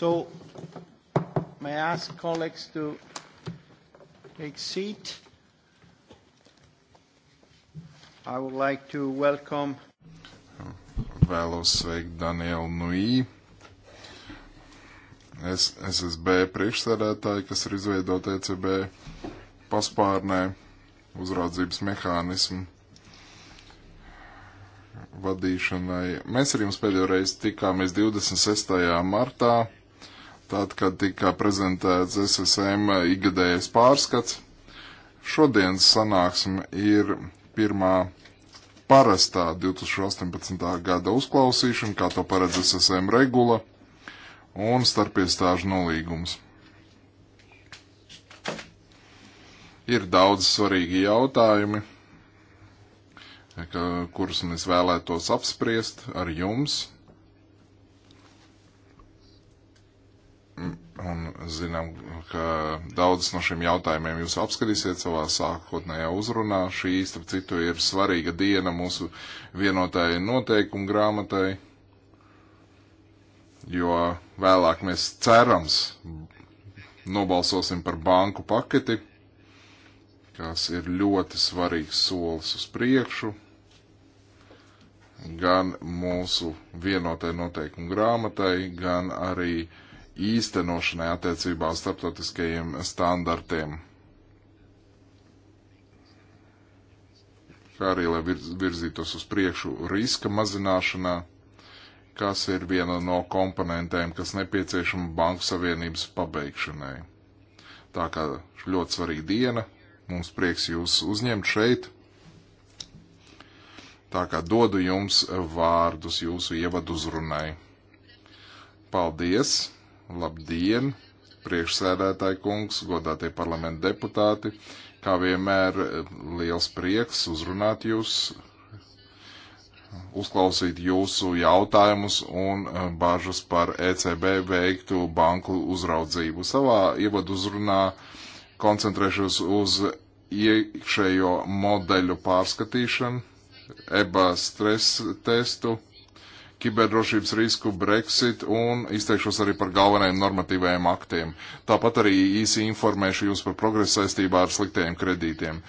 So, may I ask colleagues to take seat? I would like to welcome Vēlos sveikt Danielu Nui, es, SSB priekšsēdētāju, kas ir izveidota ECB paspārnē uzraudzības mehānismu vadīšanai. Mēs ar jums pēdējo reizi tikāmies 26. martā tad, kad tika prezentēts SSM ikgadējais pārskats. Šodienas sanāksme ir pirmā parastā 2018. gada uzklausīšana, kā to paredz SSM regula un starpiestāžu nolīgums. Ir daudz svarīgi jautājumi, kurus mēs vēlētos apspriest ar jums Un zinām, ka daudzas no šiem jautājumiem jūs apskatīsiet savā sākotnējā uzrunā. Šī, starp citu, ir svarīga diena mūsu vienotajai noteikumu grāmatai, jo vēlāk mēs cerams nobalsosim par banku paketi, kas ir ļoti svarīgs solis uz priekšu gan mūsu vienotai noteikumu grāmatai, gan arī uh, īstenošanai attiecībā uz starptautiskajiem standartiem. Kā arī, lai virzītos uz priekšu riska mazināšanā, kas ir viena no komponentēm, kas nepieciešama Banku Savienības pabeigšanai. Tā kā ļoti svarīga diena, mums prieks jūs uzņemt šeit. Tā kā dodu jums vārdus jūsu ievadu uzrunai. Paldies! Labdien, priekšsēdētāji kungs, godātie parlamenta deputāti. Kā vienmēr, liels prieks uzrunāt jūs, uzklausīt jūsu jautājumus un eh, bažas par ECB veiktu banku uzraudzību. Savā ievadu uzrunā koncentrēšos uz iekšējo modeļu pārskatīšanu, EBA stresa testu kiberdrošības risku, Brexit un izteikšos arī par galvenajiem normatīvajiem aktiem. Tāpat arī īsi informēšu jūs par progresu saistībā ar sliktajiem kredītiem.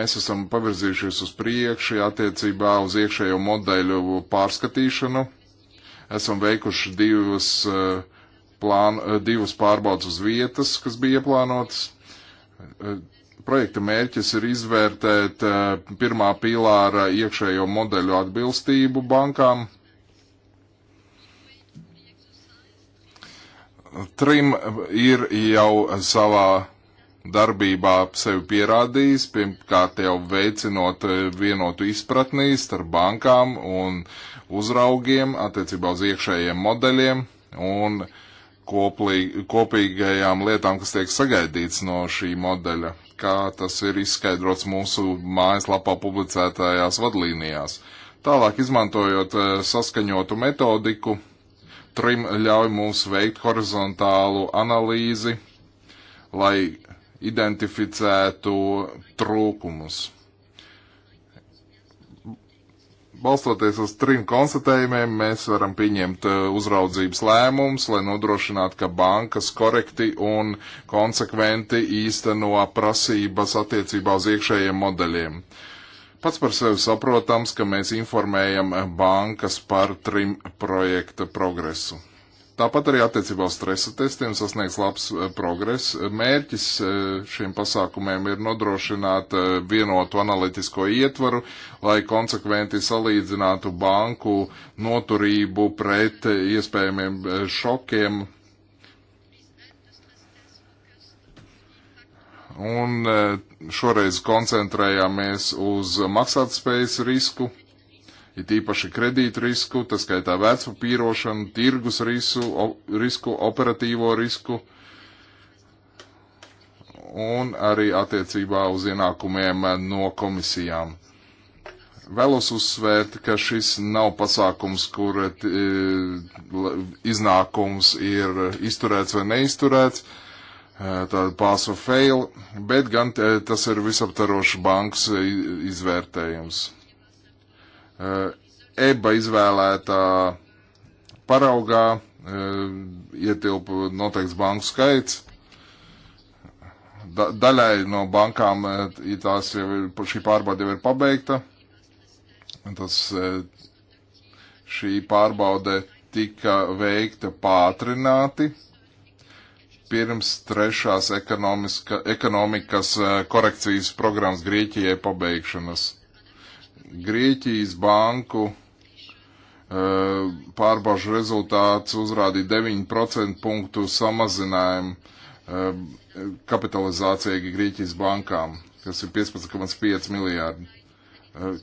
Mēs esam pavirzījušies uz priekšu attiecībā uz iekšējo modeļu pārskatīšanu. Esam veikuši divus, eh, plān, eh, divus pārbaudas uz vietas, kas bija plānotas eh, projekta mērķis ir izvērtēt pirmā pīlāra iekšējo modeļu atbilstību bankām Trim ir jau savā darbībā sevi pierādījis, pirmkārt jau veicinot vienotu izpratnī starp bankām un uzraugiem attiecībā uz iekšējiem modeļiem un koplī, kopīgajām lietām, kas tiek sagaidīts no šī modeļa, kā tas ir izskaidrots mūsu mājaslapā publicētajās vadlīnijās. Tālāk izmantojot eh, saskaņotu metodiku, trim ļauj mums veikt horizontālu analīzi, lai identificētu trūkumus. Balstoties uz trim konstatējumiem, mēs varam pieņemt eh, uzraudzības lēmumus, lai nodrošinātu, ka bankas korekti un konsekventi īsteno prasības attiecībā uz iekšējiem modeļiem. Uh, Pats par sevi saprotams, ka mēs informējam bankas par trim projekta progresu. Tāpat arī attiecībā uz stresa testiem sasniegts labs eh, progress. Mērķis eh, šiem pasākumiem ir nodrošināt eh, vienotu analītisko ietvaru, lai konsekventi salīdzinātu banku noturību pret iespējamiem šokiem un Šoreiz koncentrējāmies uz maksātspējas risku, it īpaši kredītu risku, tas skaitā vērtspapīrošanu, tirgus risu, op, risku, operatīvo risku un arī attiecībā uz ienākumiem no komisijām. Vēlos uzsvērt, ka šis nav pasākums, kur t, e, iznākums ir izturēts vai neizturēts. Uh, Eh, tādu pass or fail, bet gan eh, tas ir visaptarošs bankas eh, izvērtējums. EBA izvēlētā paraugā ietilpa noteikts banku skaits. Da, daļai no bankām tās jau ir, šī pārbauda jau ir pabeigta. Tas, šī pārbaude tika veikta pātrināti pirms trešās ekonomikas eh, korekcijas programmas Grieķijai pabeigšanas. Grieķijas banku eh, pārbažu rezultāts uzrādīja 9% punktu samazinājumu eh, kapitalizācijai Grieķijas bankām, kas ir 15,5 miljārdi.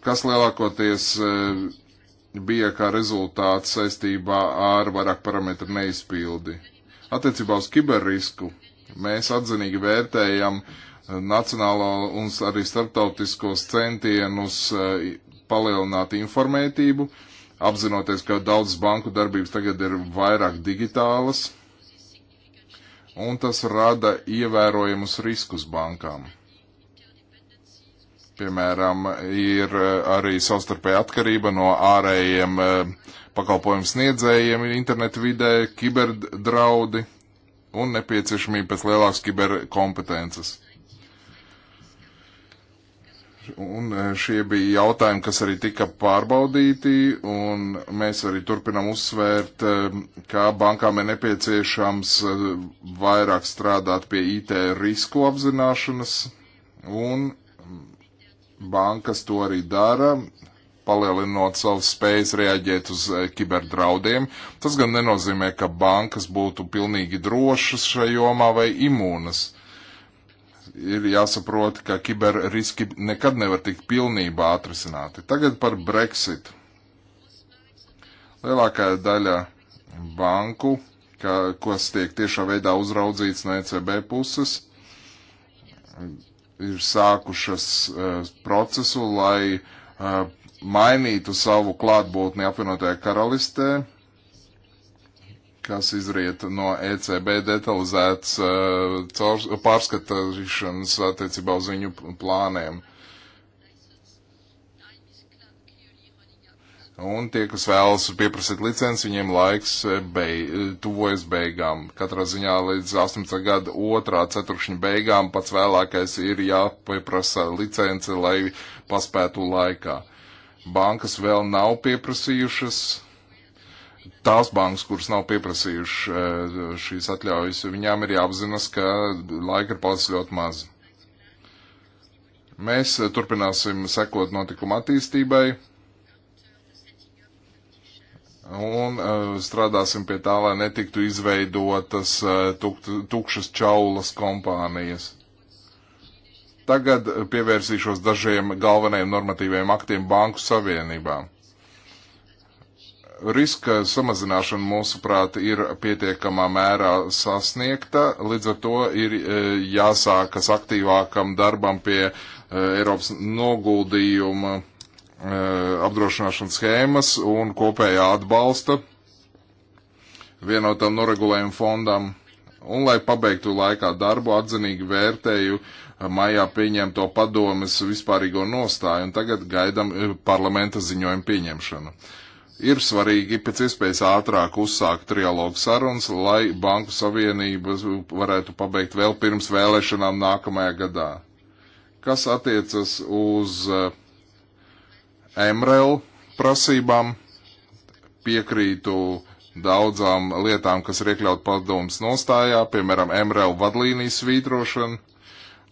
Kas lielākoties bija kā rezultāts saistībā ar vairāk parametru neizpildi? Attiecībā uz kiberrisku mēs atzinīgi vērtējam eh, nacionālo un arī starptautiskos centienus eh, palielināt informētību, apzinoties, ka daudzas banku darbības tagad ir vairāk digitālas, un tas rada ievērojamus riskus bankām. Piemēram, ir eh, arī savstarpēja atkarība no ārējiem uh, pakalpojumu sniedzējiem internetu vidē, kiberdraudi un nepieciešamība pēc lielākas kiberkompetences. Un e, šie bija jautājumi, kas arī tika pārbaudīti, un mēs arī turpinam uzsvērt, e, ka bankām ir nepieciešams e, vairāk strādāt pie IT risku apzināšanas, un bankas to arī dara, palielinot savas spējas reaģēt uz eh, kiberdraudiem. Tas gan nenozīmē, ka bankas būtu pilnīgi drošas šajā jomā vai imūnas. Ir jāsaprot, ka kiberriski nekad nevar tikt pilnībā atrisināti. Tagad par Brexit. Lielākā daļa banku, ka, kas tiek tiešā veidā uzraudzīts no ECB puses, ir sākušas uh, procesu, lai uh, mainītu savu klātbūtni apvienotajā karalistē, kas izriet no ECB detalizētas uh, pārskatīšanas attiecībā uz viņu plāniem. Un tie, kas vēlas pieprasīt licenci, viņiem laiks eh, bei, tuvojas beigām. Katrā ziņā līdz 18. gada otrā ceturkšņa beigām pats vēlākais ir jāpieprasa licenci, lai paspētu laikā bankas vēl nav pieprasījušas. Tās bankas, kuras nav pieprasījušas eh, šīs atļaujas, viņām ir jāapzinas, ka laika ir palicis ļoti maz. Mēs eh, turpināsim sekot notikuma attīstībai un uh, strādāsim pie tā, lai netiktu izveidotas uh, tuk, tukšas čaulas kompānijas. Tagad eh, pievērsīšos dažiem galvenajiem normatīviem aktiem Banku Savienībā. Riska samazināšana, mūsuprāt, ir pietiekamā mērā sasniegta, līdz ar to ir eh, jāsākas aktīvākam darbam pie eh, Eiropas noguldījuma apdrošināšanas schēmas un kopējā atbalsta vienotam noregulējumu fondam. Un, lai pabeigtu laikā darbu, atzinīgi vērtēju uh, maijā pieņemto padomes vispārīgo nostāju, un tagad gaidam eh, parlamenta ziņojumu pieņemšanu. Ir svarīgi pēc iespējas ātrāk uzsākt trialogu sarunas, lai Banku Savienība varētu pabeigt vēl pirms vēlēšanām nākamajā gadā. Kas attiecas uz eh, MRL prasībām, piekrītu daudzām lietām, kas ir iekļaut padomas nostājā, piemēram, MRL vadlīnijas svītrošana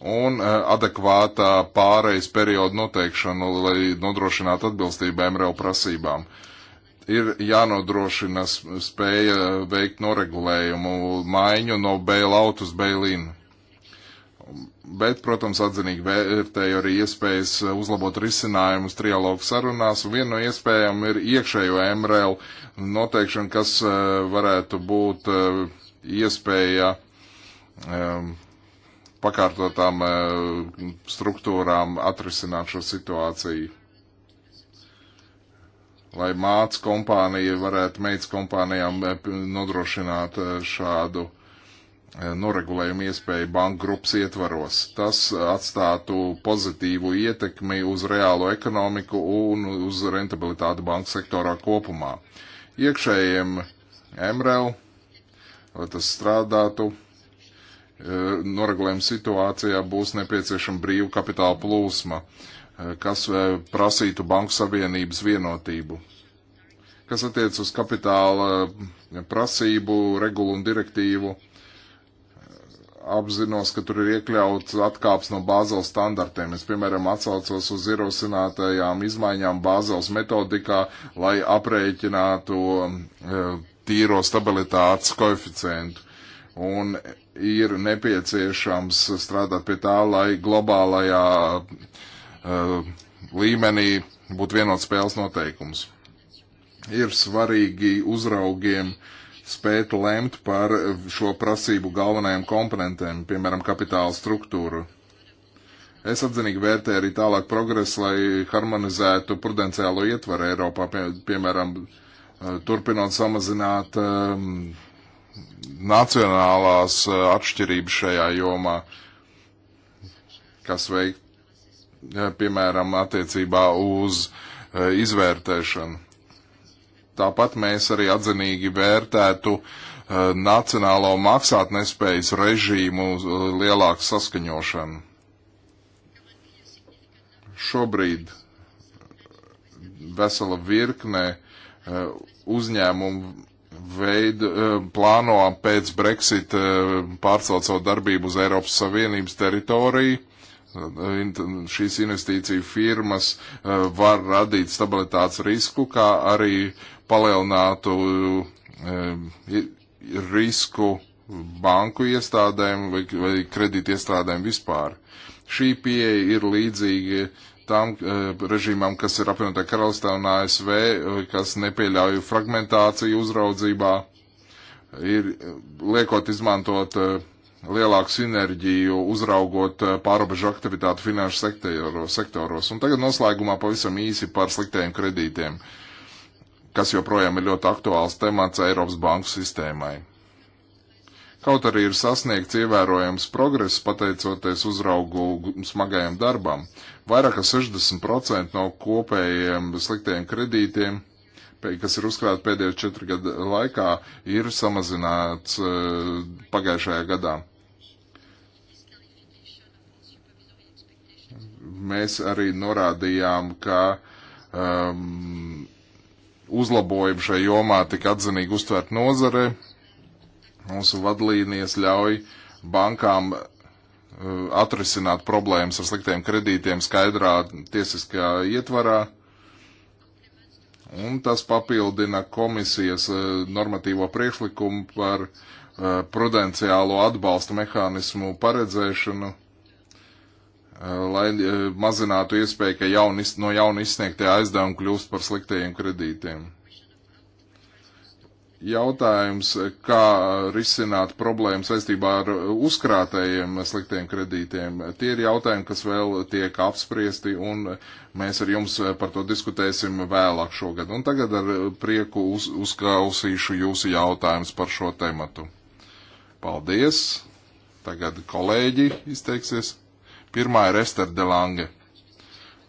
un eh, adekvātā pārejas perioda noteikšanu, lai nodrošinātu atbilstību MRL prasībām. Ir jānodrošina spēja veikt noregulējumu maiņu no bailout uz bailīnu. Bet, protams, atzinīgi vērtēju arī iespējas uzlabot risinājumus trialogu sarunās. Viena no iespējām ir iekšējo MRL noteikšana, kas eh, varētu būt eh, iespēja um, pakārtotām eh, struktūrām atrisināt šo situāciju. Lai māc kompānija varētu meitas kompānijām eh, nodrošināt eh, šādu noregulējumu iespēju banku grupas ietvaros. Tas atstātu pozitīvu ietekmi uz reālo ekonomiku un uz rentabilitāti banku sektorā kopumā. Iekšējiem MREL, lai tas strādātu Eh, noregulējuma situācijā būs nepieciešama brīva kapitāla plūsma, eh, kas eh, prasītu Banku Savienības vienotību. Kas attiec uz kapitāla prasību, regulu un direktīvu, apzinos, ka tur ir iekļauts atkāps no bāzela standartiem. Es, piemēram, atsaucos uz ierosinātajām izmaiņām bāzels metodikā, lai aprēķinātu tīro stabilitātes koeficientu. Un ir nepieciešams strādāt pie tā, lai globālajā uh, līmenī būtu vienots spēles noteikums. Ir svarīgi uzraugiem spēt lemt par šo prasību galvenajiem komponentiem, piemēram, kapitāla struktūru. Es atzinīgi vērtēju arī tālāk progresu, lai harmonizētu prudenciālo ietvaru Eiropā, pie, piemēram, eh, turpinot samazināt um, nacionālās eh, atšķirības šajā jomā, kas veikt, piemēram, attiecībā uz eh, izvērtēšanu. Tāpat mēs arī atzinīgi vērtētu eh, nacionālo maksātnespējas režīmu lielāku saskaņošanu. Šobrīd vesela virkne uzņēmumu veidu, eh, plāno pēc Brexit eh, pārcelt savu darbību uz Eiropas Savienības teritoriju. Eh, šīs investīciju firmas var radīt stabilitātes risku, kā arī palielinātu risku banku iestādēm vai kredīt iestādēm vispār. Šī pieeja ir līdzīga uh, tām eh, režīmām, kas ir apvienotā karalistē un ASV, eh, kas nepieļauj fragmentāciju uzraudzībā, ir eh, liekot izmantot lielāku sinerģiju, uzraugot pārobežu aktivitātu finanšu sektoru, sektoros. Un tagad noslēgumā pavisam īsi par sliktējiem kredītiem, kas joprojām ir ļoti aktuāls temats Eiropas banku sistēmai. Kaut arī ir sasniegts ievērojams progress pateicoties uzraugu smagajam darbam. Vairāk kā 60% no kopējiem sliktiem kredītiem, kas ir uzkrāti pēdējo četru gadu laikā, ir samazināts uh, pagājušajā gadā. Mēs arī norādījām, ka um, uzlabojumi šai jomā tika atzinīgi uztvērt nozare Mūsu vadlīnijas ļauj bankām uh, atrisināt problēmas ar sliktiem kredītiem skaidrā tiesiskajā ietvarā. Un tas papildina komisijas uh, normatīvo priekšlikumu par uh, prudenciālo atbalsta mehānismu paredzēšanu, lai mazinātu iespēju, ka jaun, no jauna izsniegtie aizdevumi kļūst par sliktajiem kredītiem jautājums, kā risināt problēmu saistībā ar uzkrātējiem sliktiem kredītiem. Tie ir jautājumi, kas vēl tiek apspriesti, un mēs ar jums par to diskutēsim vēlāk šogad. Un tagad ar prieku uz, uzklausīšu jūsu jautājumus par šo tematu. Paldies! Tagad kolēģi izteiksies. Pirmā ir Ester Delange.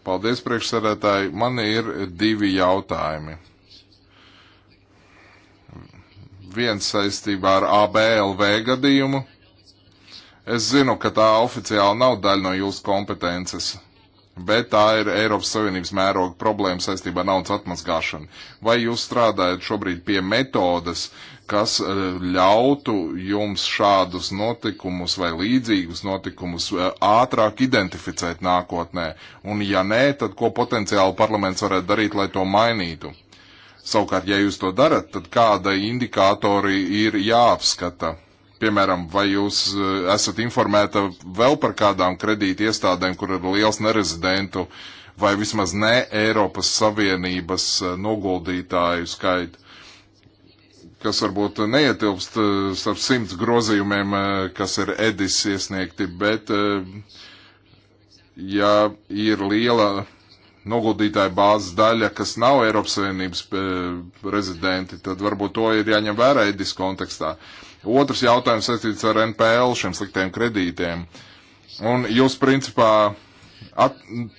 Paldies, priekšsēdētāji. Man ir divi jautājumi viens saistībā ar ABLV gadījumu. Es zinu, ka tā oficiāli nav daļa no jūsu kompetences, bet tā ir Eiropas Savienības mēroga problēma saistībā ar naudas atmazgāšanu. Vai jūs strādājat šobrīd pie metodas, kas eh, ļautu jums šādus notikumus vai līdzīgus notikumus eh, ātrāk identificēt nākotnē? Un ja nē, tad ko potenciāli parlaments varētu darīt, lai to mainītu? Savukārt, ja jūs to darat, tad kāda indikātori ir jāapskata? Piemēram, vai jūs eh, esat informēta vēl par kādām kredīti iestādēm, kur ir liels nerezidentu vai vismaz ne Eiropas Savienības eh, noguldītāju skaitu, kas varbūt neietilpst eh, starp simts grozījumiem, kas ir Edis iesniegti, bet ja ir liela noguldītāja bāzes daļa, kas nav Eiropas Savienības e, rezidenti, tad varbūt to ir jāņem vērā Edis kontekstā. Otrs jautājums saistīts ar NPL šiem sliktiem kredītiem. Un jūs principā at,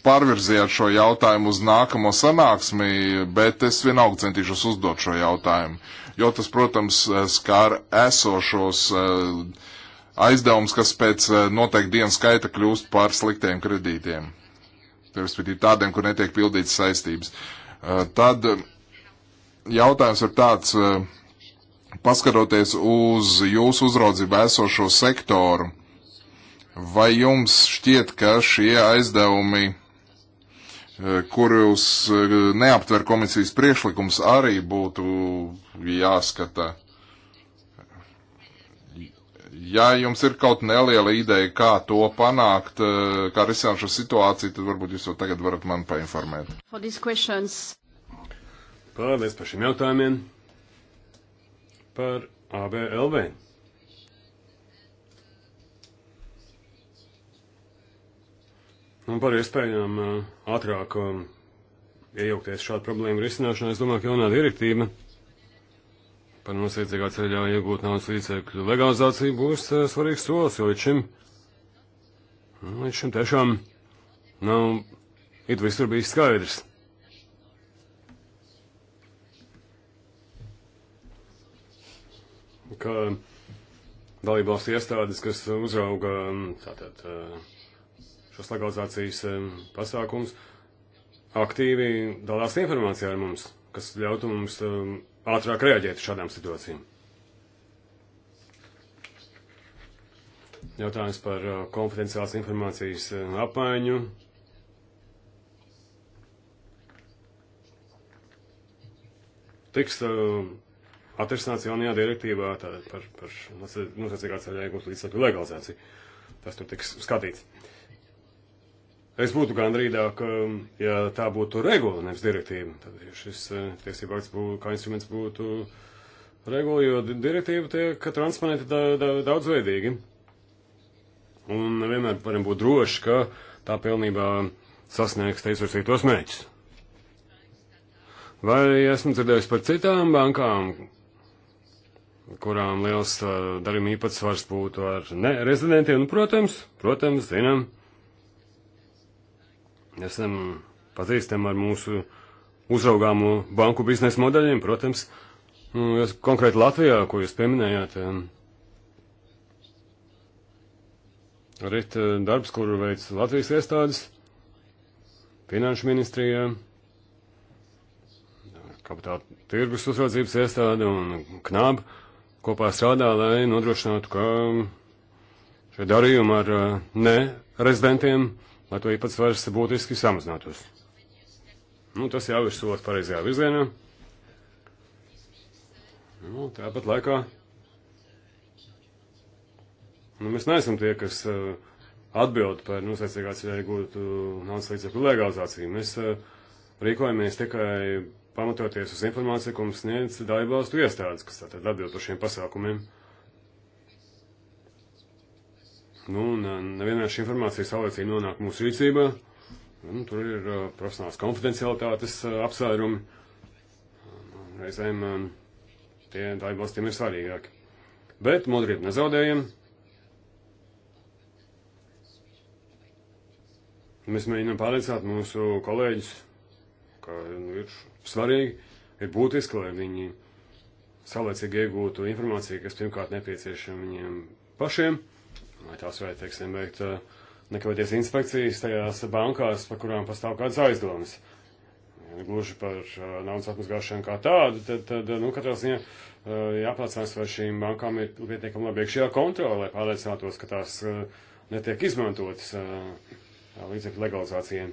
pārvirzījāt šo jautājumu uz nākamo sanāksmi, bet es vienalga centīšos uzdot šo jautājumu, jo tas, protams, e, skār esošos e, aizdevums, kas pēc e, noteikti dienas skaita kļūst par sliktiem kredītiem respektīvi tādiem, kur netiek pildīts saistības. Eh, tad eh, jautājums ir tāds, eh, paskatoties uz jūsu uzraudzību esošo sektoru, vai jums šķiet, ka šie aizdevumi, kurus neaptver komisijas priekšlikums, arī būtu jāskata? Ja jums ir kaut neliela ideja, kā to panākt, eh, kā risināt šo situāciju, tad varbūt jūs to tagad varat man painformēt. Paldies par šiem jautājumiem. Par ABLV. Un par iespējām eh, ātrāk eh, iejaukties šādu problēmu risināšanā, es domāju, ka jaunā direktīva par noslēdzīgā ceļā iegūt naudas līdzekļu legalizāciju būs uh, svarīgs solis, jo līdz šim, līdz šim tiešām nav it visur bijis skaidrs. Ka dalībvalsts iestādes, kas uzrauga mm, tātad, eh, šos legalizācijas eh, pasākums, aktīvi dalās informācijā ar mums kas ļautu mums um, ātrāk reaģēt uz šādām situācijām. Jautājums par uh, konfidenciālas informācijas uh, apmaiņu. Tiks um, atrisināts jaunajā direktīvā par, par nosacīgā ceļā iegūt līdzsakļu legalizāciju. Tas tur tiks skatīts. Es būtu gandrīdāk, um, ja tā būtu regula, nevis direktīva. Tad ja šis uh, tiesība akts būtu, kā instruments būtu regula, jo direktīva tiek transponēta da, da, daudzveidīgi. Un vienmēr varam būt droši, ka tā pilnībā sasniegs te izvirsītos mērķus. Vai esmu dzirdējis par citām bankām, kurām liels uh, darījuma īpatsvars būtu ar nerezidentiem? Nu, protams, protams, zinām. Esam pazīstami ar mūsu uzraugāmo banku biznesa modeļiem, protams, nu, jūs konkrēti Latvijā, ko jūs pieminējāt. Arī eh, darbs, kuru veic Latvijas iestādes, finanšu ministrijā, kapitāla tirgus uzraudzības iestāde un knāba kopā strādā, lai nodrošinātu, ka šie darījumi ar eh, ne rezidentiem lai to īpatsvars būtiski samazinātos. Nu, tas jau ir solis pareizajā virzienā. Nu, tāpat laikā nu, mēs neesam tie, kas uh, atbild par nosaicīgā ceļā iegūtu naudas līdzekļu legalizāciju. Mēs uh, rīkojamies tikai pamatoties uz informāciju, ko mums sniedz dalībvalstu iestādes, kas tātad atbild par šiem pasākumiem. Uh, Nu, un nevienmēr šī informācija saulēcīgi nonāk mūsu rīcībā. Nu, tur ir uh, profesionāls konfidencialitātes uh, apsvērumi. Reizēm um, tie daļu valstīm ir svarīgāki. Bet modrību nezaudējam. Mēs mēģinām pārliecināt mūsu kolēģus, ka nu, ir svarīgi, ir būtiski, lai viņi saulēcīgi iegūtu informāciju, kas pirmkārt nepieciešama viņiem pašiem. Vai tās varētu, teiksim, veikt eh, nekavēties inspekcijas tajās bankās, par kurām pastāv kādas aizdomas. Ja gluži par eh, naudas atmazgāšanu kā tādu, tad, tad eh, nu, katrā ziņā jāpārliecinās, vai šīm bankām ir pietiekami labi iekšējā kontrola, lai pārliecinātos, ka tās netiek izmantotas līdzekļu legalizācijai.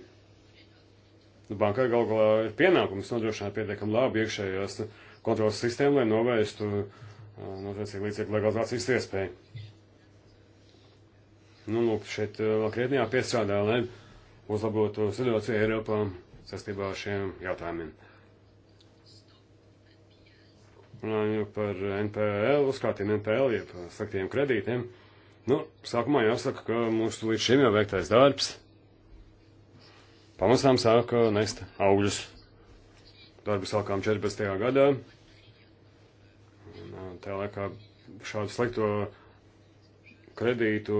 Nu, bankai gal galā ir pienākums nodrošināt pietiekami labu iekšējās kontrolas sistēmu, lai novērstu notiecīgi līdzekļu legalizācijas iespēju. Nu, lūk, šeit eh, Latvijā piestrādā, lai uzlabotu situāciju Eiropā saistībā ar šiem jautājumiem. Runājot par NPL, uzkrātiem NPL, jeb sliktiem kredītiem, nu, sākumā jāsaka, ka mūsu līdz šim jau veiktais darbs pamazām sāka nest augļus. Darbu sākām 14. gadā. Un, eh, tā laikā šādu slikto kredītu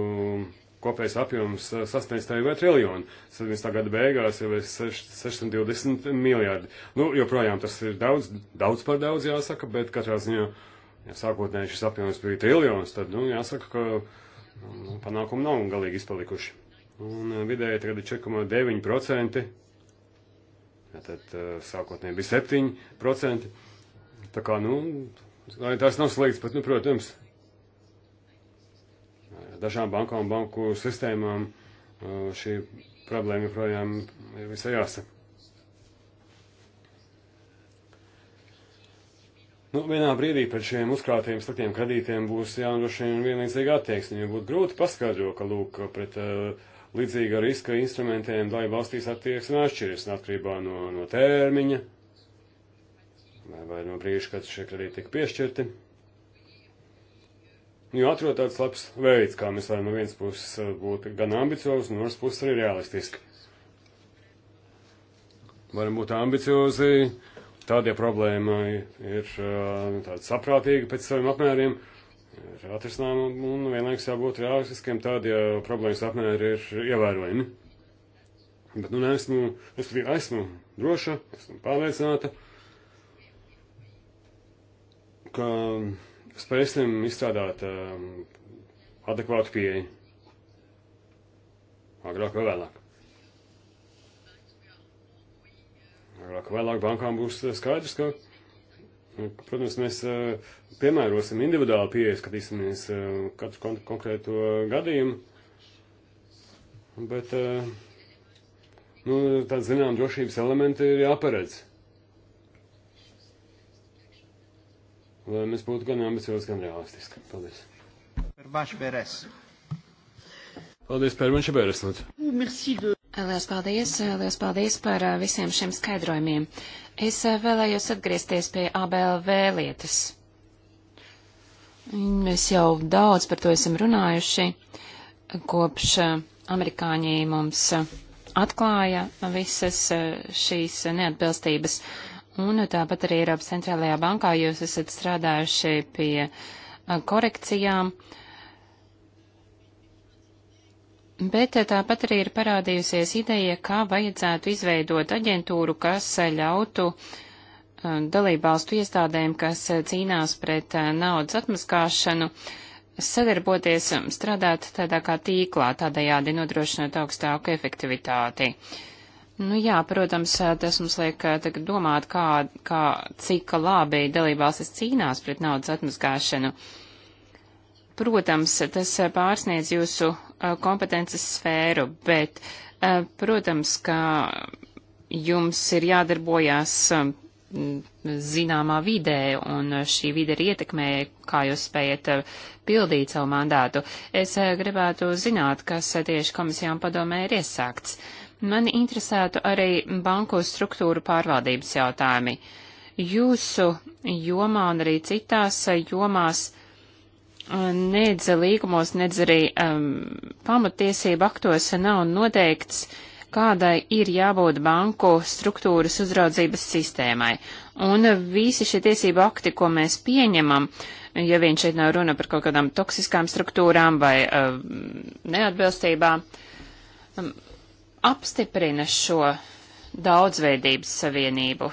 kopējais apjoms eh, sasniedz tevi vai triljonu. 17. gada beigās jau ir 620 miljardi. Nu, joprojām tas ir daudz, daudz par daudz jāsaka, bet katrā ziņā, ja sākotnēji šis apjoms bija triljons, tad, nu, jāsaka, ka nu, panākumi nav galīgi izpalikuši. Un eh, vidēji tagad ir 4,9%, ja tad sākotnēji bija 7%. Tā kā, nu, tas nav slikts, bet, nu, protams, dažām bankām un banku sistēmām šī problēma joprojām ir visai jāsa. Nu, vienā brīdī pret šiem uzkrātiem sliktiem kredītiem būs jānodrošina vienlīdzīga attieksme, jo būtu grūti paskaidrot, ka lūk, pret uh, līdzīga riska instrumentiem dalība valstīs attieksme atšķiras atkarībā no, no tērmiņa vai, vai no brīža, kad šie kredīti tika piešķirti. Jo atrod tāds labs veids, kā mēs varam no vienas puses uh, būt gan ambiciozi, no otras puses arī realistiski. Varam būt ambiciozi, tad, ja problēma ir uh, tāda saprātīga pēc saviem apmēriem, ir atrisināma un vienlaikus jābūt realistiskiem, tad, ja problēmas apmēri ir ievērojami. Bet, nu, esmu, esmu, esmu droša, esmu pārliecināta, ka spēsim izstrādāt um, adekvātu pieeju. Agrāk vai vēlāk. Agrāk vai vēlāk bankām būs uh, skaidrs, ka, nu, protams, mēs uh, piemērosim individuālu pieeju, skatīsimies uh, katru kon konkrēto gadījumu. Bet, uh, nu, tāds, zinām, drošības elementi ir jāparedz. lai mēs būtu gan ambiciozi, gan realistiski. Paldies. Pervanš Beres. Paldies, Pervanš Beres. Lielas paldies, lielas paldies par visiem šiem skaidrojumiem. Es vēlējos atgriezties pie ABLV lietas. Mēs jau daudz par to esam runājuši, kopš amerikāņi mums atklāja visas šīs neatbilstības. Uh, Un tāpat arī Eiropas centrālajā bankā jūs esat strādājuši pie korekcijām. Bet tāpat arī ir parādījusies ideja, kā vajadzētu izveidot aģentūru, kas ļautu uh, dalībvalstu iestādēm, kas cīnās pret naudas atmaskāšanu, sadarboties, strādāt tādā kā tīklā, tādējādi nodrošinot augstāku efektivitāti. Uh, Nu jā, protams, eh, tas mums liek eh, tagad domāt, kā, kā cik labi dalībvalstis cīnās pret naudas atmazgāšanu. Protams, tas eh, pārsniedz jūsu kompetences sfēru, bet, protams, ka jums ir jādarbojās zināmā vidē, un šī vide ir ietekmē, kā jūs spējat pildīt savu mandātu. Es gribētu zināt, kas tieši komisijām padomē ir iesākts. Uh, Mani interesētu arī banku struktūru pārvaldības jautājumi. Jūsu jomā un arī citās jomās uh, nedz līgumos, nedz arī um, pamatiesību aktos nav noteikts, kādai ir jābūt banku struktūras uzraudzības sistēmai. Un visi šie tiesību akti, ko mēs pieņemam, ja vien šeit nav runa par kaut kādām toksiskām struktūrām vai uh, neatbilstībām, um, apstiprina šo daudzveidības savienību.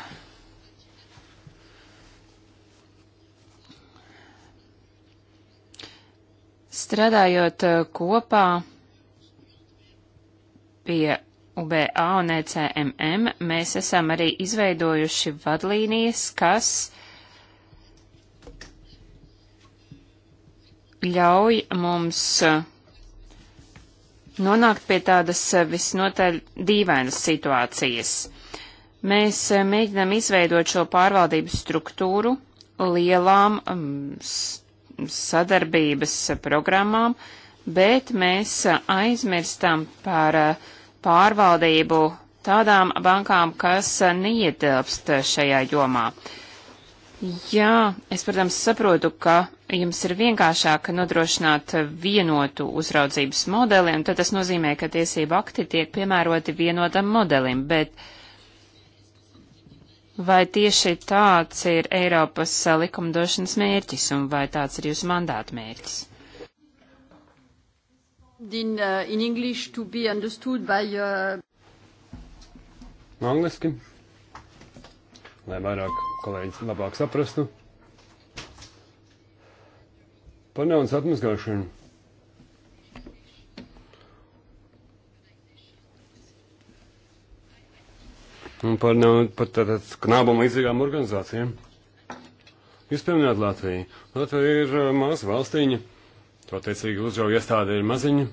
Strādājot uh, kopā pie UBA un ECMM, mēs esam arī izveidojuši vadlīnijas, kas ļauj mums uh, nonākt pie tādas eh, visnotaļ dīvainas situācijas. Mēs eh, mēģinām izveidot šo pārvaldības struktūru lielām mm, sadarbības programmām, bet mēs eh, aizmirstam par pārvaldību tādām bankām, kas neietilpst šajā jomā. Jā, es, protams, saprotu, ka jums ir vienkāršāk nodrošināt vienotu uzraudzības modeli, un tad tas nozīmē, ka tiesība akti tiek piemēroti vienotam modelim, bet vai tieši tāds ir Eiropas likumdošanas mērķis, un vai tāds ir jūsu mandāta mērķis? In, uh, in English to be understood by... Uh... Angliski, lai vairāk kolēģis labāk saprastu. Par naudas atmazgāšanu. Un par, nav, par tātad knābam līdzīgām organizācijām. Jūs pieminējāt Latviju. Latvija ir uh, maza valstiņa, to teicīgi uzrauga iestāde ir maziņa.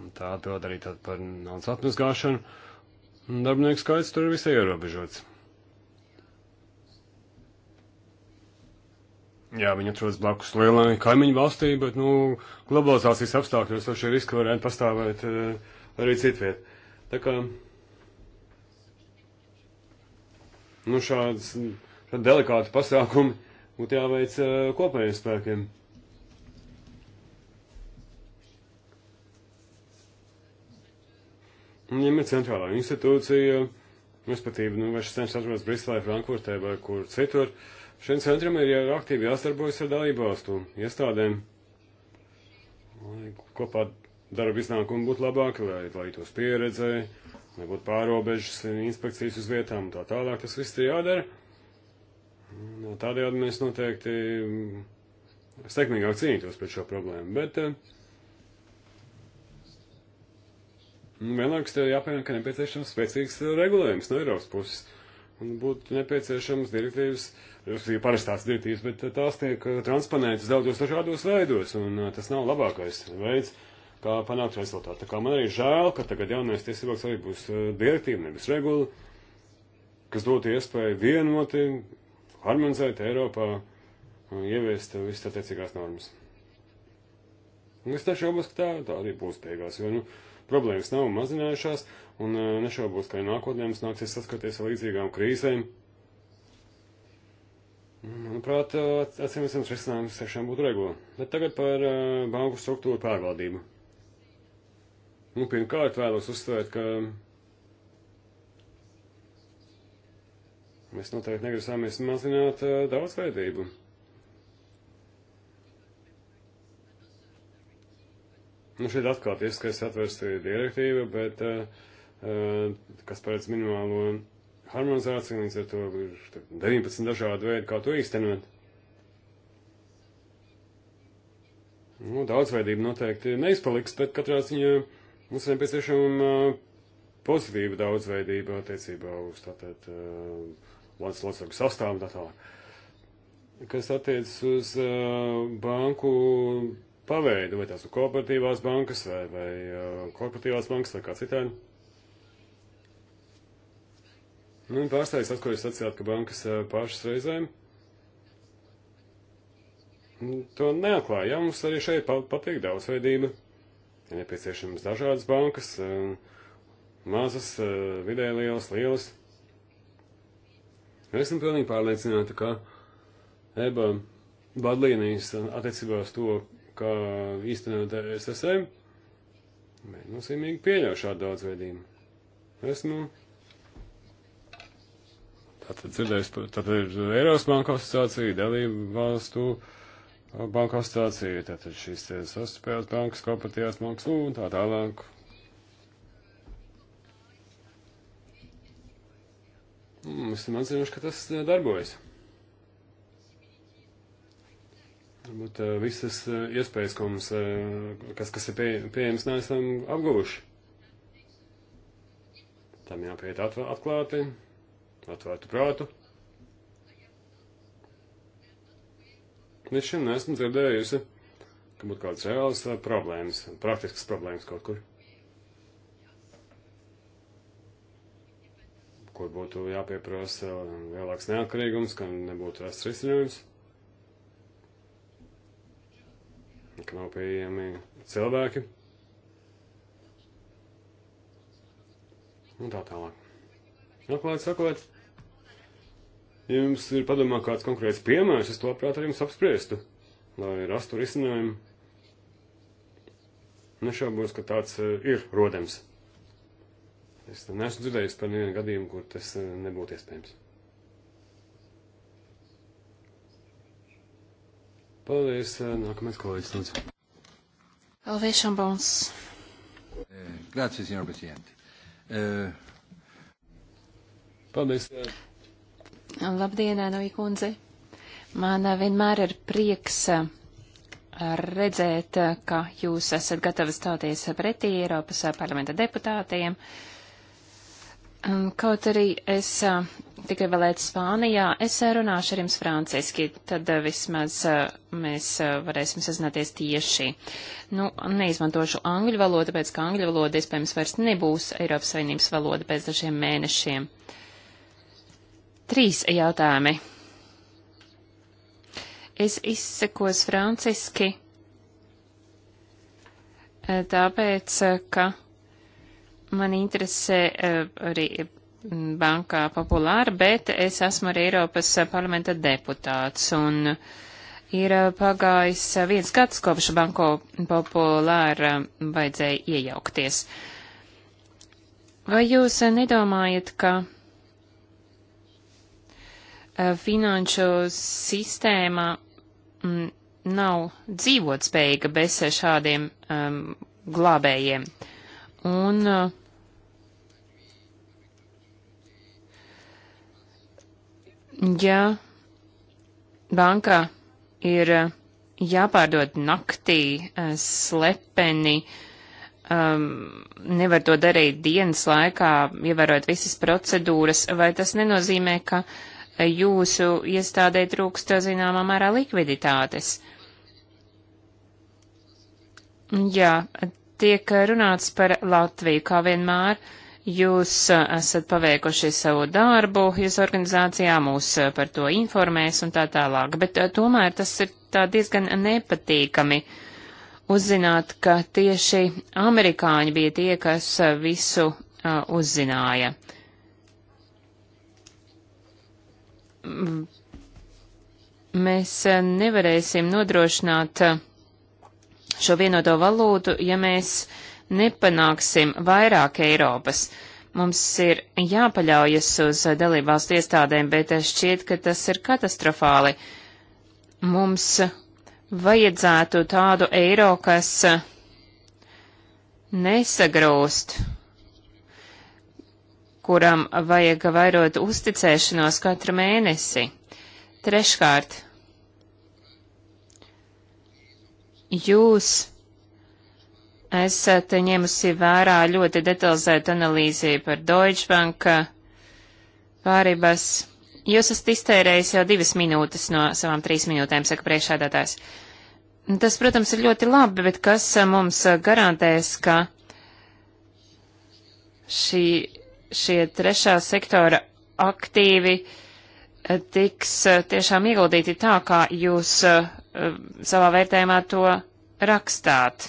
Un tā atbild arī tad par naudas atmazgāšanu. Darbinieku skaits tur ir visai ierobežots. Jā, viņi atrodas blakus lielai kaimiņu valstī, bet, nu, globalizācijas apstākļos jau šie riski varētu pastāvēt eh, arī citviet. Tā kā, nu, šāds, šādi delikāti pasākumi būtu jāveic eh, kopējiem spēkiem. Viņam ir centrālā institūcija, respektīvi, nu, vai šis centrs atrodas Briselē, Frankfurtē vai kur citur. Uh, Šiem centram ir jau aktīvi jāstarbojas ar dalībvalstu iestādēm, lai kopā darba iznākumi būtu labāki, lai, lai tos pieredzē, lai būtu pārobežas inspekcijas uz vietām un tā tālāk. Tas viss ir jādara. No uh, tādējādi mēs noteikti mm, sekmīgāk cīnītos pret šo problēmu. Bet nu, vienlaikus te jāpieņem, ka nepieciešams spēcīgs regulējums no Eiropas puses. Un būtu nepieciešams direktīvas uh, parastās direktīvas, bet tās tiek eh, transponētas daudzos dažādos veidos, un eh, tas nav labākais veids, kā panākt rezultātu. Tā kā man arī žēl, ka tagad jaunais tiesībāks arī būs eh, direktīva, nevis regula, kas dotu iespēju vienoti harmonizēt Eiropā un ieviest visas attiecīgās normas. Un es nešaubos, ka tā, tā arī būs beigās, jo, nu, problēmas nav mazinājušās, un nešaubos, ka nākotnē mums nāksies saskarties ar līdzīgām krīzēm. Manuprāt, acīm redzams, risinājums tiešām būtu regula. Bet tagad par uh, banku struktūru pārvaldību. Nu, pirmkārt, vēlos uzsvērt, ka mēs noteikti negrasāmies mazināt uh, eh, daudzveidību. Nu, šeit atkal tiesiskais atvērsta direktīva, bet uh, kas paredz minimālo harmonizācija, līdz ar to ir 19 dažādi veidi, kā to īstenot. Nu, daudzveidība noteikti neizpaliks, bet katrā ziņā mums ir nepieciešama uh, pozitīva daudzveidība attiecībā uz tātad uh, Latvijas sastāvu tā tālāk. Kas attiecas uz uh, banku paveidu, vai tās ir kooperatīvās bankas, vai, vai uh, korporatīvās bankas, vai kā citādi. Nu, pārsteigts, atkal jūs sacījāt, ka bankas pašas reizēm nu, to neatklāja. Jā, mums arī šeit patīk daudzveidība. Ir nepieciešams dažādas bankas, mazas, vidēji lielas, lielas. Esmu pilnīgi pārliecināta, ka EBA vadlīnijas attiecībā uz to, kā īstenot SSM, nozīmīgi pieļauj šādu daudzveidību. Esmu nu, Tātad dzirdējis, tad ir Eiropas Banka asociācija, dalību valstu banka asociācija, tātad šīs sastapējās bankas, kooperatīvās bankas un tā tālāk. Mēs esam atzinuši, ka tas eh, darbojas. Varbūt eh, visas eh, iespējas, ko mums, kas, kas ir pie, pieejams, neesam apguvuši. Tam jāpiet atklāti atvērtu prātu. Līdz šim nesmu dzirdējusi, ka būtu kādas reālas problēmas, praktiskas problēmas kaut kur. Kur būtu jāpieprasa lielāks neatkarīgums, ka nebūtu rasts risinājums, ka nav pieejami cilvēki. Un tā tālāk. Nu, klāt sakot, ja jums ir padomā kāds konkrēts piemērs, es to labprāt ar jums apspriestu, lai rastu risinājumu. Nešaubos, ka tāds e, ir rodams. Es neesmu dzirdējis par nevienu gadījumu, kur tas e, nebūtu iespējams. Paldies, e, nākamais kolēģis, lūdzu. Alvēšam Bons. Eh, Grācis, signor Presidente. Uh... Paldies. Labdien, Anoja kundze. Man vienmēr ir prieks eh, redzēt, eh, ka jūs esat gatavi stāties pretī Eiropas parlamenta deputātiem. Mm, kaut arī es eh, tikai vēlēt Spānijā, es runāšu ar jums franciski, tad vismaz mēs varēsim sazināties tieši. Nu, neizmantošu angļu valodu, pēc ka angļu valoda iespējams vairs nebūs Eiropas Savienības valoda pēc dažiem mēnešiem. Uh, Trīs jautājumi. Es izsekos franciski, e, tāpēc, ka man interesē e, arī bankā populāra, bet es esmu arī Eiropas parlamenta deputāts. Un ir pagājis viens gads, kopš banko populāra vajadzēja iejaukties. Vai jūs nedomājat, ka Eh, finanšu sistēma m, mm, nav dzīvotspējīga bez šādiem um, glābējiem. Un uh, ja bankā ir uh, jāpārdod naktī uh, slepeni, um, nevar to darīt dienas laikā, ievērot visas procedūras, vai tas nenozīmē, ka uh, jūsu iestādē trūkst zināmā mērā likviditātes. Jā, tiek runāts par Latviju, kā vienmēr. Jūs esat paveikuši savu darbu, jūs organizācijā mūs par to informēs un tā tālāk, bet tomēr tas ir tā diezgan nepatīkami uzzināt, ka tieši amerikāņi bija tie, kas visu uh, uzzināja. Uh, mēs eh, nevarēsim nodrošināt eh, šo vienoto valūtu, ja mēs nepanāksim vairāk Eiropas. Mums ir jāpaļaujas uz eh, dalībvalstu iestādēm, bet šķiet, ka tas ir katastrofāli. Mums vajadzētu tādu eiro, kas nesagrūst kuram vajag vairot uzticēšanos katru mēnesi. Treškārt, jūs esat ņemusi vērā ļoti detalizētu analīzi par Deutsche Bank pārības. Jūs esat iztērējis jau divas minūtes no savām trīs minūtēm, saka priekšādātājs. Tas, protams, ir ļoti labi, bet kas mums garantēs, ka šī šie trešā sektora aktīvi eh, tiks eh, tiešām ieguldīti tā, kā jūs eh, savā vērtējumā to rakstāt.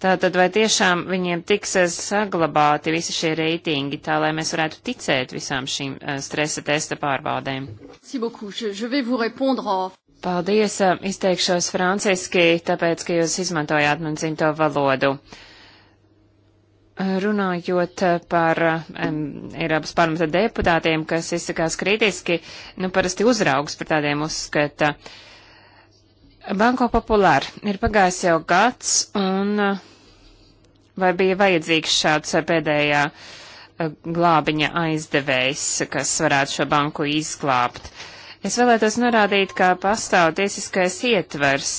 Tātad vai tiešām viņiem tiks saglabāti visi šie reitingi, tā lai mēs varētu ticēt visām šīm stresa testa pārbaudēm? Paldies, izteikšos franciski, tāpēc, ka jūs izmantojāt man dzimto valodu. Uh, Runājot eh, par um, Eiropas parlamenta deputātiem, kas izsakās kritiski, nu parasti uzraugs par tādiem uzskata. Banko populāri ir pagājis jau gads, un eh, vai bija vajadzīgs šāds pēdējā glābiņa aizdevējs, kas varētu šo banku izglābt? Es vēlētos norādīt, ka pastāv tiesiskais ietvers.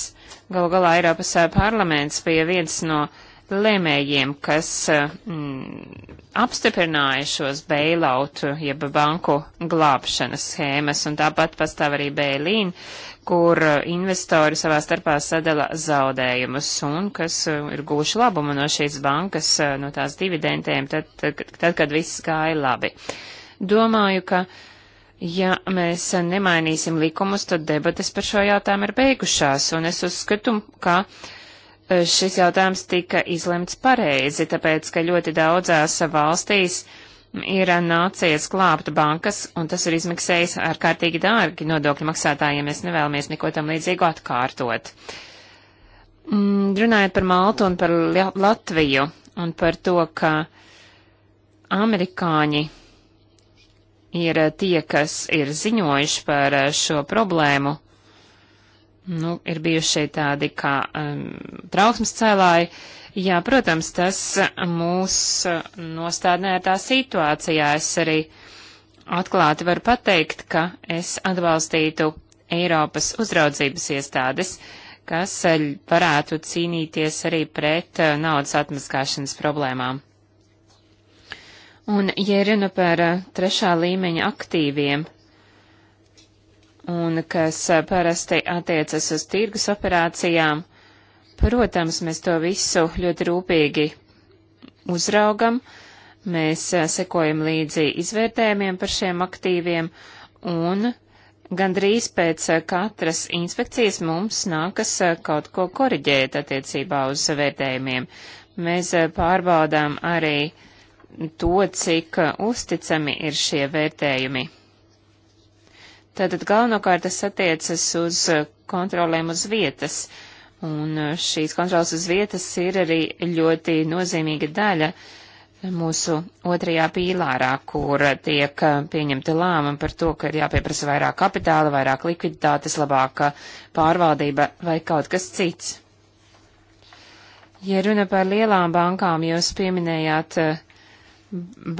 Galu galā Eiropas parlaments bija viens no uh, lēmējiem, kas mm, apstiprināja šos bailautu, jeb banku glābšanas schēmas, un tāpat pastāv arī Bēlīna, kur investori savā starpā sadala zaudējumus, un kas uh, ir guvuši labumu no šīs bankas, uh, no tās dividendēm, tad, tad kad viss gāja labi. Domāju, ka Ja mēs nemainīsim likumus, tad debates par šo jautājumu ir beigušās, un es uzskatu, ka uh, šis jautājums tika izlemts pareizi, tāpēc, ka ļoti daudzās valstīs ir nācies klāpt bankas, un tas ir izmaksējis ārkārtīgi dārgi nodokļu maksātājiem. Mēs nevēlamies neko tam līdzīgu atkārtot. Mm, runājot par Maltu un par Latviju un par to, ka amerikāņi ir tie, kas ir ziņojuši par šo problēmu, Nu, ir bijuši tādi kā um, trauksmes cēlāji. Jā, protams, tas mūs nostādnē tā situācijā. Es arī atklāti varu pateikt, ka es atbalstītu Eiropas uzraudzības iestādes, kas eh, varētu cīnīties arī pret eh, naudas atmaskāšanas problēmām. Un, ja runa par eh, trešā līmeņa aktīviem, un kas eh, parasti attiecas uz tirgus operācijām. Protams, mēs to visu ļoti rūpīgi uzraugam, mēs eh, sekojam līdzi izvērtējumiem par šiem aktīviem un gandrīz pēc eh, katras inspekcijas mums nākas kaut ko koriģēt attiecībā uz vērtējumiem. Mēs pārbaudām arī to, cik uzticami ir šie vērtējumi. Tātad galvenokārt tas attiecas uz uh, kontrolēm uz vietas, un uh, šīs kontrolas uz vietas ir arī ļoti nozīmīga daļa mūsu otrajā pīlārā, kur tiek uh, pieņemta lēmuma par to, ka ir jāpieprasa vairāk kapitāla, vairāk likviditātes, labāka pārvaldība vai kaut kas cits. Ja runa par lielām bankām, jūs pieminējāt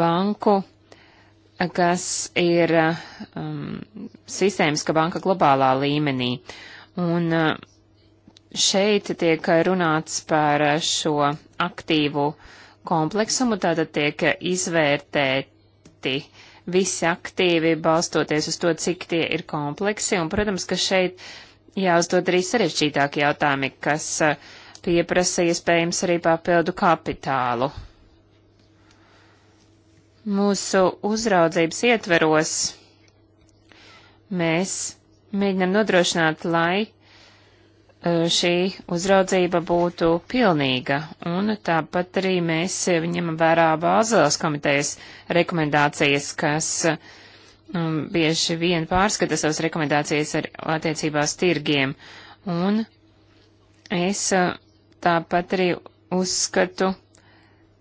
banku kas ir um, sistēmiska banka globālā līmenī. Un uh, šeit tiek runāts par šo aktīvu kompleksumu, tātad tiek izvērtēti visi aktīvi, balstoties uz to, cik tie ir kompleksi. Un, protams, ka šeit jāuzdod arī sarežģītāki jautājumi, kas uh, pieprasa iespējams arī papildu kapitālu. Mūsu uzraudzības ietveros mēs mēģinam nodrošināt, lai eh, šī uzraudzība būtu pilnīga, un tāpat arī mēs viņam vērā Bāzeles komitejas rekomendācijas, kas um, bieži vien pārskata savas rekomendācijas ar attiecībās tirgiem, un es eh, tāpat arī uzskatu,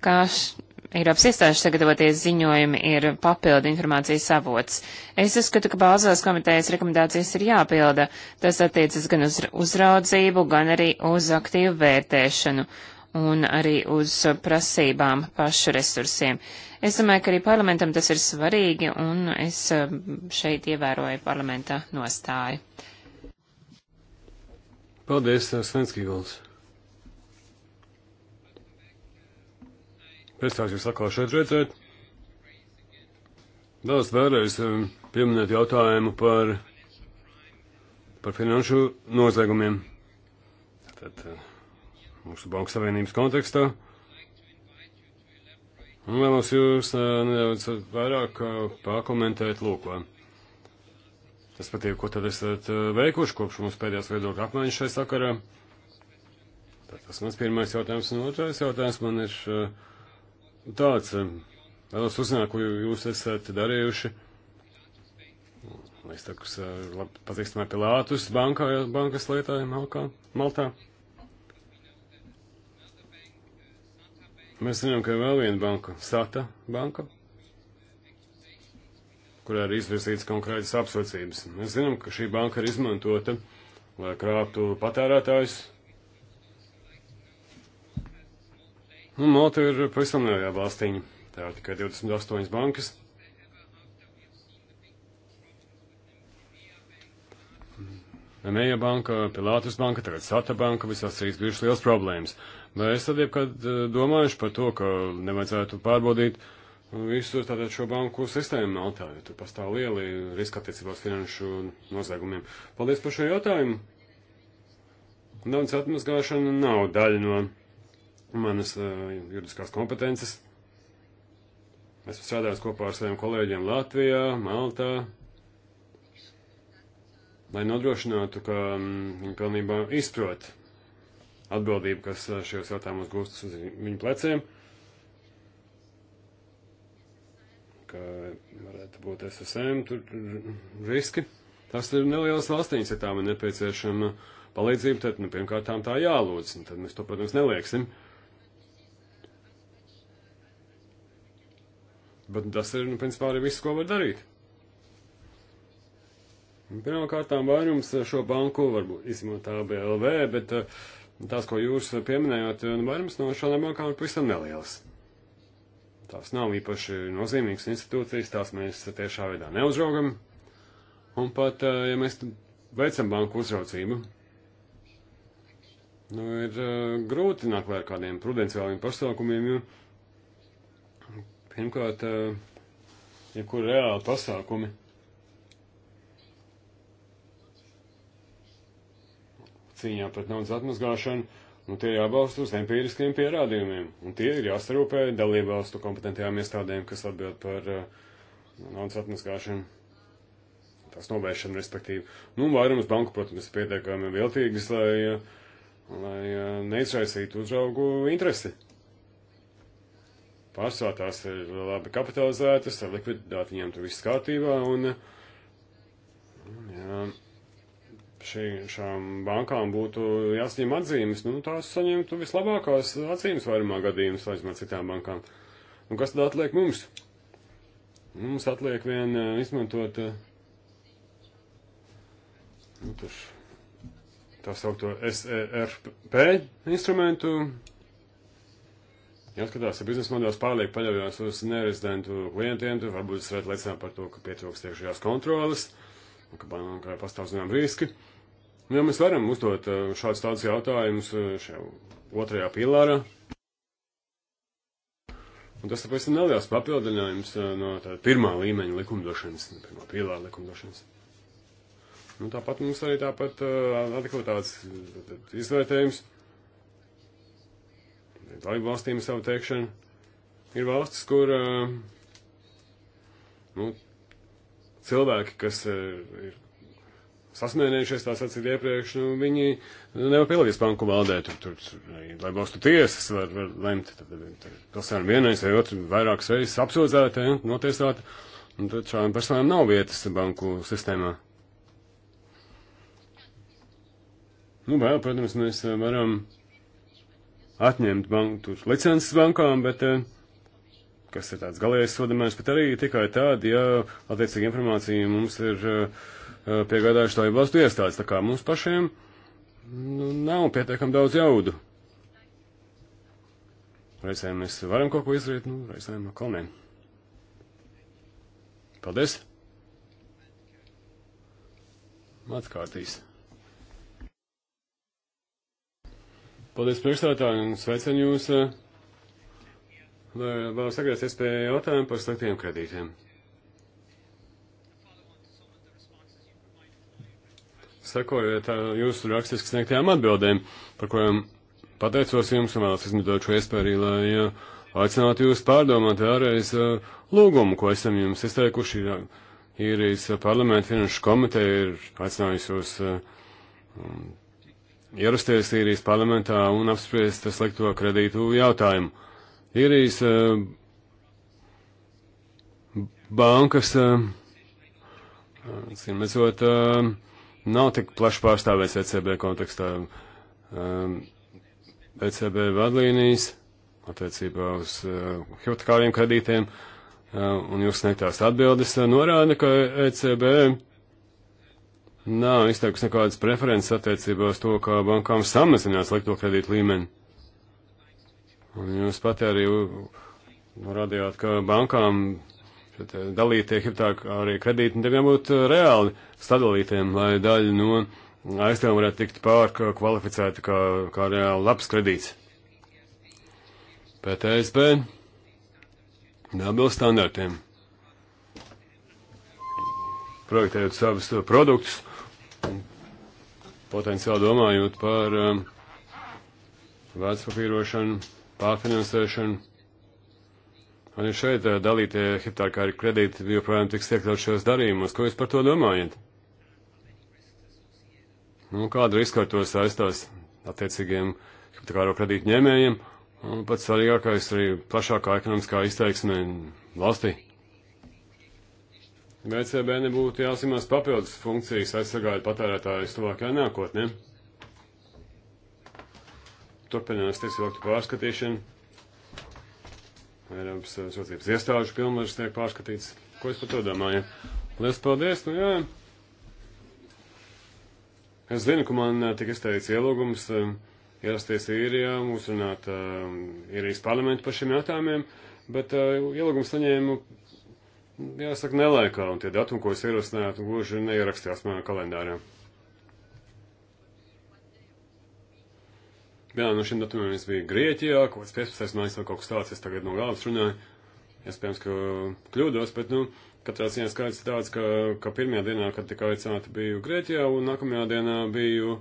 ka š, Eiropas iestāžu sagatavoties ziņojumi ir papildu informācijas avots. Es uzskatu, ka bāzās komitejas rekomendācijas ir jāpilda. Tas attiecas gan uz uzraudzību, gan arī uz aktīvu vērtēšanu un arī uz prasībām pašu resursiem. Es domāju, ka arī parlamentam tas ir svarīgi, un es um, šeit ievēroju parlamenta nostāju. Paldies, Svenskīgals. Priecājos jūs atkal šeit redzēt. Vēlos vēlreiz eh, pieminēt jautājumu par, par finanšu noziegumiem. Tad eh, mūsu Banku Savienības kontekstā. Un vēlos jūs eh, nedaudz vairāk pakomentēt lūko. Es patīk, ko tad esat veikuši kopš mums pēdējās viedokļa apmaiņas šai sakarā. Tad tas mans pirmais jautājums un otrais jautājums man ir tāds. Um, vēlos uzzināt, ko jūs esat darījuši. Es teiktu, ka pazīstamā Pilātus bankā, bankas lietā Malkā, Maltā. Mēs zinām, ka ir vēl viena banka, Sata banka, kurā ir izvirzīts konkrētas apsvērstības. Mēs zinām, ka šī banka ir izmantota, lai krāptu patērētājus, Un nu, Malta ir pavisam nelielā valstīņa. Tā ir tikai 28 bankas. Mēja banka, Pilātus banka, tagad Sata banka, visās trīs bijušas liels problēmas. Vai esat jebkad e, domājuši par to, ka nevajadzētu pārbaudīt visu tātad šo banku sistēmu Maltā, jo tur pastāv lieli riski attiecībās finanšu noziegumiem? Paldies par šo jautājumu. Naudas atmazgāšana nav daļa no manas uh, juridiskās kompetences. Esmu strādājis kopā ar saviem kolēģiem Latvijā, Maltā, lai nodrošinātu, ka mm, viņi pilnībā izprot atbildību, kas šajos jautājumos gūstas uz viņu pleciem, ka varētu būt SSM, tur, tur riski. Tas ir neliels valstīns, ja tām ir nepieciešama palīdzība, tad, nu, pirmkārt, tām tā jālūdz, un tad mēs to, protams, nelieksim. Bet tas ir, nu, principā arī viss, ko var darīt. Pirmkārt, vairums šo banku, varbūt izņemot tā BLV, bet eh, tās, ko jūs pieminējāt, eh, nu, vairums no šādām bankām ir pavisam nelielas. Tās nav īpaši nozīmīgas institūcijas, tās mēs tiešā veidā neuzraugam. Un pat, eh, ja mēs veicam banku uzraucību, nu, ir grūti nāk vēl kādiem prudenciāliem pasākumiem, jo. Ja Pirmkārt, eh, jebkur ja reāli pasākumi. Cīņā pret naudas atmazgāšanu, nu tie jābalsta uz empiriskiem pierādījumiem, un tie ir jāsarūpē dalībvalstu kompetentajām iestādēm, kas atbild par uh, naudas atmazgāšanu. Tās novēršana, respektīvi. Nu, vairums banku, protams, ir pietiekami viltīgas, lai, eh, lai neizraisītu uzraugu interesi. Pārsvarā tās ir labi kapitalizētas, ar likviditāti viņiem tur viss kārtībā, un, jā, šī, šām bankām būtu jāsaņem atzīmes, nu, tās saņemtu vislabākās atzīmes vairumā gadījumus, aizmēr citām bankām. Un kas tad atliek mums? Mums atliek vien eh, izmantot, eh, nu, tur, tā saukto SERP instrumentu, Jāskatās, ja biznesa modelis pārliek paļaujas uz nerezidentu klientiem, tad varbūt es varētu liecināt par to, ka pietrūkst iekšējās kontrolas, un ka bankā pastāv zinām riski. Nu, ja mēs varam uzdot eh, šādus tādus jautājumus eh, šajā otrajā pilārā, Un tas tāpēc ir neliels papildinājums eh, no tāda pirmā līmeņa likumdošanas, pirmā pīlāra likumdošanas. Nu, tāpat mums arī tāpat uh, adekvatāts izvērtējums dalību valstīm savu teikšanu. Ir valstis, kur nu, cilvēki, kas ir sasmēnējušies, tā sacīt iepriekš, nu, viņi nevar pielāgoties banku valdē, tur, tur, lai balstu tiesas, var, var lemt, tad pilsēm vienais vai otru vairākas reizes apsūdzētē, notiesāt, un tad šādām personām nav vietas banku sistēmā. Nu, vēl, protams, mēs varam atņemt banku licences bankām, bet eh, kas ir tāds galējais sodamērs, bet arī tikai tad, ja attiecīgi informācija mums ir eh, piegādājuši tā valstu iestādes, tā kā mums pašiem nu, nav pietiekam daudz jaudu. Reizēm mēs varam kaut ko izdarīt, nu, reizēm no kalniem. Paldies! Atkārtīs. Paldies priekšstādātāji un sveicam jūs, eh, lai vēl sagriezties pie jautājumu par sliktiem kredītiem. Sekojiet eh, jūsu rakstiski sniegtajām atbildēm, par kurām pateicos jums un vēlas izmantot šo iespēju arī, lai eh, aicinātu jūs pārdomāt vēlreiz lūgumu, ko esam jums izteikuši. Īrijas parlamenta finanšu komiteja ir aicinājusi jūs ierasties īrijas parlamentā un apspriest slikto kredītu jautājumu. Īrijas uh, eh, bankas, uh, eh, cīmēcot, uh, eh, nav tik plaši pārstāvēts ECB kontekstā. Uh, ECB vadlīnijas attiecībā uz uh, hipotekāriem kredītiem uh, un jūs sniegtās atbildes uh, norāda, ka ECB nav izteikusi nekādas preferences attiecībā uz to, kā bankām samazinās likto kredītu līmeni. Un jūs pati arī norādījāt, ka bankām eh, dalītie hipotēku arī kredīti ir nu, jābūt eh, reāli sadalītiem, lai daļa no aizdevumu varētu tikt pārka kvalificēta kā, kā reāli labs kredīts. PTSB nebilst standartiem. Projektējot savus eh, produktus, Potenciāli domājot par um, vērtspapīrošanu, pārfinansēšanu. Arī šeit uh, dalītie hipotēkāri kredīti joprojām tiks iekļauts šajos darījumos. Ko jūs par to domājat? Nu, kāda riska ar to saistās attiecīgiem hipotēkāro kredītu ņēmējiem? Un pats svarīgākais arī plašākā ekonomiskā izteiksme valstī. VCB nebūtu jāsimās papildus funkcijas aizsargāt patērētājus tuvākajā nākotnē. Turpinās tiesību aktu pārskatīšana. Eiropas eh, sūdzības iestāžu pilnvaras tiek pārskatīts. Ko es par to domāju? Lielas paldies! Nu, jā. Es zinu, ka man eh, tika izteikts ielūgums eh, ierasties īrijā, uzrunāt īrijas parlamentu par šiem jautājumiem, bet ielūgums saņēmu jāsaka, nelaikā, un tie datumi, ko es ierosināju, gluži neierakstījās manā kalendārā. Vienā no nu, šiem datumiem es biju Grieķijā, kaut kāds 15. maijs vai kaut kas tāds, es tagad no galvas runāju, iespējams, ka kļūdos, bet, nu, katrā ziņā skaidrs tāds, ka, ka pirmajā dienā, kad tika aicināti, biju Grieķijā, un nākamajā dienā biju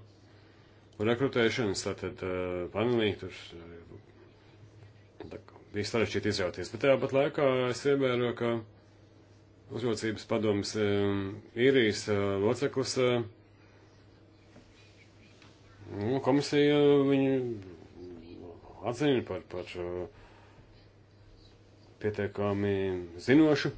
rekrutēšanas, tātad uh, panelī, tur eh, tā, bija sarežģīti izrauties, bet tajā pat laikā es ievēroju, ka uzraudzības padomas um, īrijas uh, loceklus. Uh, nu, komisija uh, viņu atzina par, par pietiekami zinošu.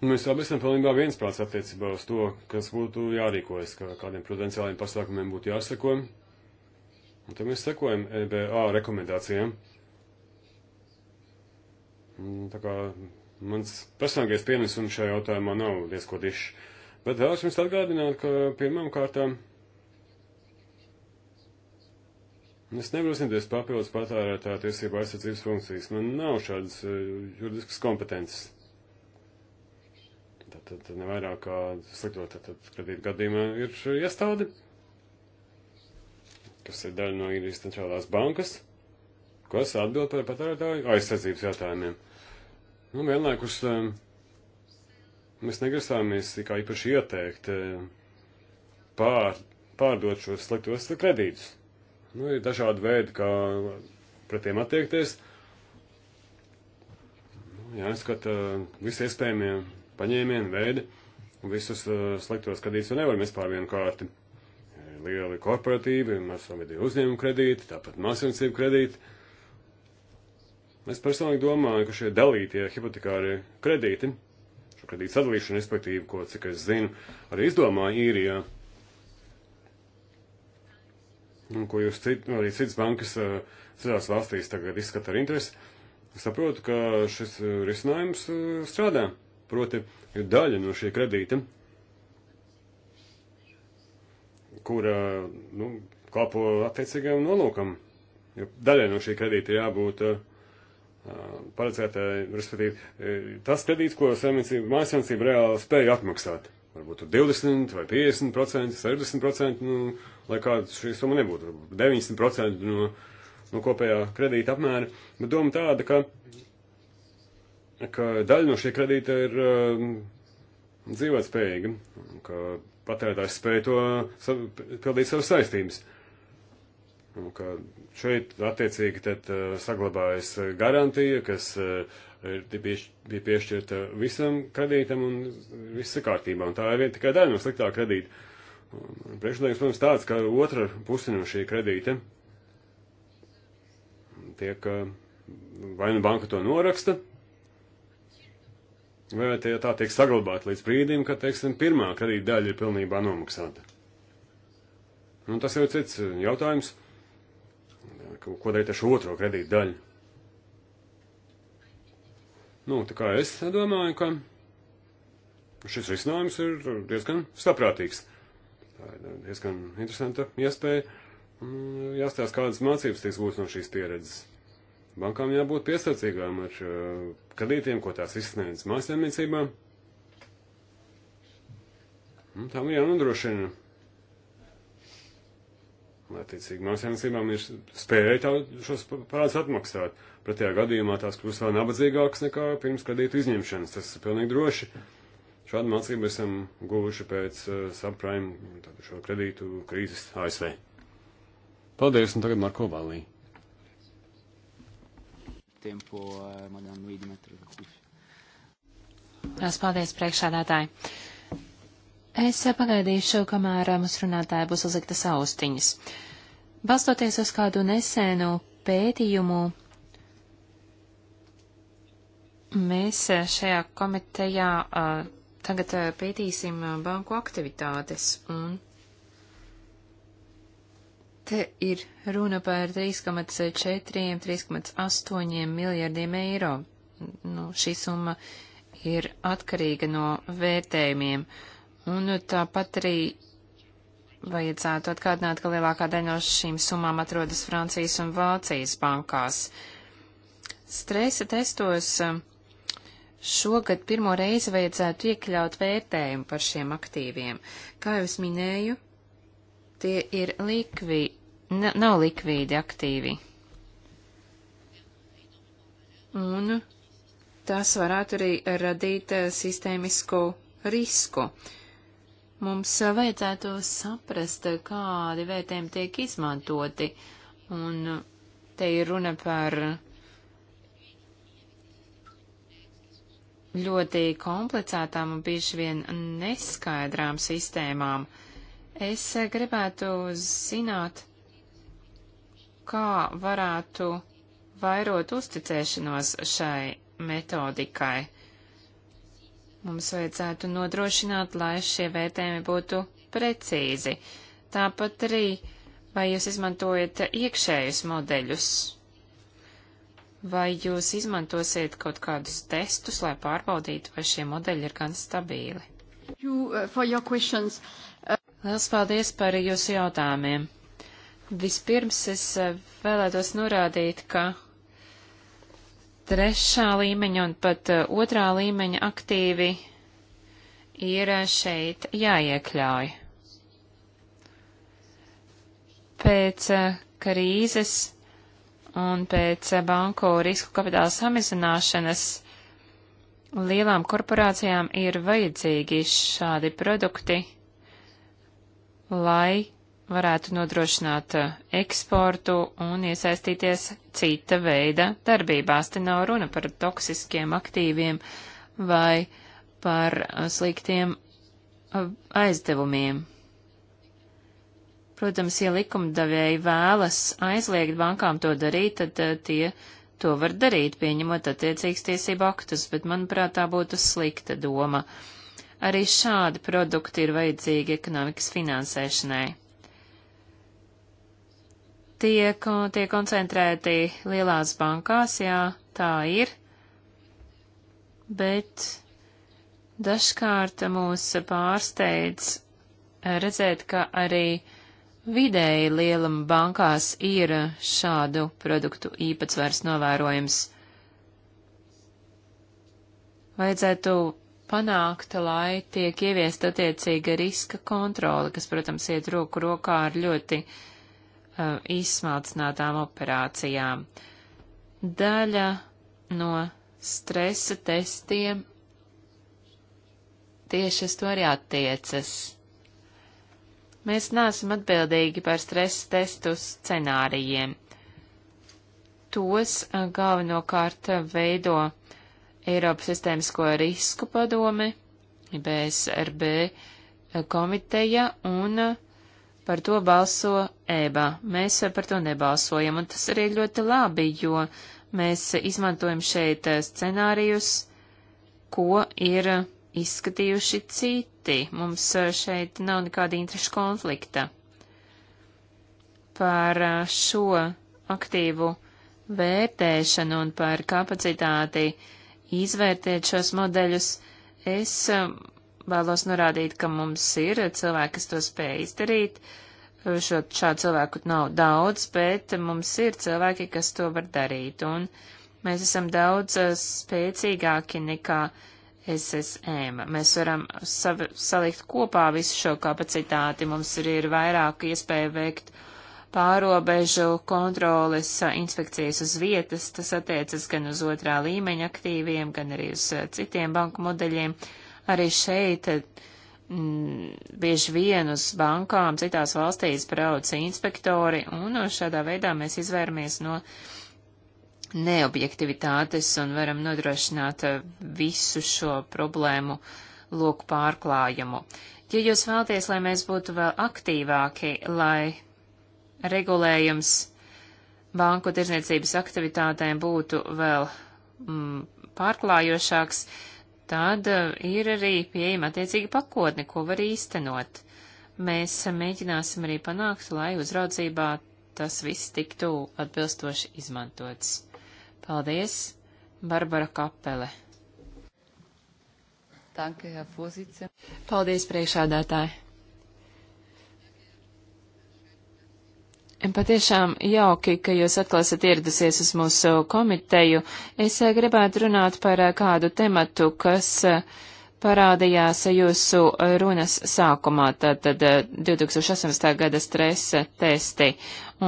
Mēs abi esam pilnībā viensprāts attiecībā uz to, kas būtu jārīkojas, kā kādiem prudenciāliem pasākumiem būtu jāsako. Un tad mēs sekojam EBA rekomendācijām. Ja? Mm, tā kā mans personīgais pienesums šajā jautājumā nav diezko dišs. Bet vēlos jums atgādināt, ka pirmām kārtām es nebrosināties papildus patērētāju tiesību aizsardzības funkcijas. Man nav šādas eh, juridiskas kompetences. Tad, tad nevairāk kā sliktot, tad, tad kredīt gadījumā ir iestādi, kas ir daļa no īrijas centrālās bankas, kas atbild par patērētāju aizsardzības jautājumiem. Nu, vienlaikus mēs negrasāmies kā īpaši ieteikt pār, pārdot šos sliktos kredītus. Nu, ir dažādi veidi, kā pret tiem attiekties. Nu, jāskata visi iespējamie paņēmieni, veidi. Visus eh, sliktos kredītus nevar mest pār vienu kārti. Ir lieli korporatīvi, mazsavidīgi uzņēmumu kredīti, tāpat mākslinieku kredīti Es personīgi domāju, ka šie dalītie hipotekārie kredīti, šo kredītu sadalīšana, respektīvi, ko cik es zinu, arī izdomāja īrijā. Un, ko jūs cit, arī citas bankas citās valstīs tagad izskata ar interesi, saprotu, ka šis risinājums strādā. Proti, ir daļa no šī kredīta, kura, nu, kalpo attiecīgam nolūkam. Jo daļai no šī kredīta ir jābūt uh, paredzētāji, respektīvi, e, tas kredīts, ko mājasēmniecība reāli spēja atmaksāt. Varbūt 20 vai 50%, 60%, nu, lai kāda šī summa nebūtu, 90% no, no kopējā kredīta apmēra. Bet doma tāda, ka, ka daļa no šī kredīta ir uh, dzīvotspējīga, ka patērētājs spēja to pildīt savas saistības. Uh, ka šeit attiecīgi tad eh, saglabājas garantija, kas eh, bija piešķirta visam kredītam un viss ir kārtībā. Un tā ir viena tikai daļa no sliktā kredīta. Priekšlikums, protams, tāds, ka otra puse no šī kredīta tiek eh, vai nu banka to noraksta, vai tie tā tiek saglabāta līdz brīdim, kad, teiksim, pirmā kredīta daļa ir pilnībā nomaksāta. Un nu, tas jau ir cits jautājums ko darīt ar šo otro kredītu daļu. Nu, tā kā es domāju, ka šis risinājums ir diezgan saprātīgs. Tā ir diezgan interesanta iespēja. Jāstāsta, kādas mācības tiks būs no šīs pieredzes. Bankām jābūt piesardzīgām ar uh, kredītiem, ko tās izsniedz mājasemniecībām. Nu, tām ir jānodrošina Attiecīgi, mākslinieckībām ir spēja šos parādus atmaksāt. Pretējā gadījumā tās kļūst vēl nabadzīgākas nekā pirms kredītu izņemšanas. Tas ir pilnīgi droši. Šādu mācību esam guvuši pēc uh, subprime, tātad šo kredītu krīzes ASV. Paldies, un tagad Marko Valī. Tempo, uh, madam Līdmetru. Es paldies priekšādātāji. Uh, Es pagaidīšu, kamēr eh, mūsu runātāja būs uzliktas austiņas. Balstoties uz kādu nesēnu pētījumu, mēs eh, šajā komitejā uh, tagad pētīsim banku aktivitātes un te ir runa par 3,4, 3,8 miljardiem eiro. Nu, šī summa ir atkarīga no vērtējumiem. Un tāpat arī vajadzētu atkārtināt, ka lielākā daļa no šīm summām atrodas Francijas un Vācijas bankās. Stresa testos um, šogad pirmo reizi vajadzētu iekļaut vērtējumu par šiem aktīviem. Kā jau es minēju, tie ir likvi, nav likvīdi aktīvi. Un tas varētu arī radīt eh, sistēmisku risku. Uh, Mums vajadzētu saprast, kādi vērtējumi tiek izmantoti, un te ir runa par ļoti komplicētām un bieži vien neskaidrām sistēmām. Es gribētu zināt, kā varētu vairot uzticēšanos šai metodikai. Mums vajadzētu nodrošināt, lai šie vērtējumi būtu precīzi. Tāpat arī, vai jūs izmantojat iekšējus modeļus, vai jūs izmantosiet kaut kādus testus, lai pārbaudītu, vai šie modeļi ir gan stabili. You, uh, uh Liels paldies par jūsu jautājumiem. Vispirms es uh, vēlētos norādīt, ka trešā līmeņa un pat eh, otrā līmeņa aktīvi ir eh, šeit jāiekļauj. Pēc eh, krīzes un pēc banku risku kapitāla samazināšanas lielām korporācijām ir vajadzīgi šādi produkti, lai varētu nodrošināt uh, eksportu un iesaistīties cita veida darbībās. Te nav runa par toksiskiem aktīviem vai par uh, sliktiem uh, aizdevumiem. Protams, ja likumdevēji vēlas aizliegt bankām to darīt, tad tie to var darīt, pieņemot attiecīgs tiesību aktus, bet, manuprāt, tā būtu slikta doma. Arī šādi produkti ir vajadzīgi ekonomikas finansēšanai tie, tie koncentrēti lielās bankās, jā, tā ir, bet dažkārt mūs pārsteidz redzēt, ka arī vidēji lielam bankās ir šādu produktu īpatsvars novērojams. Vajadzētu panākt, lai tiek ieviest attiecīga riska kontrole, kas, protams, iet roku rokā ar ļoti uh, Uh, izsmalcinātām operācijām. Daļa no stresa testiem tieši uz to arī attiecas. Mēs neesam atbildīgi par stresa testu scenārijiem. Tos uh, galvenokārt uh, veido Eiropas sistēmisko risku padome, BSRB komiteja un uh, Par to balso ēbā. Mēs par to nebalsojam, un tas arī ļoti labi, jo mēs izmantojam šeit eh, scenārijus, ko ir izskatījuši citi. Mums eh, šeit nav nekāda interešu konflikta. Par eh, šo aktīvu vērtēšanu un par kapacitāti izvērtēt šos modeļus es Vēlos norādīt, ka mums ir cilvēki, kas to spēj izdarīt. Šo, šādu cilvēku nav daudz, bet mums ir cilvēki, kas to var darīt. Un mēs esam daudz eh, spēcīgāki nekā SSM. Mēs varam sav, salikt kopā visu šo kapacitāti. Mums ir, ir vairāk iespēja veikt pārobežu kontroles eh, inspekcijas uz vietas. Tas attiecas gan uz otrā līmeņa aktīviem, gan arī uz eh, citiem banku modeļiem. Uh, Arī šeit mm, bieži vien uz bankām citās valstīs brauc inspektori, un šādā veidā mēs izvērmies no neobjektivitātes un varam nodrošināt eh, visu šo problēmu loku pārklājumu. Ja jūs vēlaties, lai mēs būtu vēl aktīvāki, lai regulējums banku tirzniecības aktivitātēm būtu vēl mm, pārklājošāks, tad eh, ir arī pieejama attiecīga pakotne, ko var īstenot. Mēs mēģināsim arī panākt, lai uzraudzībā tas viss tiktu atbilstoši izmantots. Paldies, Barbara Kapele! Paldies, priekšādātāji! Patiešām jauki, ka jūs atkal esat ieradusies uz mūsu komiteju. Es eh, gribētu runāt par eh, kādu tematu, kas eh, parādījās jūsu runas sākumā, tātad 2018. gada stresa testi.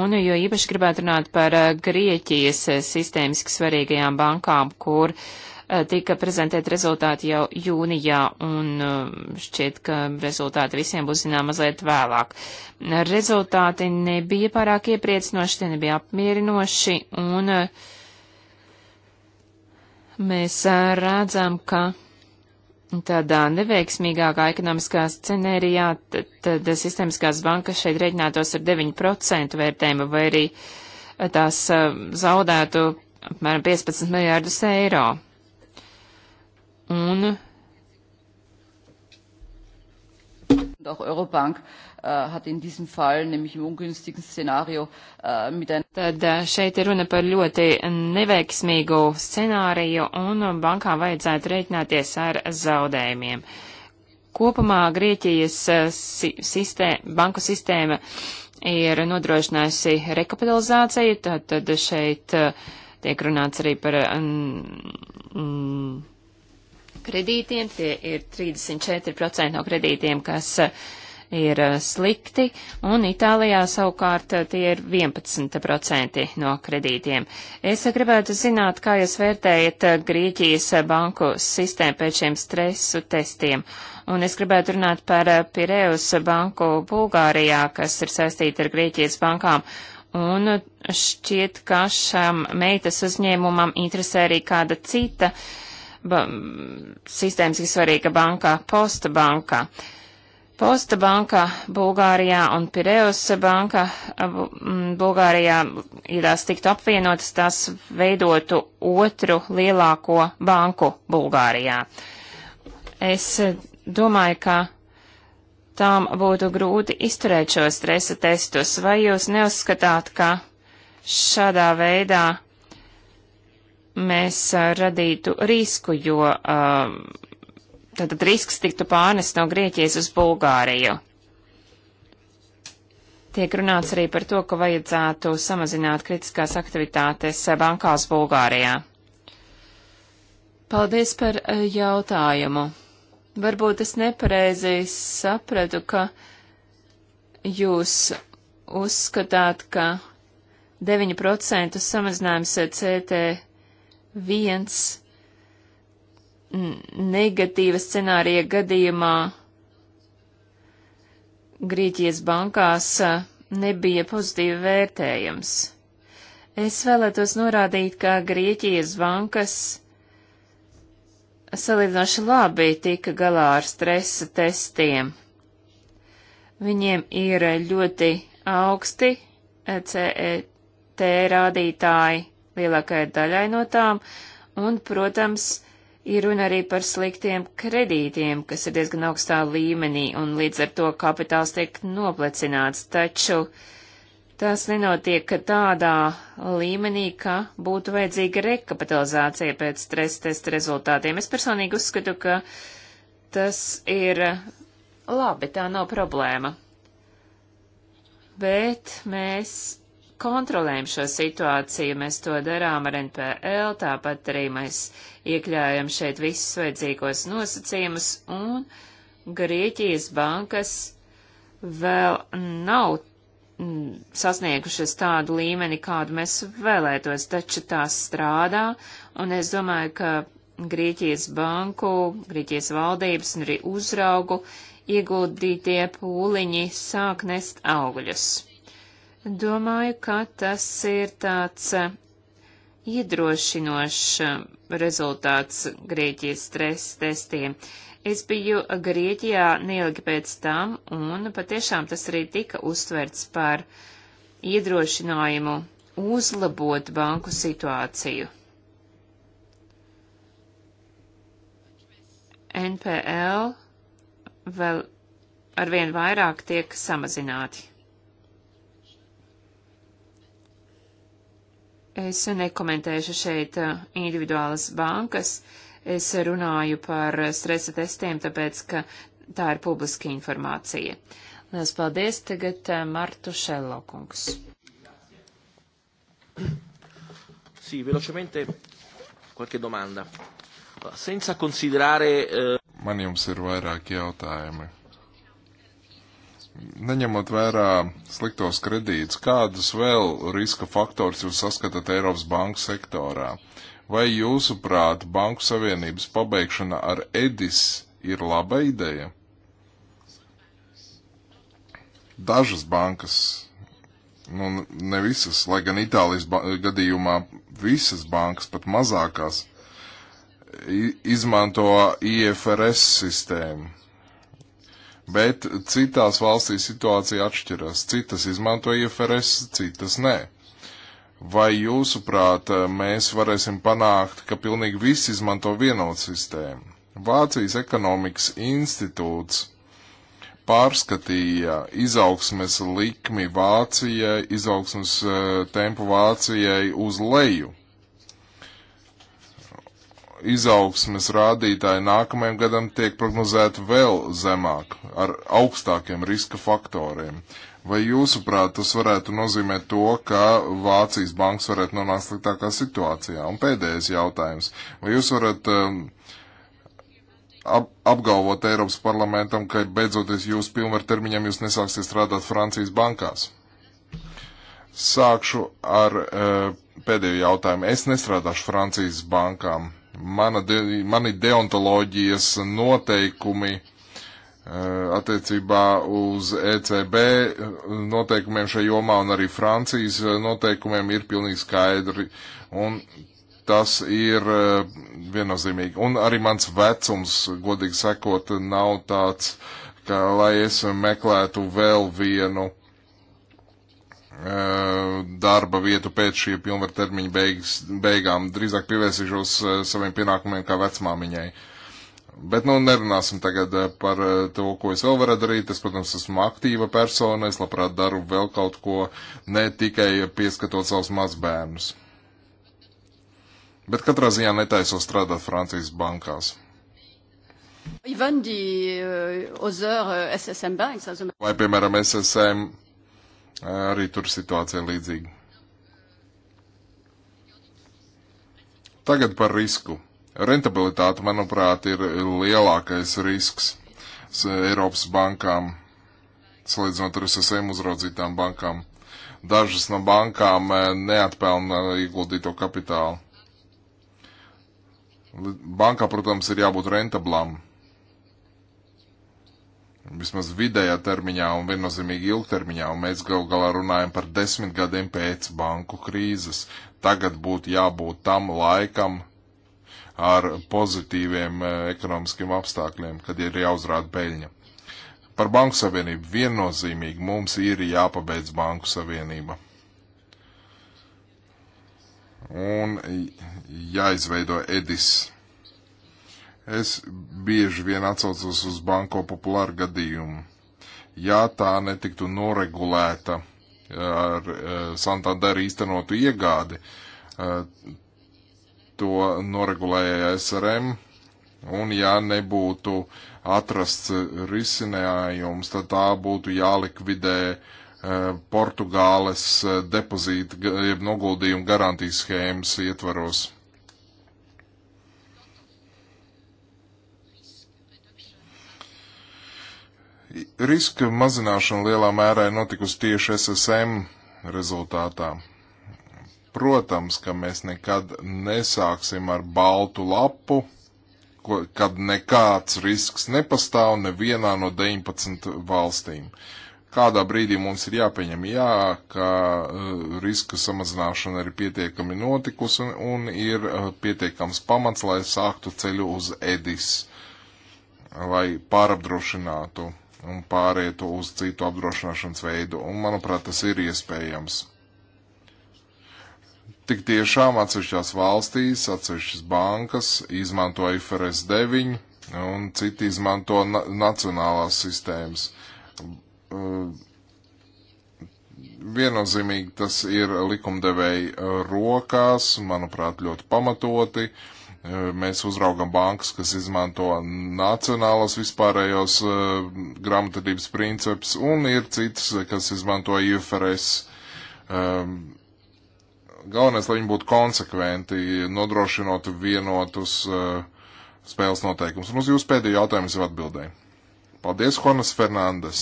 Un jo īpaši gribētu runāt par Grieķijas sistēmiski svarīgajām bankām, kur uh, Eh, tika prezentēt rezultāti jau jūnijā, un eh, šķiet, ka rezultāti visiem būs zinām mazliet vēlāk. Rezultāti nebija pārāk iepriecinoši, tie nebija apmierinoši, un eh, mēs redzam, ka tādā neveiksmīgākā ekonomiskā scenērijā tad sistemiskās bankas šeit reiķinātos ar 9% vērtējumu, vai arī tās zaudētu apmēram 15 miljārdus eiro un. Und auch Eurobank äh, hat in diesem Fall, nämlich im ungünstigen Szenario, äh, mit einem. Tad äh, šeit ir runa par ļoti neveiksmīgu scenāriju, un bankām vajadzētu rēķināties ar zaudējumiem. Kopumā Grieķijas äh, si sistēma, banku sistēma ir nodrošinājusi rekapitalizāciju, tad, tad šeit äh, tiek runāts arī par. Mm, mm, kredītiem, tie ir 34% no kredītiem, kas eh, ir eh, slikti, un Itālijā savukārt eh, tie ir 11% no kredītiem. Es gribētu zināt, kā jūs vērtējat Grieķijas banku sistēmu pēc šiem stresu testiem, un es gribētu runāt par Pireus banku Bulgārijā, kas ir saistīta ar Grieķijas bankām. Un šķiet, ka šam meitas uzņēmumam interesē arī kāda cita uh, ba sistēmiski svarīga bankā - Posta bankā. Posta banka Bulgārijā un Pireus banka Bulgārijā, ja tās tiktu apvienotas, tās veidotu otru lielāko banku Bulgārijā. Es domāju, ka tām būtu grūti izturēt šo stresa testus. Vai jūs neuzskatāt, ka šādā veidā mēs radītu risku, jo tātad risks tiktu pārnes no Grieķijas uz Bulgāriju. Tiek runāts arī par to, ka vajadzētu samazināt kritiskās aktivitātes bankās Bulgārijā. Paldies par jautājumu. Varbūt es nepareizi sapratu, ka jūs uzskatāt, ka 9% samazinājums CT viens negatīva scenārija gadījumā Grieķijas bankās nebija pozitīvi vērtējams. Es vēlētos norādīt, ka Grieķijas bankas salīdzinoši labi tika galā ar stresa testiem. Viņiem ir ļoti augsti e, CET rādītāji lielākajai daļai no tām, un, protams, ir runa arī par sliktiem kredītiem, kas ir diezgan augstā līmenī, un līdz ar to kapitāls tiek noplecināts, taču tas nenotiek tādā līmenī, ka būtu vajadzīga rekapitalizācija pēc stresa testa rezultātiem. Es personīgi uzskatu, ka tas ir labi, tā nav problēma. Bet mēs kontrolējam šo situāciju, mēs to darām ar NPL, tāpat arī mēs iekļājam šeit visus vajadzīgos nosacījumus, un Grieķijas bankas vēl nav mm, sasniegušas tādu līmeni, kādu mēs vēlētos, taču tās strādā, un es domāju, ka Grieķijas banku, Grieķijas valdības un arī uzraugu ieguldītie pūliņi sāk nest augļus. Domāju, ka tas ir tāds eh, iedrošinošs eh, rezultāts Grieķijas stresa testiem. Es biju Grieķijā neilgi pēc tam, un patiešām tas arī tika uztverts par iedrošinājumu uzlabot banku situāciju. NPL vēl arvien vairāk tiek samazināti. Es nekomentēšu šeit uh, individuālas bankas. Es runāju par uh, stresa testiem, tāpēc, ka tā ir publiska informācija. Lielas paldies. Tagad uh, Martu Šellokungs. Sì, velocemente qualche domanda. Senza considerare... Uh... Man jums ir vairāki jautājumi Neņemot vērā sliktos kredītus, kādus vēl riska faktors jūs saskatāt Eiropas banku sektorā? Vai jūsuprāt, Banku Savienības pabeigšana ar Edis ir laba ideja? Dažas bankas, nu ne visas, lai gan Itālijas gadījumā visas bankas, pat mazākās, izmanto IFRS sistēmu Bet citās valstīs situācija atšķiras. Citas izmanto IFRS, citas nē. Vai jūsuprāt, eh, mēs varēsim panākt, ka pilnīgi visi izmanto vienotu sistēmu? Vācijas ekonomikas institūts pārskatīja izaugsmes likmi Vācijai, izaugsmes eh, tempu Vācijai uz leju izaugsmes rādītāji nākamajam gadam tiek prognozēti vēl zemāk, ar augstākiem riska faktoriem. Vai jūsuprāt, tas varētu nozīmēt to, ka Vācijas banks varētu nonākt sliktākā situācijā? Un pēdējais jautājums. Vai jūs varat um, ap, apgalvot Eiropas parlamentam, ka beidzoties jūsu pilnvartermiņam jūs nesāksiet strādāt Francijas bankās? Sākšu ar uh, pēdējo jautājumu. Es nestrādāšu Francijas bankām mana, de, mani deontoloģijas noteikumi eh, attiecībā uz ECB eh, noteikumiem šajā jomā un arī Francijas eh, noteikumiem ir pilnīgi skaidri. Un tas ir viennozīmīgi. Un arī mans vecums, godīgi sakot, nav tāds, ka lai es meklētu vēl vienu Eh, darba vietu pēc šī pilnvaru termiņa beigas, beigām. Drīzāk pievērsīšos eh, saviem pienākumiem kā vecmāmiņai. Bet, nu, nerunāsim tagad eh, par to, ko es vēl varu darīt. Es, protams, esmu aktīva persona, es labprāt daru vēl kaut ko, ne tikai pieskatot savus mazbērnus. Bet katrā ziņā netaisos strādāt Francijas bankās. Vai, piemēram, SSM Arī tur situācija līdzīga. Tagad par risku. Rentabilitāte, manuprāt, ir lielākais risks Eiropas bankām, salīdzinot ar SSM uzraudzītām bankām. Dažas no bankām eh, neatpelna ieguldīto kapitālu. Bankā, protams, ir jābūt rentablām, vismaz vidējā termiņā un viennozīmīgi ilgtermiņā, un mēs gal galā runājam par desmit gadiem pēc banku krīzes. Tagad būtu jābūt tam laikam ar pozitīviem eh, ekonomiskiem apstākļiem, kad ir jāuzrāda peļņa. Par banku savienību viennozīmīgi mums ir jāpabeidz banku savienība. Un jāizveido Edis Es bieži vien atsaucos uz banko populāru gadījumu. Ja tā netiktu noregulēta eh, ar eh, Santander īstenotu iegādi, eh, to noregulēja SRM, un ja nebūtu atrasts risinājums, tad tā būtu jālikvidē Portugāles depozīta, jeb noguldījuma garantijas schēmas ietvaros. Riska mazināšana lielā mērā ir notikusi tieši SSM rezultātā. Protams, ka mēs nekad nesāksim ar baltu lapu, ko, kad nekāds risks nepastāv nevienā no 19 valstīm. Kādā brīdī mums ir jāpieņem, jā, ka uh, riska samazināšana ir pietiekami notikusi un, un ir uh, pietiekams pamats, lai sāktu ceļu uz EDIS, lai pārapdrošinātu un pārietu uz citu apdrošināšanas veidu. Un, manuprāt, tas ir iespējams. Tik tiešām atsevišķās valstīs, atsevišķas bankas izmanto IFRS 9 un citi izmanto na nacionālās sistēmas. Uh, viennozīmīgi tas ir likumdevēji rokās, manuprāt, ļoti pamatoti. Uh, Mēs uzraugam bankas, kas izmanto nacionālos vispārējos grāmatvedības principus, un ir citas, kas izmanto IFRS. Galvenais, lai viņi būtu konsekventi, nodrošinot vienotus spēles noteikumus. Un uz jūsu pēdējo jautājumu es jau atbildēju. Paldies, Juanas Fernandes.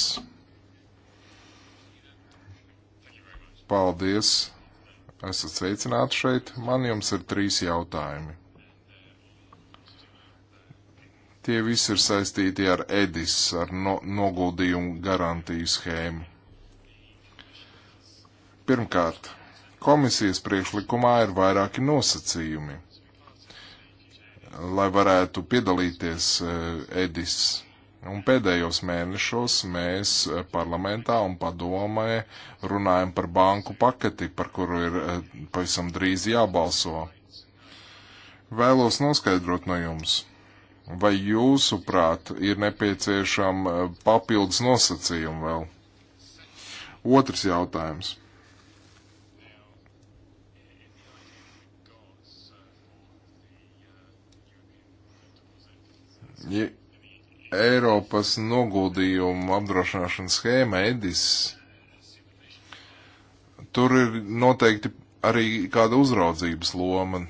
Paldies. Esat sveicināti šeit. Man jums ir trīs jautājumi. Tie visi ir saistīti ar EDIS, ar no, noguldījumu garantiju schēmu. Pirmkārt, komisijas priekšlikumā ir vairāki nosacījumi, lai varētu piedalīties eh, EDIS. Un pēdējos mēnešos mēs eh, parlamentā un padomē runājam par banku paketi, par kuru ir eh, pavisam drīz jābalso. Vēlos noskaidrot no jums Vai jūsuprāt ir nepieciešama eh, papildus nosacījuma vēl? Otrs jautājums. Ja Eiropas noguldījumu apdrošināšanas schēma EDIS, tur ir noteikti arī kāda uzraudzības loma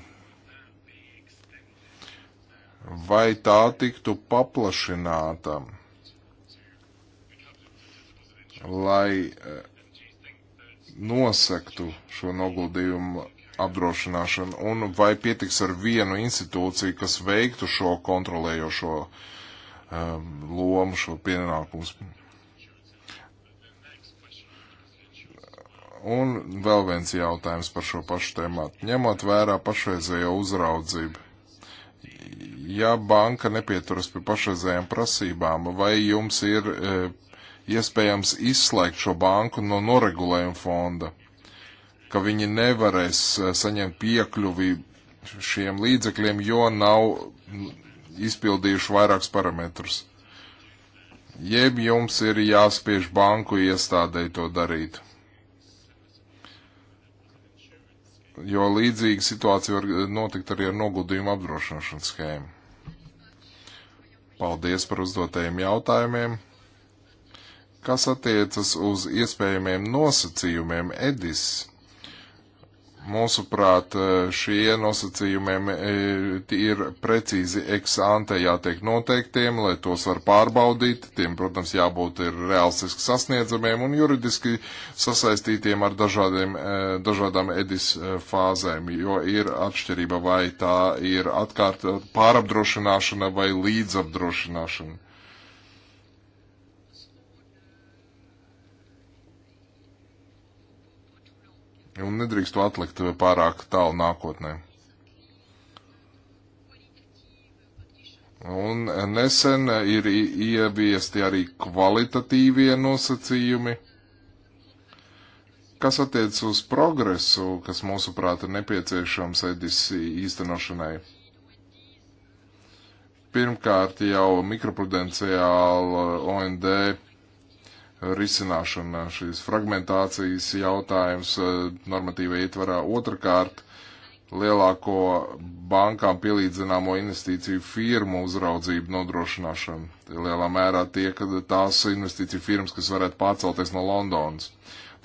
vai tā tiktu paplašināta, lai eh, nosektu šo noguldījumu apdrošināšanu, un vai pietiks ar vienu institūciju, kas veiktu šo kontrolējošo um, lomu, šo pienākumus. Un vēl viens jautājums par šo pašu tēmātu. Ņemot vērā pašreizējo uzraudzību, ja banka nepieturas pie pašreizējām prasībām, vai jums ir e, iespējams izslēgt šo banku no noregulējuma fonda, ka viņi nevarēs e, saņemt piekļuvi šiem līdzekļiem, jo nav izpildījuši vairākus parametrus. Jeb jums ir jāspiež banku iestādēji to darīt. jo līdzīga situācija var e, notikt arī ar noguldījumu apdrošināšanas schēmu. Paldies par uzdotajiem jautājumiem. Kas attiecas uz iespējamiem nosacījumiem Edis Mūsuprāt, eh, šie nosacījumiem eh, ir precīzi eksante jātiek noteiktiem, lai tos var pārbaudīt. Tiem, protams, jābūt ir realistiski sasniedzamiem un juridiski sasaistītiem ar dažādiem, eh, dažādām edis fāzēm, jo ir atšķirība vai tā ir atkārt pārapdrošināšana vai līdzapdrošināšana. un nedrīkst to atlikt pārāk tālu nākotnē. Un nesen ir ieviesti arī kvalitatīvie nosacījumi, kas attiec uz progresu, kas mūsuprāt ir nepieciešams edis īstenošanai. Pirmkārt jau mikroprudenciāla OND risināšana, šīs fragmentācijas jautājums eh, normatīvā ietvarā. Otrakārt, lielāko bankām pielīdzināmo investīciju firmu uzraudzību nodrošināšana. Tie lielā mērā tie, kad tās investīciju firmas, kas varētu pārcelties no Londonas.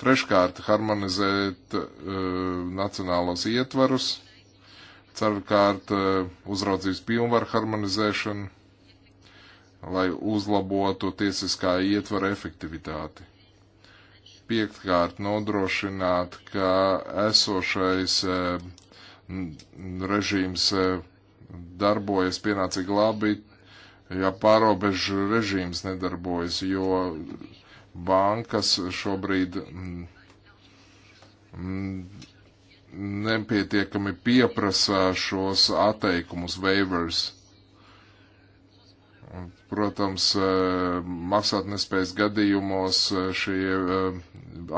Treškārt, harmonizēt uh, nacionālos ietvarus. Ceturkārt, uh, eh, uzraudzības pilnvaru harmonizēšanu lai uzlabotu tiesiskā ietvara efektivitāti. Piektkārt, nodrošināt, ka esošais e, režīms e, darbojas pienācīgi labi, ja pārobežu režīms nedarbojas, jo bankas šobrīd nepietiekami pieprasa šos atteikumus, waivers Protams, e, maksātnespējas gadījumos e, šie e,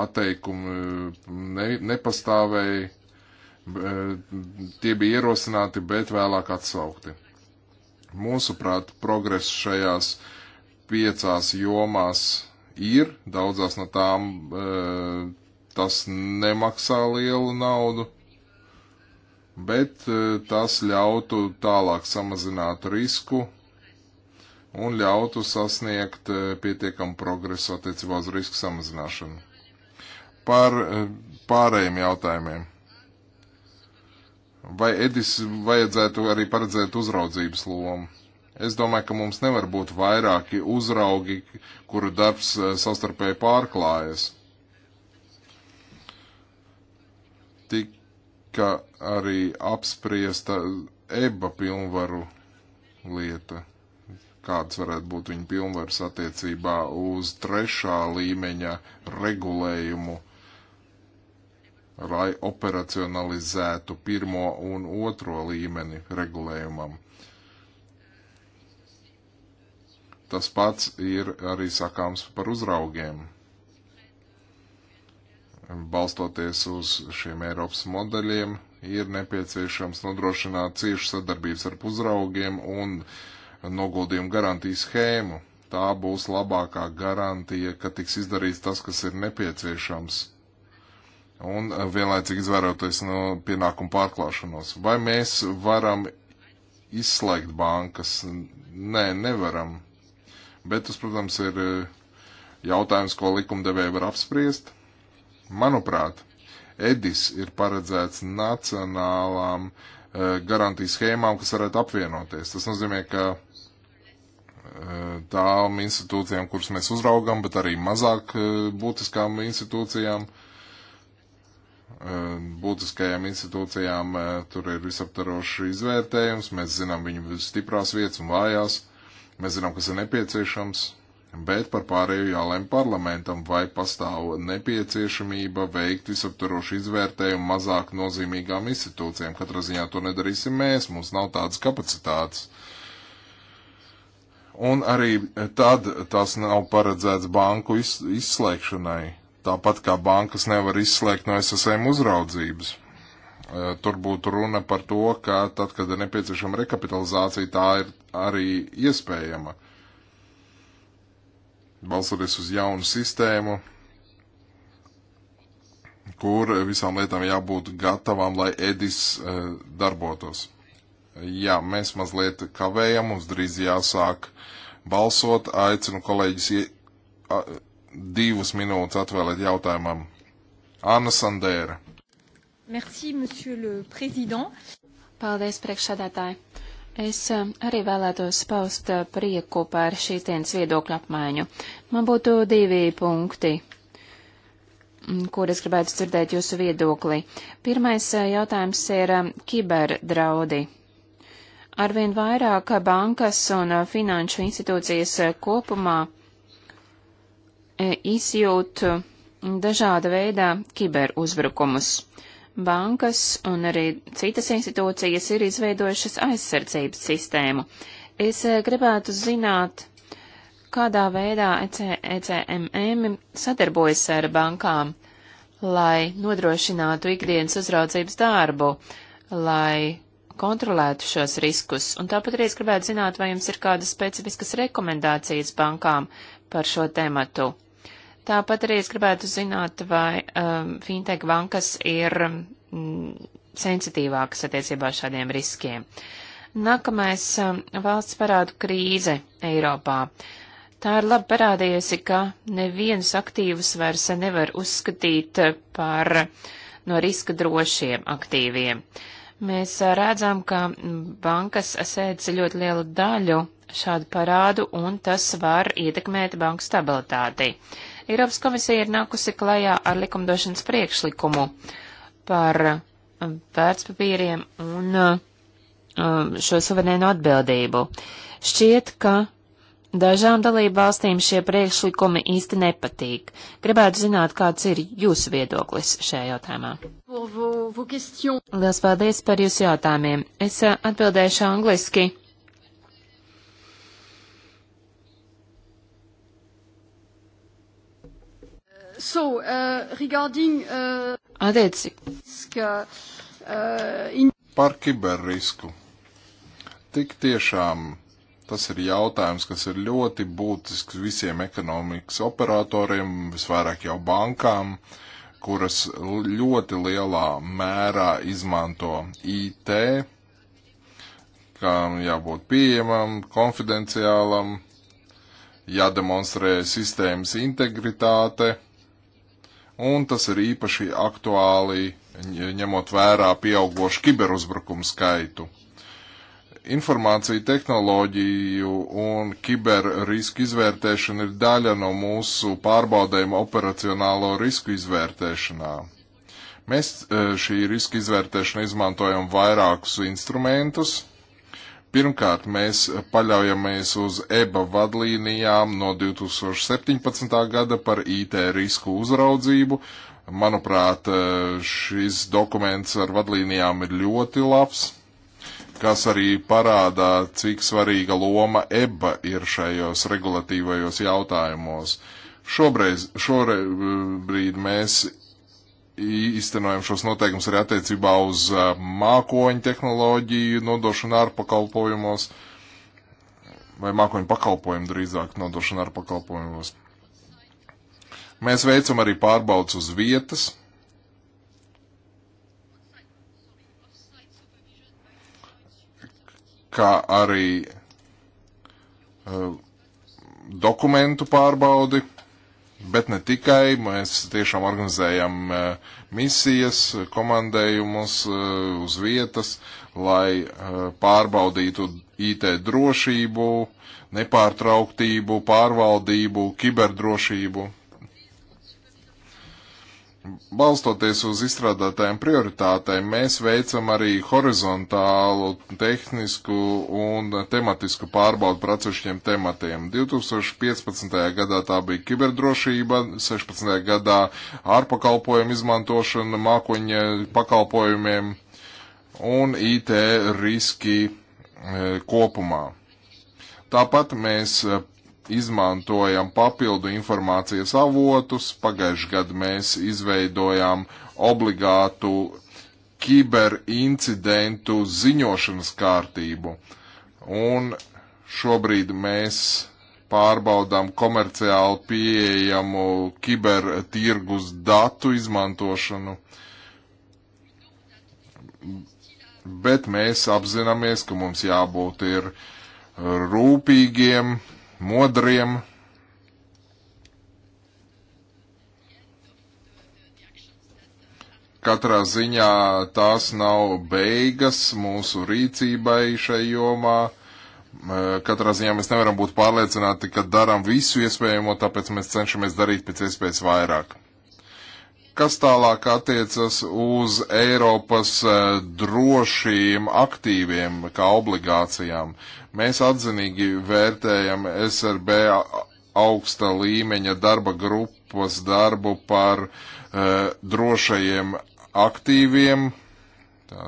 atteikumi ne, nepastāvēja, tie bija ierosināti, bet vēlāk atsaukti. Mūsuprāt, progress šajās piecās jomās ir, daudzās no tām tas nemaksā lielu naudu, bet tas ļautu tālāk samazināt risku un ļautu sasniegt eh, pietiekamu progresu attiecībā uz risku samazināšanu. Par eh, pārējiem jautājumiem. Vai Edis vajadzētu arī paredzēt uzraudzības lomu? Es domāju, ka mums nevar būt vairāki uzraugi, kuru darbs eh, sastarpēji pārklājas. Tika arī apspriesta eba pilnvaru lieta kādas varētu būt viņa pilnvaras attiecībā uz trešā līmeņa regulējumu, lai operacionalizētu pirmo un otro līmeni regulējumam. Tas pats ir arī sakāms par uzraugiem. Balstoties uz šiem Eiropas modeļiem, ir nepieciešams nodrošināt ciešu sadarbības ar uzraugiem un uh, noguldījumu garantiju schēmu. Tā būs labākā garantija, ka tiks izdarīts tas, kas ir nepieciešams. Un eh, vienlaicīgi izvēroties no pienākumu pārklāšanos. Vai mēs varam izslēgt bankas? Nē, nevaram. Bet tas, protams, ir eh, jautājums, ko likumdevēja var apspriest. Manuprāt, Edis ir paredzēts nacionālām e, garantijas schēmām, kas varētu apvienoties. Tas nozīmē, ka tām institūcijām, kuras mēs uzraugam, bet arī mazāk eh, būtiskām institūcijām. Eh, būtiskajām institūcijām eh, tur ir visaptarošs izvērtējums, mēs zinām viņu stiprās vietas un vājās, mēs zinām, kas ir nepieciešams, bet par pārējo jālem parlamentam, vai pastāv nepieciešamība veikt visaptarošu izvērtējumu mazāk nozīmīgām institūcijām. Katrā ziņā to nedarīsim mēs, mums nav tādas kapacitātes Un arī eh, tad tas nav paredzēts banku iz, izslēgšanai, tāpat kā bankas nevar izslēgt no SSM uzraudzības. Eh, tur būtu runa par to, ka tad, kad ir nepieciešama rekapitalizācija, tā ir arī iespējama. Balsoties uz jaunu sistēmu, kur visām lietām jābūt gatavām, lai Edis eh, darbotos. Jā, mēs mazliet kavējam, mums drīz jāsāk balsot. Aicinu kolēģis divas minūtes atvēlēt jautājumam. Anna Sandēra. Merci, monsieur le président. Paldies, priekšsādātāji. Es eh, arī vēlētos paust eh, prieku par šīs dienas viedokļu apmaiņu. Man būtu divi punkti, mm, kur es gribētu dzirdēt jūsu viedoklī. Pirmais eh, jautājums ir kiberdraudi. Arvien vairāk bankas un uh, finanšu institūcijas uh, kopumā uh, izjūt dažāda veidā kiberuzbrukumus. Bankas un arī citas institūcijas ir izveidojušas aizsardzības sistēmu. Es gribētu zināt, kādā veidā ECMM e sadarbojas ar bankām, lai nodrošinātu ikdienas uzraudzības darbu, lai kontrolētu šos riskus, un tāpat arī es gribētu zināt, vai jums ir kādas specifiskas rekomendācijas bankām par šo tēmatu. Tāpat arī es gribētu zināt, vai um, fintech bankas ir mm, sensitīvākas attiecībā uz šādiem riskiem. Nākamais um, valsts parādu krīze Eiropā. Tā ir labi parādījusi, ka nevienus aktīvus vairs nevar uzskatīt par no riska drošiem aktīviem. Uh, Mēs redzam, ka bankas sēdz ļoti lielu daļu šādu parādu, un tas var ietekmēt banku stabilitāti. Eiropas komisija ir nākusi klajā ar likumdošanas priekšlikumu par vērtspapīriem un šo suverēnu atbildību. Šķiet, ka Dažām dalībvalstīm šie priekšlikumi īsti nepatīk. Gribētu zināt, kāds ir jūsu viedoklis šajā jautājumā. Lielas paldies par jūsu jautājumiem. Es eh, atbildēšu angliski. So, uh, regarding, uh, Attieci. Uh, uh, in... Par kiberrisku. Tik tiešām Tas ir jautājums, kas ir ļoti būtisks visiem ekonomikas operatoriem, visvairāk jau bankām, kuras ļoti lielā mērā izmanto IT, kam jābūt pieejamam, konfidenciālam, jādemonstrē sistēmas integritāte, un tas ir īpaši aktuāli ņemot vērā pieaugošu kiberuzbrukumu skaitu informāciju tehnoloģiju un kiberrisku izvērtēšana ir daļa no mūsu pārbaudējuma operacionālo risku izvērtēšanā. Mēs e, šī riska izvērtēšana izmantojam vairākus instrumentus. Pirmkārt, mēs paļaujamies uz EBA vadlīnijām no 2017. gada par IT risku uzraudzību. Manuprāt, e, šis dokuments ar vadlīnijām ir ļoti labs kas arī parādā, cik svarīga loma EBA ir šajos regulatīvajos jautājumos. Šobrīd, šobrīd mēs īstenojam šos noteikumus arī attiecībā uz mākoņu tehnoloģiju nodošanu ārpakalpojumos vai mākoņu pakalpojumu drīzāk nodošanu ārpakalpojumos. Mēs veicam arī pārbaudas uz vietas, kā arī eh, dokumentu pārbaudi, bet ne tikai. Mēs tiešām organizējam eh, misijas, komandējumus eh, uz vietas, lai pārbaudītu IT drošību, nepārtrauktību, pārvaldību, kiberdrošību. Balstoties uz izstrādātājiem prioritātēm, mēs veicam arī horizontālu, tehnisku un tematisku pārbaudu par atsevišķiem tematiem. 2015. gadā tā bija kiberdrošība, 16. gadā ārpakalpojumu izmantošana, mākoņa pakalpojumiem un IT riski e, kopumā. Tāpat mēs e, izmantojam papildu informācijas avotus. Pagājuši gadu mēs izveidojām obligātu kiberincidentu ziņošanas kārtību. Un šobrīd mēs pārbaudām komerciāli pieejamu kibertirgus datu izmantošanu. Bet mēs apzināmies, ka mums jābūt ir rūpīgiem, modriem. Katrā ziņā tās nav beigas mūsu rīcībai šai jomā. Eh, katrā ziņā mēs nevaram būt pārliecināti, ka darām visu iespējamo, tāpēc mēs cenšamies darīt pēc iespējas vairāk kas tālāk attiecas uz Eiropas eh, drošiem aktīviem, kā obligācijām. Mēs atzinīgi vērtējam SRB augsta līmeņa darba grupas darbu par uh, drošajiem aktīviem. Tā,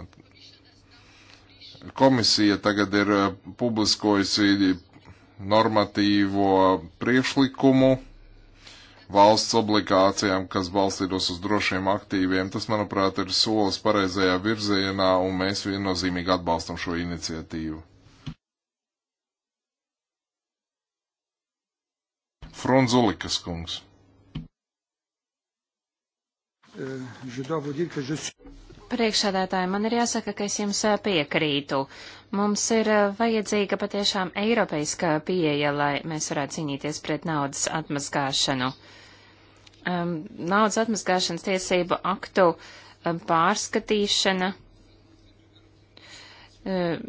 komisija tagad ir eh, publiskojusi normatīvo priekšlikumu valsts obligācijām, kas balstītos uz drošiem aktīviem. Tas, manuprāt, ir solis pareizajā virzienā, un mēs viennozīmīgi atbalstam šo iniciatīvu. Fronzulikas kungs. Priekšsēdētāji, man ir jāsaka, ka es jums piekrītu. Mums ir vajadzīga patiešām eiropeiska pieeja, lai mēs varētu cīnīties pret naudas atmazgāšanu. Uh, um, naudas atmaskāšanas tiesību aktu um, pārskatīšana um,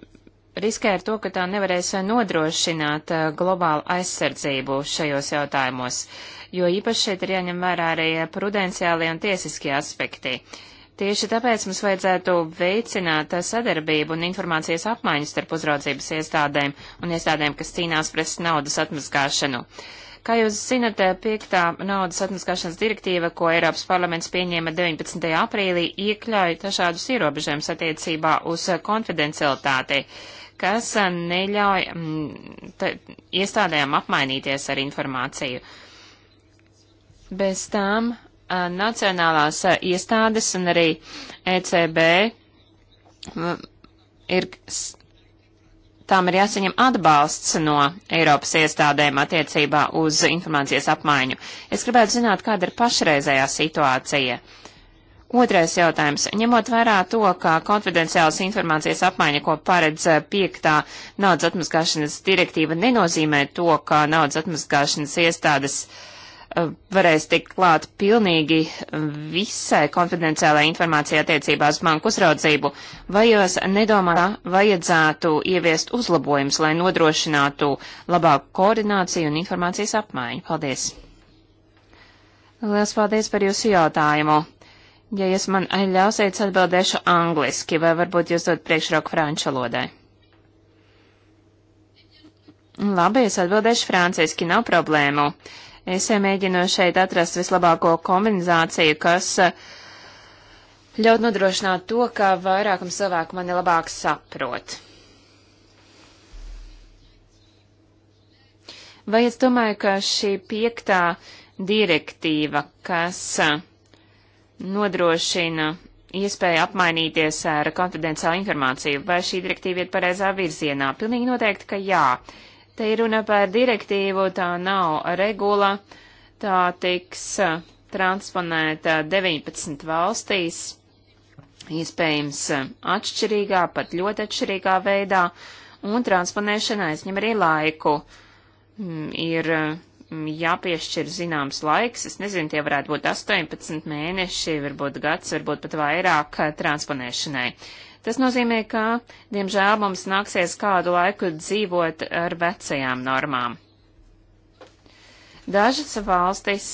riskē ar to, ka tā nevarēs nodrošināt uh, globālu aizsardzību šajos jautājumos, jo īpaši šeit ir jāņem vērā arī uh, prudenciālie un tiesiskie aspekti. Tieši tāpēc mums vajadzētu veicināt uh, sadarbību un informācijas apmaiņu starp uzraudzības iestādēm un iestādēm, kas cīnās pret naudas atmaskāšanu. Uh, Kā jūs zinat, eh, piektā naudas atmaskāšanas direktīva, ko Eiropas parlaments pieņēma 19. aprīlī, iekļauj dažādus ierobežojumus attiecībā uz eh, konfidencialitāti kas eh, neļauj mm, iestādēm apmainīties ar informāciju. Bez tām nacionālās iestādes un arī ECB ir tām ir jāsaņem atbalsts no Eiropas iestādēm attiecībā uz informācijas apmaiņu. Es gribētu zināt, kāda ir pašreizējā situācija. Otrais jautājums. Ņemot vērā to, ka konfidenciālas informācijas apmaiņa, ko paredz piektā naudas atmaskāšanas direktīva, nenozīmē to, ka naudas atmaskāšanas iestādes uh, Eh, varēs tikt klāt pilnīgi visai konfidenciālai informācijai attiecībā uz banku uzraudzību, vai jūs nedomājat, vajadzētu ieviest uzlabojumus, lai nodrošinātu labāku koordināciju un informācijas apmaiņu? Paldies! Lielas paldies par jūsu jautājumu! Ja jūs man ļausiet, atbildēšu angliski, vai varbūt jūs dod priekšroku franču valodai. Labi, es atbildēšu franciski, nav problēmu. Uh, Es mēģinu šeit atrast vislabāko kombināciju, kas eh, ļaut nodrošināt to, ka vairākam cilvēku mani labāk saprot. Vai es domāju, ka šī piektā direktīva, kas eh, nodrošina iespēja apmainīties ar konfidenciālu informāciju, vai šī direktīva iet pareizā virzienā? Pilnīgi noteikti, ka jā. Te ir runa par direktīvu, tā nav regula, tā tiks uh, transponēta 19 valstīs, iespējams uh, atšķirīgā, pat ļoti atšķirīgā veidā, un transponēšana aizņem arī laiku. Mm, ir mm, jāpiešķir zināms laiks, es nezinu, tie varētu būt 18 mēneši, varbūt gads, varbūt pat vairāk uh, transponēšanai. Tas nozīmē, ka, diemžēl, mums nāksies kādu laiku dzīvot ar vecajām normām. Dažas valstis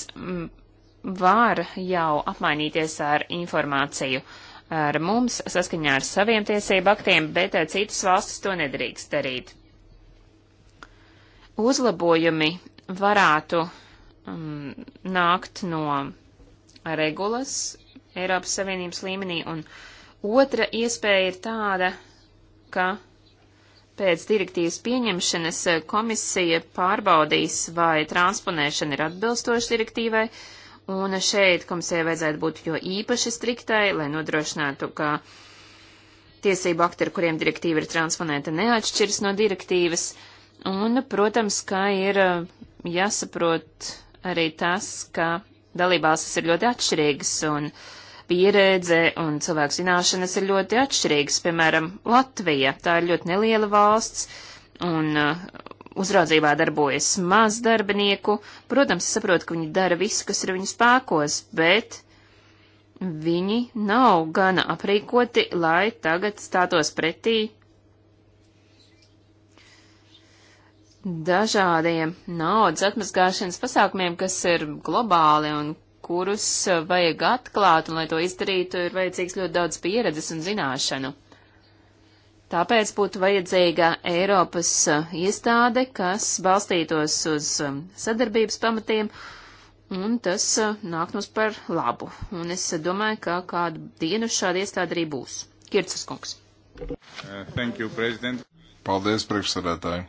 var jau apmainīties ar informāciju ar mums saskaņā ar saviem tiesību aktiem, bet eh, citas valstis to nedrīkst darīt. Uzlabojumi varētu um, nākt no regulas Eiropas Savienības līmenī un uh, Otra iespēja ir tāda, ka pēc direktīvas pieņemšanas eh, komisija pārbaudīs, vai transponēšana ir atbilstoša direktīvai, un šeit komisijai vajadzētu būt jo īpaši striktai, lai nodrošinātu, ka tiesību akti, ar kuriem direktīva ir transponēta, neatšķiras no direktīvas, un, protams, ka ir eh, jāsaprot arī tas, ka dalībvalstis ir ļoti atšķirīgas, un uh, pieredze un cilvēku zināšanas ir ļoti atšķirīgas. Piemēram, Latvija, tā ir ļoti neliela valsts, un uh, uzraudzībā darbojas maz darbinieku. Protams, es saprotu, ka viņi dara visu, kas ir viņu spēkos, bet viņi nav gana aprīkoti, lai tagad stātos pretī dažādiem naudas atmazgāšanas pasākumiem, kas ir globāli un kurus eh, vajag atklāt, un lai to izdarītu, ir vajadzīgs ļoti daudz pieredzes un zināšanu. Tāpēc būtu vajadzīga Eiropas eh, iestāde, kas balstītos uz eh, sadarbības pamatiem, un tas nāk mums par labu. Un es domāju, ka kādu dienu šāda iestāde arī būs. Kircis kungs. Uh, thank you, prezident. Paldies, priekšsēdētāji.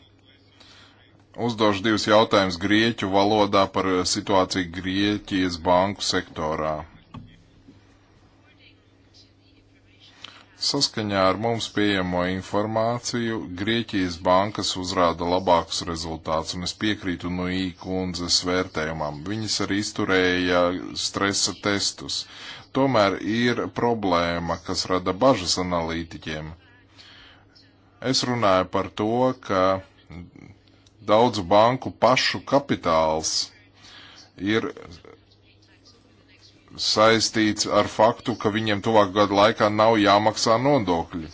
Uzdošu divus jautājumus grieķu valodā par eh, situāciju Grieķijas banku sektorā. Saskaņā ar mums pieejamo informāciju Grieķijas bankas uzrāda labākus rezultātus, un es piekrītu no īkundzes vērtējumam. Viņas arī izturēja stresa testus. Tomēr ir problēma, kas rada bažas analītiķiem. Es runāju par to, ka Daudzu banku pašu kapitāls ir saistīts ar faktu, ka viņiem tuvāk gadu laikā nav jāmaksā nodokļi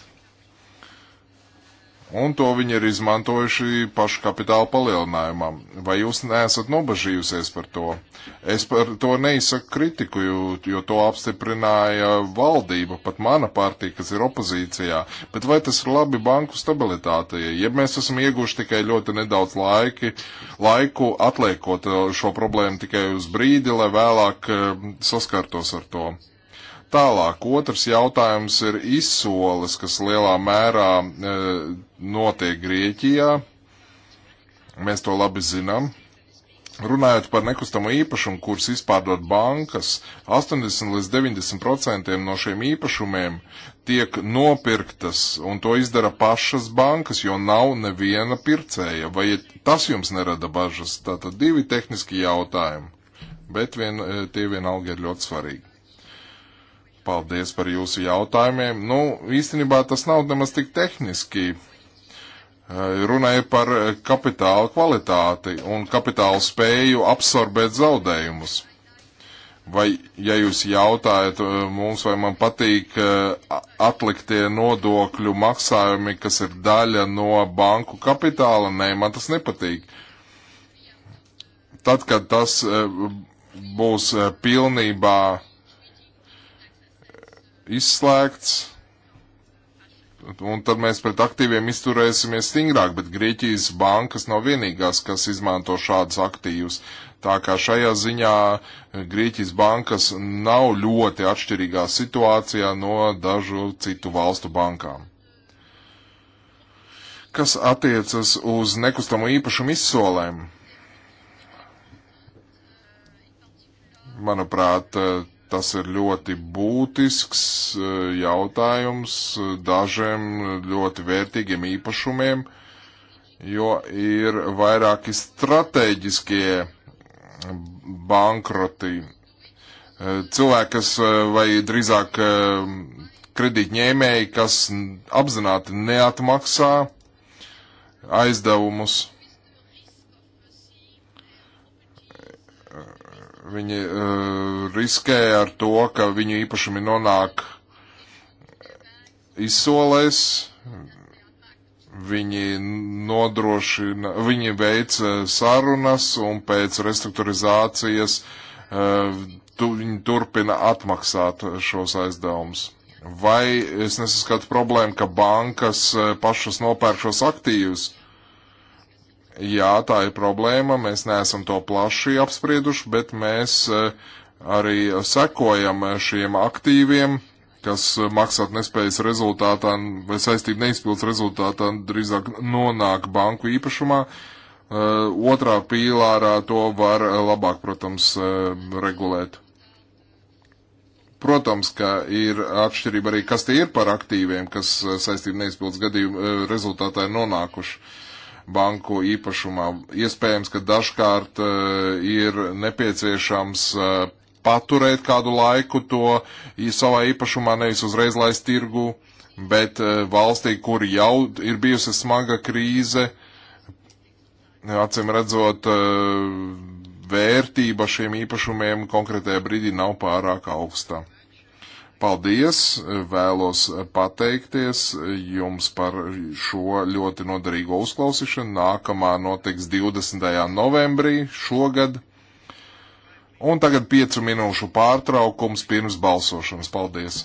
un to viņi ir izmantojuši pašu kapitāla palielinājumam. Vai jūs neesat nobažījusies par to? Es par to neizsaku kritiku, jo, jo to apstiprināja valdība, pat mana partija, kas ir opozīcijā. Bet vai tas ir labi banku stabilitātei? Ja mēs esam ieguši tikai ļoti nedaudz laiki, laiku, atliekot eh, šo problēmu tikai uz brīdi, lai vēlāk eh, saskartos ar to. Tālāk, otrs jautājums ir izsoles, kas lielā mērā e, notiek Grieķijā. Mēs to labi zinām. Runājot par nekustamo īpašumu, kurus izpārdod bankas, 80 līdz 90% no šiem īpašumiem tiek nopirktas, un to izdara pašas bankas, jo nav neviena pircēja. Vai tas jums nerada bažas? Tātad divi tehniski jautājumi, bet vien, e, tie vienalga ir ļoti svarīgi. Paldies par jūsu jautājumiem. Nu, īstenībā tas nav nemaz tik tehniski Eh, runāja par eh, kapitāla kvalitāti un kapitāla spēju absorbēt zaudējumus. Vai, ja jūs jautājat eh, mums, vai man patīk atliktie nodokļu maksājumi, kas ir daļa no banku kapitāla, nē, man tas nepatīk. Tad, kad tas būs pilnībā izslēgts, un tad mēs pret aktīviem izturēsimies stingrāk, bet Grieķijas bankas nav vienīgās, kas izmanto šādus aktīvus. Tā kā šajā ziņā eh, Grieķijas bankas nav ļoti atšķirīgā situācijā no dažu citu valstu bankām. Kas attiecas uz nekustamo īpašumu izsolēm? Manuprāt, eh, Tas ir ļoti būtisks e, jautājums dažiem ļoti vērtīgiem īpašumiem, jo ir vairāki strateģiskie bankroti. E, cilvēki, kas e, vai drīzāk kredītņēmēji, kas apzināti neatmaksā aizdevumus Viņi uh, riskē ar to, ka viņu īpašumi nonāk izsolēs, viņi nodrošina, viņi veic eh, sarunas un pēc restruktūrizācijas eh, tu, viņi turpina atmaksāt šos aizdevumus. Vai es nesaskatu problēmu, ka bankas pašas nopērk šos aktīvus? Uh, Jā, tā ir problēma, mēs neesam to plaši apsprieduši, bet mēs e, arī sekojam e, šiem aktīviem, kas maksāt nespējas rezultātā vai saistību neizpildes rezultātā drīzāk nonāk banku īpašumā. E, otrā pīlārā to var labāk, protams, regulēt. Protams, ka ir atšķirība arī, kas tie ir par aktīviem, kas saistību neizpildes gadījumu rezultātā ir nonākuši. Uh, banku īpašumā. Iespējams, ka dažkārt e, ir nepieciešams e, paturēt kādu laiku to savā īpašumā, nevis uzreiz laist tirgu, bet e, valstī, kur jau ir bijusi smaga krīze, acīm redzot, vērtība šiem īpašumiem konkrētajā brīdī nav pārāk augsta. Paldies! Vēlos pateikties jums par šo ļoti noderīgo uzklausīšanu. Nākamā notiks 20. novembrī šogad. Un tagad piecu minūšu pārtraukums pirms balsošanas. Paldies!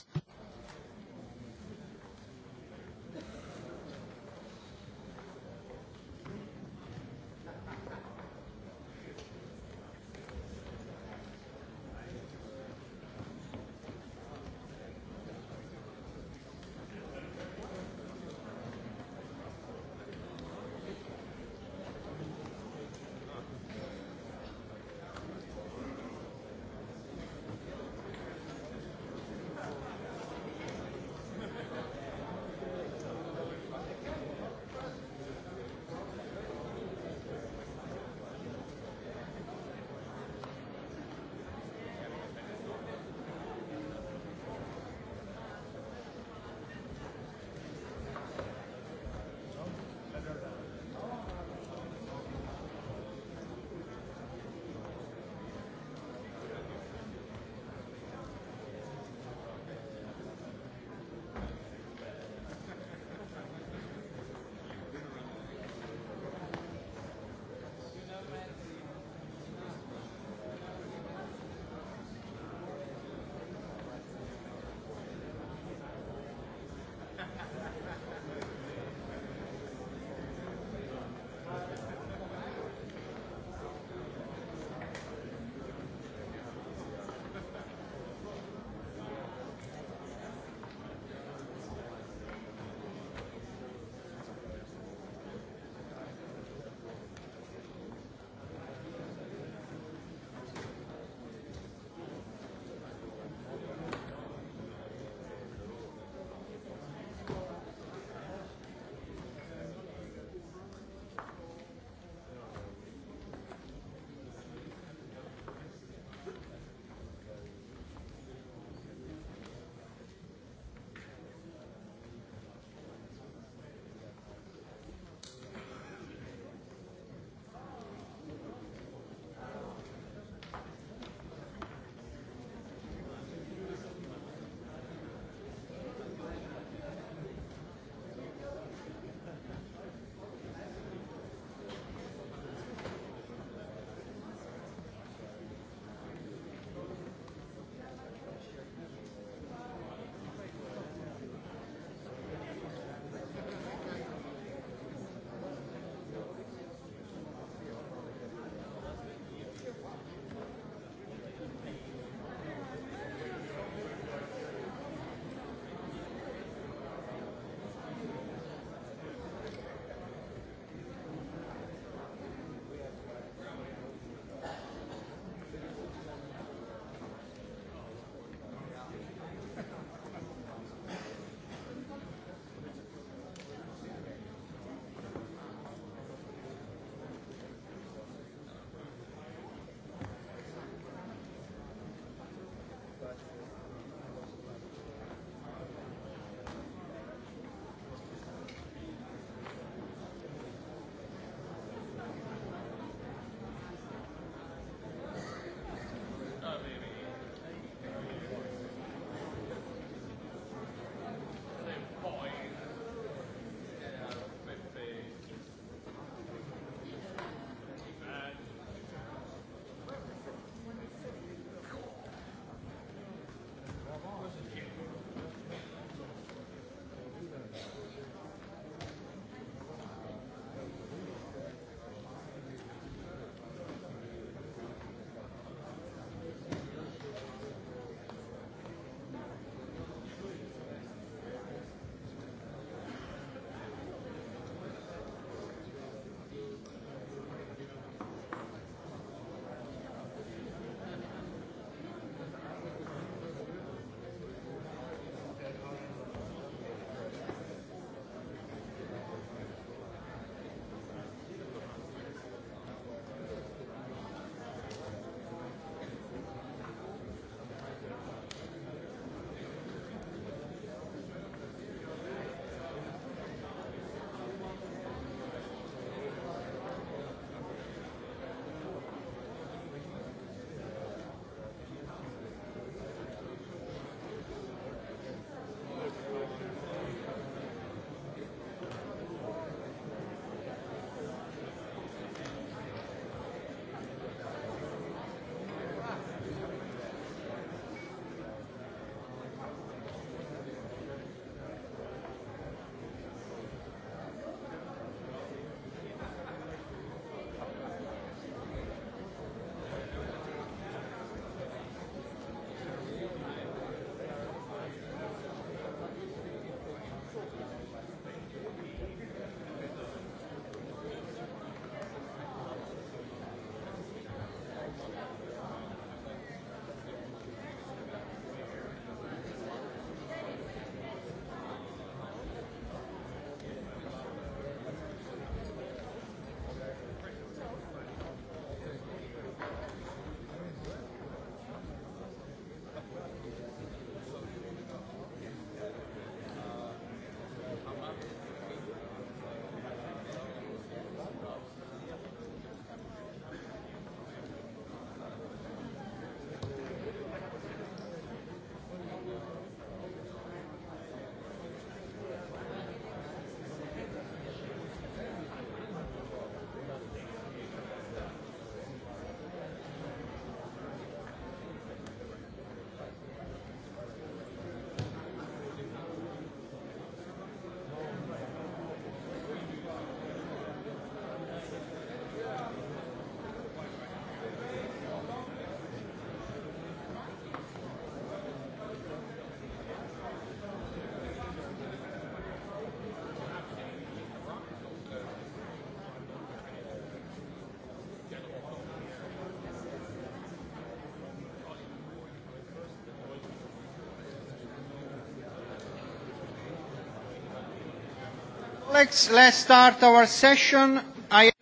Let's, let's start our session. I...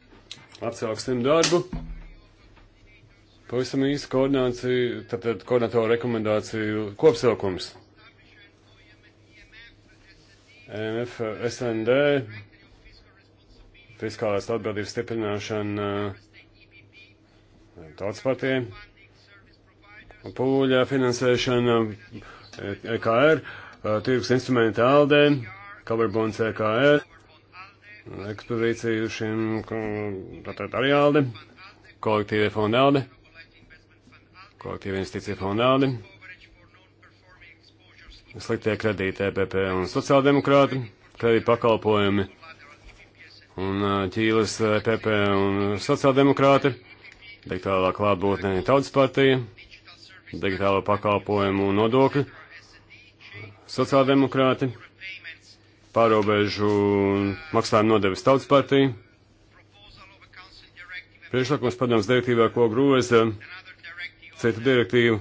Atsāksim darbu. Pavisam īsti koordināciju, tātad koordinātoru rekomendāciju kopsaukums. E MF, SND, fiskālās atbildības stiprināšana tautas partijai, pūļa finansēšana EKR, tirgus instrumenta ALDE, coverbonds EKR, pozīciju šim tātad arī Alde, kolektīvie fondi Alde, kolektīvie investīcija fondi Alde, sliktie kredīti EPP un sociāldemokrāti, kredīti pakalpojumi un Ķīles EPP un sociāldemokrāti, digitālā klātbūtne tautas partija, digitālo pakalpojumu un nodokļu, sociāldemokrāti pārobežu maksājumu nodevis tautas partija. Priekšlikums padoms direktīvā, ko groza cita direktīva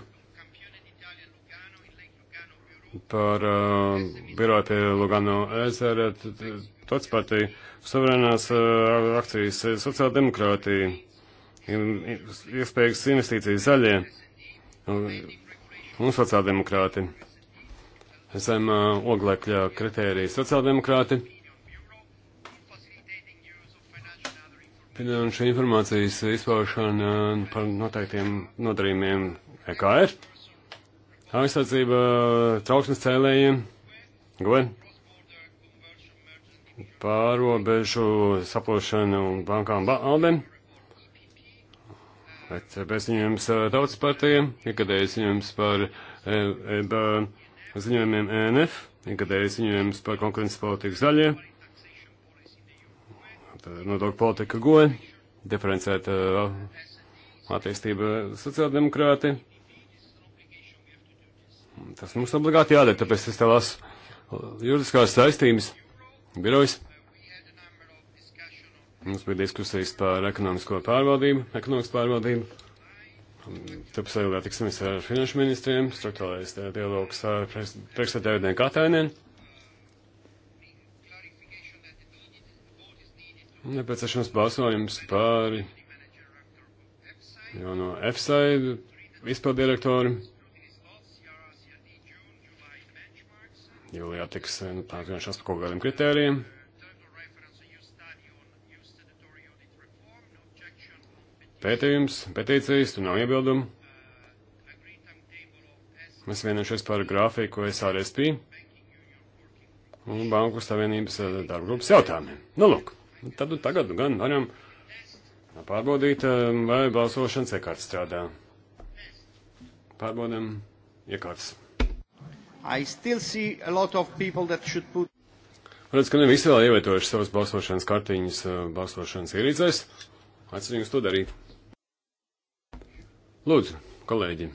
par uh, biroju pie Lugano ezera, tautas partija, suverēnās uh, akcijas eh, sociāldemokrātija, iespējas investīcijas zaļie un sociāldemokrātija zem uh, oglekļa kritērija sociāldemokrāti. Pieņemam šī informācijas izpaušana par noteiktiem nodarījumiem EKR. Aizsardzība trauksmes cēlējiem. Goen. Pārobežu sapošanu bankām ba Albem. E Bet pēc viņiem tautas partijiem, ikadējas viņiem par e, e, ziņojumiem ENF, ikgadējas ziņojums par konkurences politiku zaļie, nodokļu politika goja, diferencēta uh, attīstība sociāldemokrāti. Tas mums obligāti jādara, tāpēc es tās juridiskās saistības birojas. Mums bija diskusijas par ekonomisko pārvaldību, ekonomikas pārvaldību. Tāpēc sajūgā tiksimies ar finanšu ministriem, struktūrēs eh, dialogs ar priekšsēdētājiem Katainiem. Nepieciešams balsojums par jauno EFSA izpildirektoru. Jūlijā tiks eh, nu, pārvienšās par kaut kādiem kritērijiem. pētījums, petīcijas, tur nav iebildumu. Mēs vienojušies par grafiku SRSP un Banku Savienības eh, darbgrupas jautājumiem. Nu, lūk, tad tagad gan varam pārbaudīt, eh, vai balsošanas iekārts strādā. Pārbaudam iekārts. I still see a lot of people that should put. Redz, ka ne visi vēl ievietojuši savas balsošanas kartiņas eh, balsošanas ierīcēs. Aicinu jūs to darīt. Lūdzu, kolēģi,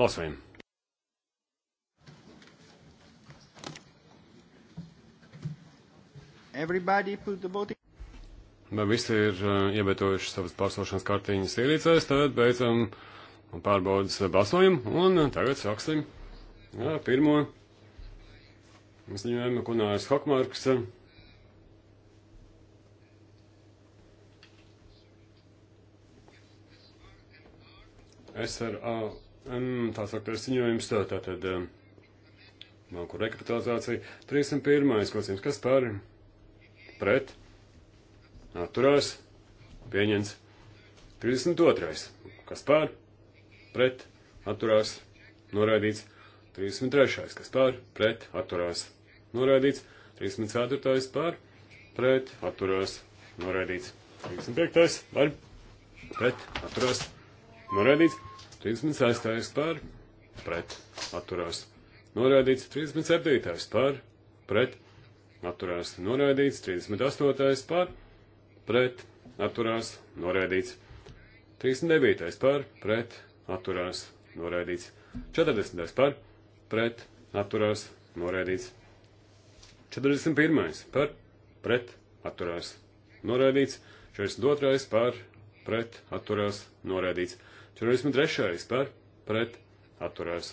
balsojam! Vai visi ir uh, ievietojuši savas pārsaušanas kartiņas ierīcēs, tad beidzam pārbaudas balsojumu un tagad sāksim jā, uh, pirmo ziņojumu, ko nājas Hokmārks. Uh, SRAM, tā sakot, ziņojums, tātad banku rekapitalizācija. 301. klausījums, kas par pret atturās pieņems. 32. kas par pret atturās noraidīts. 33. kas par pret atturās noraidīts. 34. par pret atturās noraidīts. 35. par pret atturās noraidīts. 36. par pret atturās noraidīts 37. par pret atturās noraidīts 38. par pret atturās noraidīts 39. par pret atturās noraidīts 40. par pret atturās noraidīts 41. par pret atturās noraidīts 42. par pret atturās noraidīts 43. par pret atturās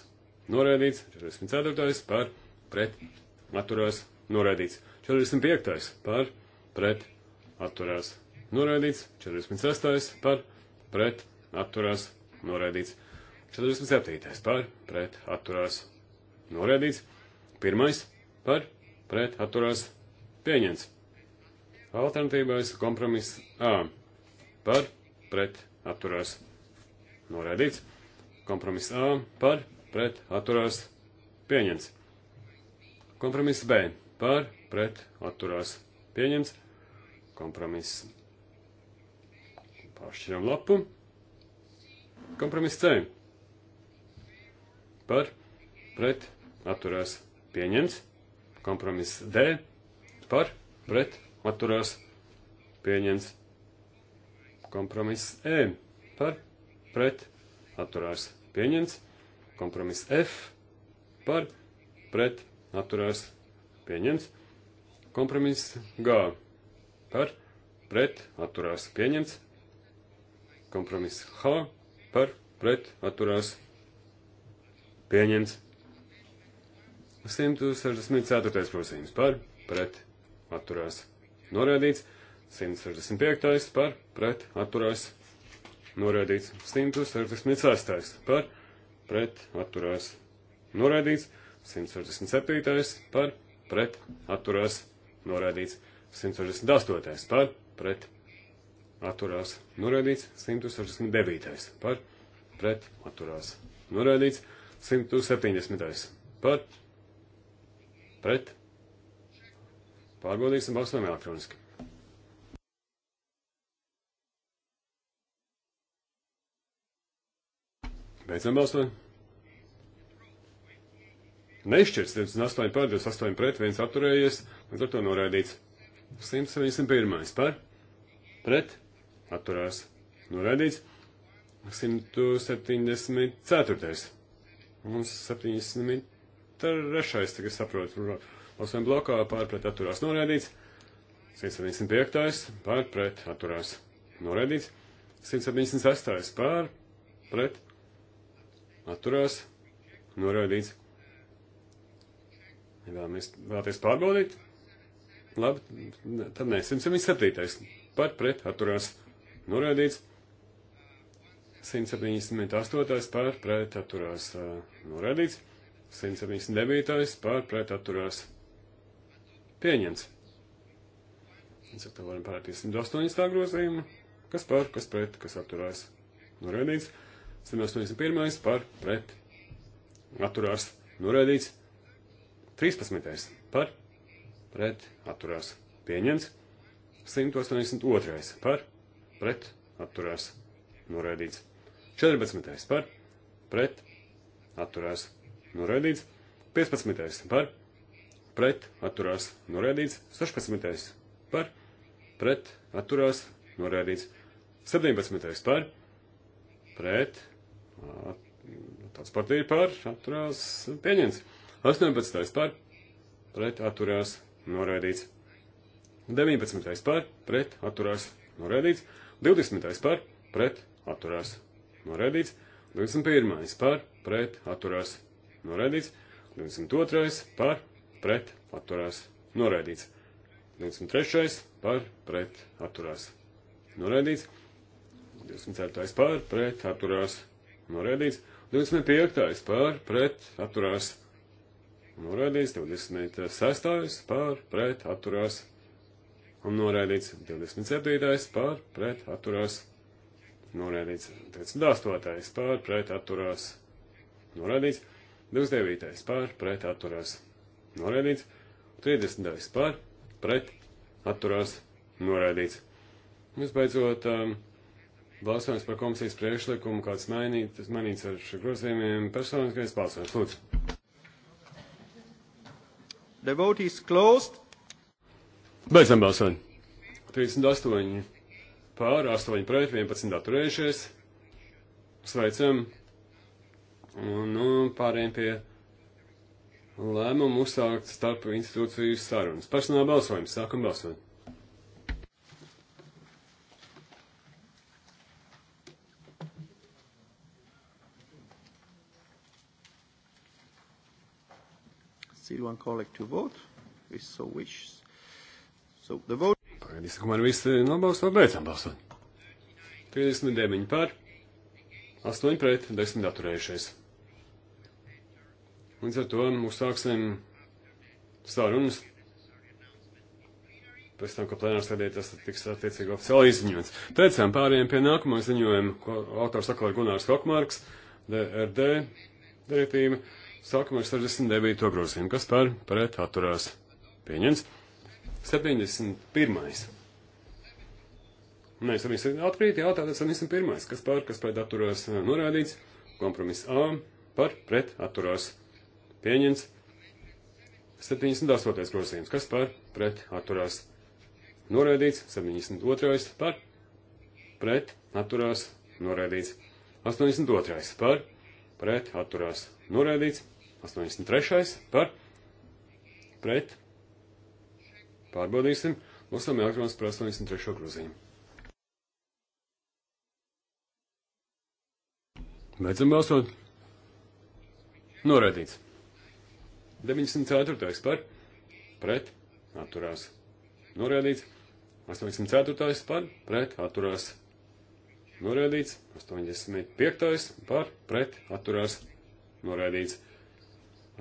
noraidīts, 44. par pret atturās noraidīts, 45. par pret atturās noraidīts, 46. par pret atturās noraidīts, 47. par pret atturās noraidīts, 1. par pret atturās pieņemts. Alternatīvais kompromiss A par pret atturās noraidīts Noraidīts. Kompromiss A par pret atturās pieņemts. Kompromiss B par pret atturās pieņemts. Kompromiss. Pāršķiram lapu. Kompromiss C par pret atturās pieņemts. Kompromiss D par pret atturās pieņemts. Kompromiss E par pret, atturās pieņemts. Kompromiss F par, pret, atturās pieņemts. Kompromiss G par, pret, atturās pieņemts. Kompromiss H par, pret, atturās pieņemts. 164. prosījums par, pret, atturās norādīts. 165. par, pret, atturās pieņemts noraidīts. 166. par pret atturās noraidīts. 167. par pret atturās noraidīts. 168. par pret atturās noraidīts. 169. par pret atturās noraidīts. 170. par pret. Pārbaudīsim balsojumu elektroniski. Beidzam balsot. Nešķirts 28 pār, 28 pret, 1 atturējies, līdz ar to noraidīts. 171 par, pret, atturās, noraidīts. 174. Un 73. tagad saprotu, balsojam blokā, pārpret atturās noraidīts. 175. pārpret atturās noraidīts. 176. pārpret atturās, noraidīts. Vēlamies, vēlaties pārbaudīt? Labi, tad nē, 177. par pret atturās, noraidīts. 178. par pret atturās, noraidīts. 179. par pret atturās, pieņemts. Līdz ar to varam pārēties 108. grozījumu, kas par, kas pret, kas atturās, noraidīts. 181. par pret. Atturās. Norēdīts. 13. par pret. Atturās. Pieņemts. 182. par pret. Atturās. Norēdīts. 14. par pret. Atturās. Norēdīts. 15. par pret. Atturās. Norēdīts. 16. par pret. Atturās. Norēdīts. 17. par pret tāds partija par, atturās pieņems. 18. par, pret, atturās noraidīts. 19. par, pret, atturās noraidīts. 20. par, pret, atturās noraidīts. 21. par, pret, atturās noraidīts. 22. par, pret, atturās noraidīts. 23. par, pret, atturās noraidīts. 24. par, pret, atturās noraidīts. Noraidīts. 25. par pret atturās. Noraidīts. 26. par pret atturās. Un noraidīts. 27. par pret atturās. Noraidīts. 28. par pret atturās. Noraidīts. 29. par pret atturās. Noraidīts. 30. par pret atturās. Noraidīts. Vispēcot, um, Balsojums par komisijas priekšlikumu, kāds mainīt, mainīts ar grozījumiem, personiskais balsojums. Lūdzu. The vote is closed. Beidzam balsojumu. 38 pār, 8 pret, 11 atturējušies. Sveicam. Un nu, pārējiem pie lēmumu uzsākt starp institūciju sarunas. Personāla balsojums. Sākam balsojumu. still one colleague to vote, if so wishes. So the vote... Pagaidīsim, kamēr visi nobalso, beidzam balsot. 39 pār, 8 pret, 10 atturējušies. Līdz ar to mums sāksim sarunas. Pēc tam, ka plenārs sēdē tas tiks attiecīgi oficiāli izziņots. Teicām pārējiem pie nākamā ziņojuma, ko autors atkal ir Gunārs Hokmārks, DRD direktīva. Sākam ar 69. grozījumu. Kas par pret atturās? Pieņems. 71. Nē, 71. Atkrīt, jā, tātad 71. Kas par, kas pret atturās norādīts? Kompromiss A. Par pret atturās. Pieņems. 78. grozījums. Kas par pret atturās? Norādīts. 72. Par pret atturās. Norādīts. 82. Par pret atturās. Norādīts. 83. par pret. Pārbaudīsim. Balsojam elektronis par 83. grozījumu. Beidzam balsot. Noraidīts. 94. par pret atturās. Noraidīts. 84. par pret atturās. Noraidīts. 85. par pret atturās. Noraidīts.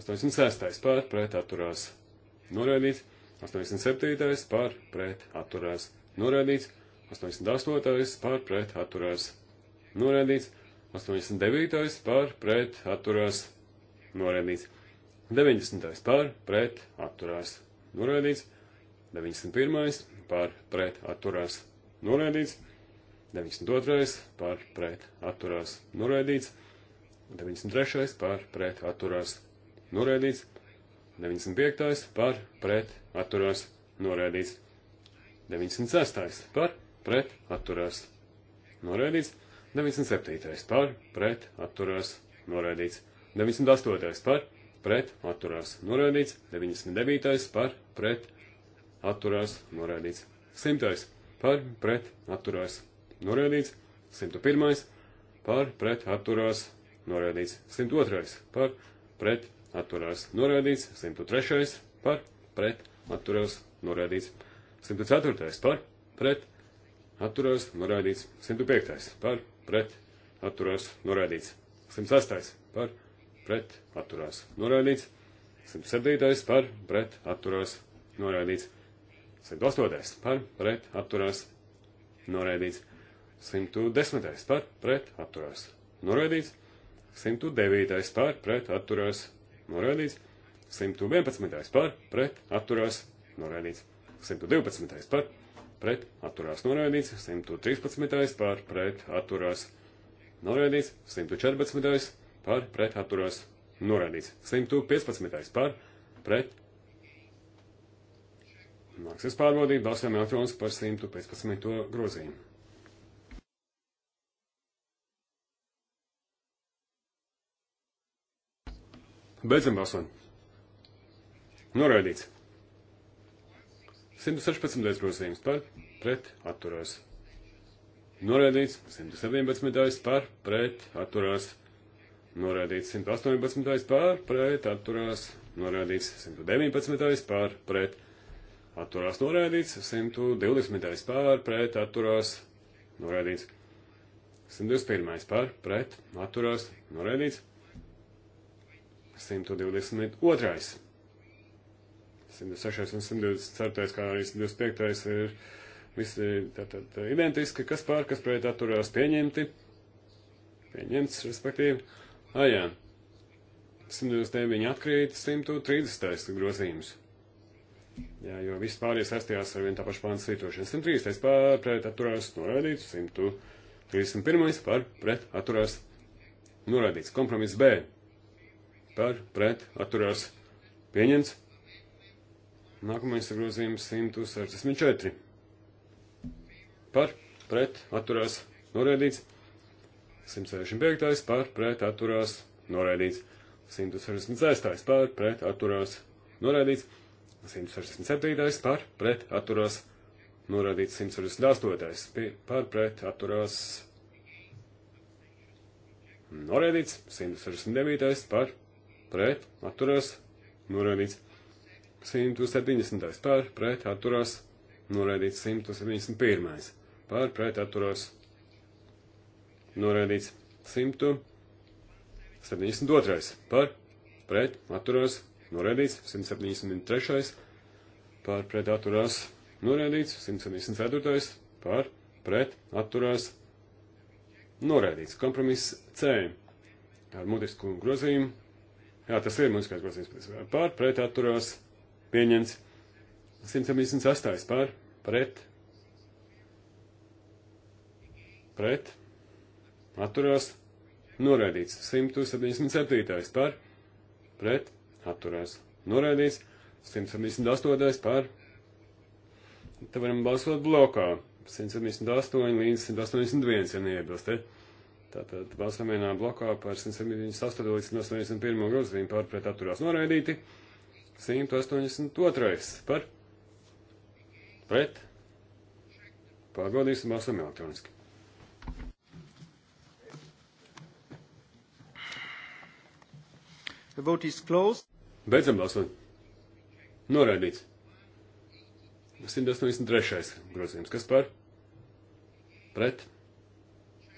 86. par pret atturās noraidīts, 87. par pret atturās noraidīts, 88. par pret atturās noraidīts, 89. par pret atturās noraidīts, 90. par pret atturās noraidīts, 91. par pret atturās noraidīts, 92. par pret atturās noraidīts, 93. par pret atturās noraidīts noraidīts. 95. par pret atturās noraidīts. 96. par pret atturās noraidīts. 97. par pret atturās noraidīts. 98. par pret atturās noraidīts. 99. par pret atturās noraidīts. 100. par pret atturās noraidīts. 101. par pret atturās noraidīts. 102. par pret atturās norādīts, 103. par pret atturās norādīts, 104. par pret atturās norādīts, 105. par pret atturās norādīts, 108. par pret atturās norādīts, 107. par pret atturās norādīts, 108. par pret atturās norādīts, 110. par pret atturās norādīts, 109. par pret atturās noraidīts. 111. par, pret, atturās, noraidīts. 112. par, pret, atturās, noraidīts. 113. par, pret, atturās, noraidīts. 114. par, pret, atturās, noraidīts. 115. par, pret. Nāksies pārbaudīt, balsojam elektroniski par 115. grozījumu. Beidzam balsojumu. Noraidīts. 116. grozījums par pret atturās. Noraidīts 117. par pret atturās. Noraidīts 118. par pret atturās. Noraidīts 119. par pret atturās. Noraidīts 120. par pret atturās. Noraidīts 121. par pret atturās. Noraidīts 122. 106 un 124, kā arī 125 ir visi tātad identiski, kas pār, kas pret atturās pieņemti. Pieņemts, respektīvi. Ah, jā. 129 atkrīt, 130 grozījums. Jā, jo viss pārējais saistījās ar vien tā pašu pāns svītrošanu. 130 pār pret atturās norādīts, 131 pār pret atturās norādīts. Kompromiss B par pret atturās pieņemts. Nākamais grozījums 164. Par pret atturās noraidīts. 165. par pret atturās noraidīts. 166. par pret atturās noraidīts. 167. par pret atturās noraidīts. 168. par pret atturās noraidīts. 169. par pret, atturās, noraidīts. 170. par, pret, atturās, noraidīts. 171. par, pret, atturās, noraidīts. 172. par, pret, atturās, noraidīts. 173. par, pret, atturās, noraidīts. 174. par, pret, atturās, noraidīts. Kompromiss C ar mutisku grozījumu Jā, tas ir mūsu grozījums. Pār, pret, atturās, pieņemts. 178. Pār, pret, pret, atturās, noraidīts. 177. Pār, pret, atturās, noraidīts. 178. Pār. Te varam balsot blokā. 178 līdz 181, ja neiebilst. Eh? Tātad balsam vienā blokā par 178 līdz 181 grozījumu pārpret atturās noraidīti. 182 par pret. Pārbaudīsim balsam elektroniski. The vote is closed. Beidzam balsot. Noraidīts. 183. grozījums. Kas par? Pret.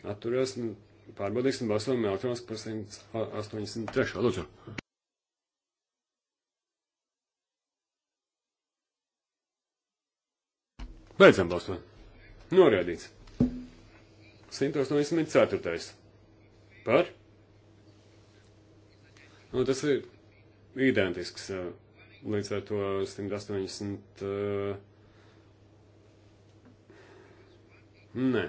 Atturēsim Pārbaudīsim, balsojam elektroniski par 183. Lūdzu. Beidzam balsot. Norādīts. 184. Par? Nu, tas ir identisks līdz ar to 180. Nē.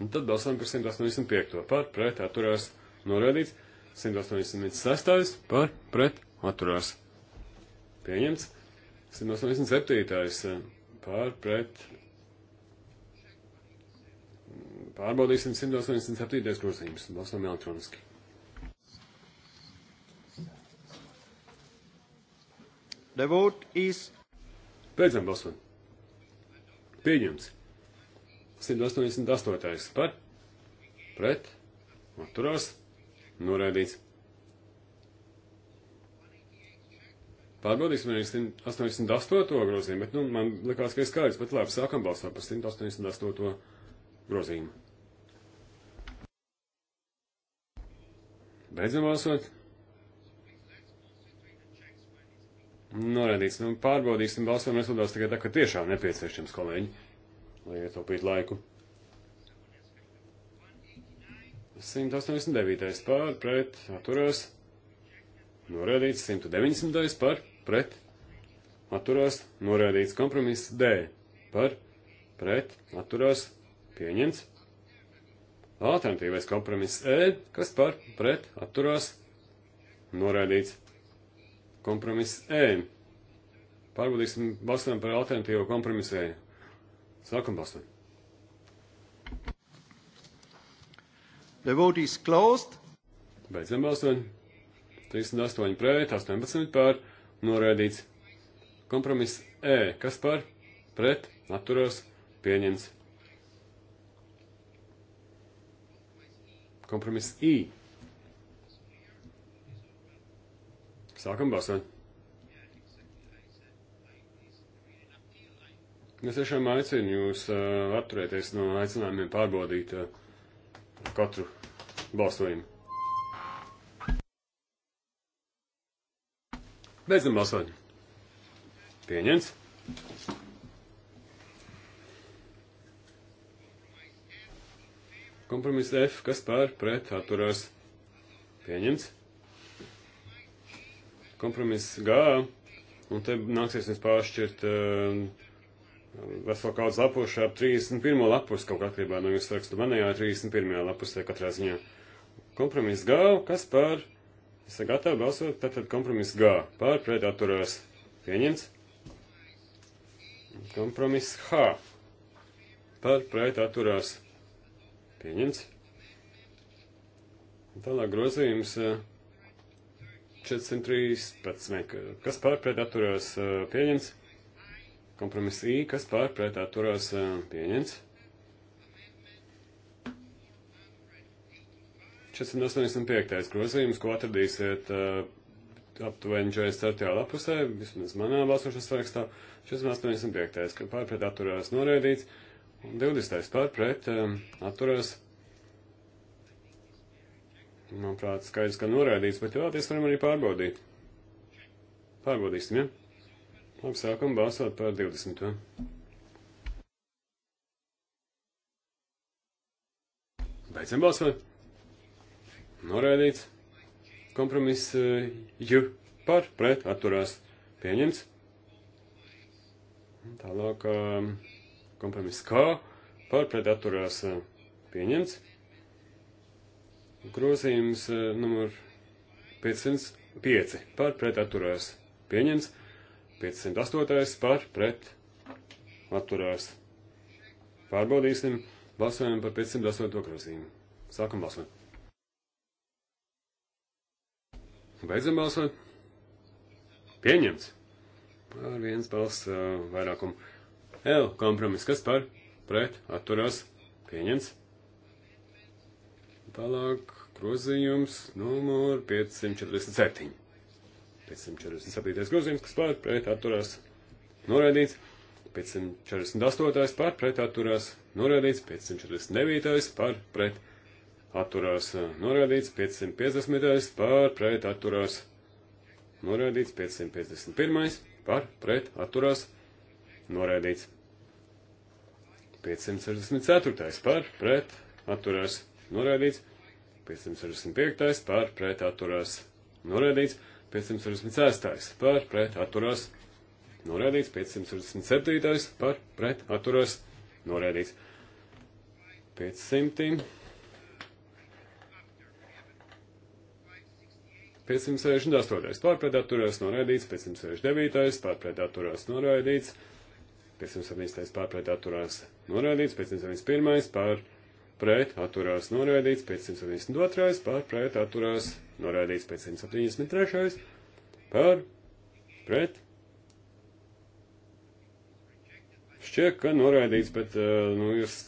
Un tad balsojam par 185. par pret atturās norādīts. 186. par pret atturās. Pieņemts. 187. par pret. Pārbaudīsim 187. grozījums. Balsojam elektroniski. The vote is. Beidzam balsot. Pieņemts. 188. par pret atturās noraidīts. Pārbaudīsim arī 188. grozījumu, bet nu, man likās, ka ir skaidrs, bet labi, sākam balsot par 188. grozījumu. Beidzam balsot. Noraidīts. Nu, pārbaudīsim balsojumu rezultātus tikai tā, ka tiešām nepieciešams, kolēģi lai ietaupītu laiku. 189. pār pret atturās. Norādīts 190. par pret atturās. Norādīts kompromiss D par pret atturās. Pieņemts. Alternatīvais kompromiss E, kas par pret atturās. Norādīts kompromiss E. Pārbaudīsim balsojumu par alternatīvo kompromisu E. Sākam balsot. The vote is closed. Beidzam balsot. 38 pret, 18 pār, noraidīts. Kompromiss E. Kas par? Pret, atturos, pieņems. Kompromiss I. Sākam balsot. Es tiešām aicinu jūs uh, atturēties no aicinājumiem pārbaudīt uh, katru balsojumu. Beidzam balsot. Pieņemts. Kompromiss F, kas pār pret atturās. Pieņemts. Kompromiss G, un te nāksies jums pāršķirt uh, veselu kaudz lapušu ap 31. lapus, kaut kā atkarībā no jūsu rakstu manējā 31. lapusē katrā ziņā. Kompromiss G, kas par, es gatavu balsot, tātad kompromiss G, par pret atturās pieņemts. Kompromiss H, par pret atturās pieņemts. Tālāk grozījums 413, eh, kas par pret atturās eh, pieņemts. Kompromiss I, kas pār pret atturās pieņemts. 485. grozījums, ko atradīsiet aptuveni 44. lapusē, vismaz manā balsošanas sarakstā, 485. ka pārpret atturās noraidīts, un 20. pārpret atturās, manuprāt, skaidrs, ka noraidīts, bet vēlaties varam arī pārbaudīt. Pārbaudīsim, ja? Labi, sākam balsot par 20. Beidzam balsot. Noraidīts. Kompromiss eh, J par pret atturās pieņemts. Tālāk eh, kompromiss K par pret atturās eh, pieņemts. Grozījums numur 505 par pret atturās pieņemts. 508. par pret atturās. Pārbaudīsim, balsojam par 508. grozījumu. Sākam balsot. Beidzam balsot. Pieņemts. Ar viens balss uh, vairākumu. L kompromis, kas par pret atturās pieņems. Tālāk grozījums numur 547. 547. grozījums, kas pār pret atturās noraidīts, 548. pār pret atturās noraidīts, 549. Uh, pār pret atturās noraidīts, 550. pār pret atturās noraidīts, 551. pār pret atturās noraidīts. 564. par pret atturās noraidīts, 565. par pret atturās noraidīts, 566. par pret atturās norēdīts, 567. par pret atturās norēdīts. 500. 568. pārpratā turēs noraidīts, 569. pārpratā turēs noraidīts, 570. pārpratā turēs noraidīts, 571. pārpratā pret atturās noraidīts 572, par pret atturās noraidīts 573, par pret. Šķiet, ka noraidīts, bet, eh, nu, jūs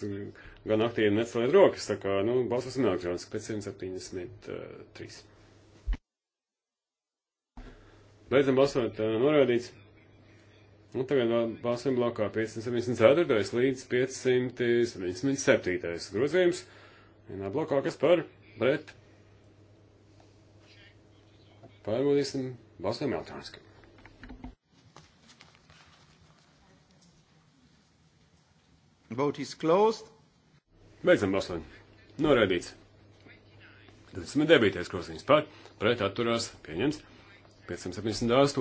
gan aktīvi neceliet rokas, tā kā, nu, balsosim elektroniski 573. Beidzam balsot, eh, noraidīts Un nu, tagad balsam blokā 574. līdz 577. grozījums. Vienā blokā, kas par pret. Pārbaudīsim balsam elektroniski. Vote is closed. Beidzam balsot. Noraidīts. 29. grozījums par pret atturās pieņems. 578.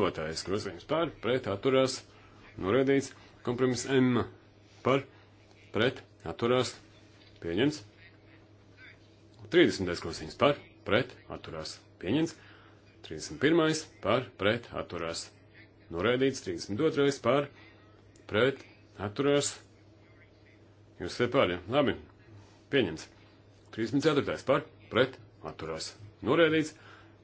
grozījums par pret atturās pieņems. Noraidīts. Kompromiss M par pret atturās pieņems. 30. kosiņš par pret atturās pieņems. 31. par pret atturās noraidīts. 32. par pret atturās. Jūs te par, ja? Labi. Pieņems. 34. par pret atturās noraidīts.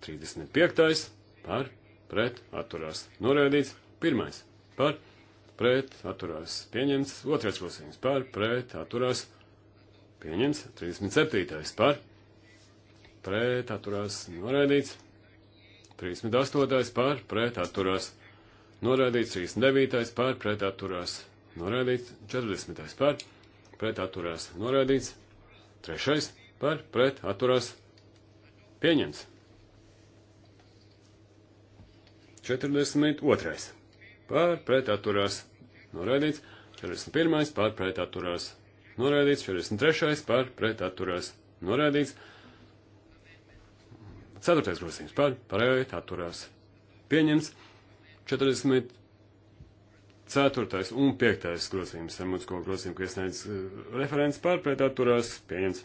35. par pret atturās noraidīts. 1. par pret atturās noraidīts pret, atturās pieņemts, otrais prosījums par, pret, atturās pieņemts, 37. par, pret, atturās noraidīts, 38. par, pret, atturās noraidīts, 39. par, pret, atturās noraidīts, 40. par, pret, atturās noraidīts, 3. par, pret, atturās pieņemts. 42 pār pret atturās noraidīts, 41. pār pret atturās noraidīts, 43. pār pret atturās noraidīts, 4. grozījums pār pret atturās pieņems, 40. 4. un 5. grozījums, emocisko grozījumu, ko iesniedz eh, referents par pret atturās pieņems.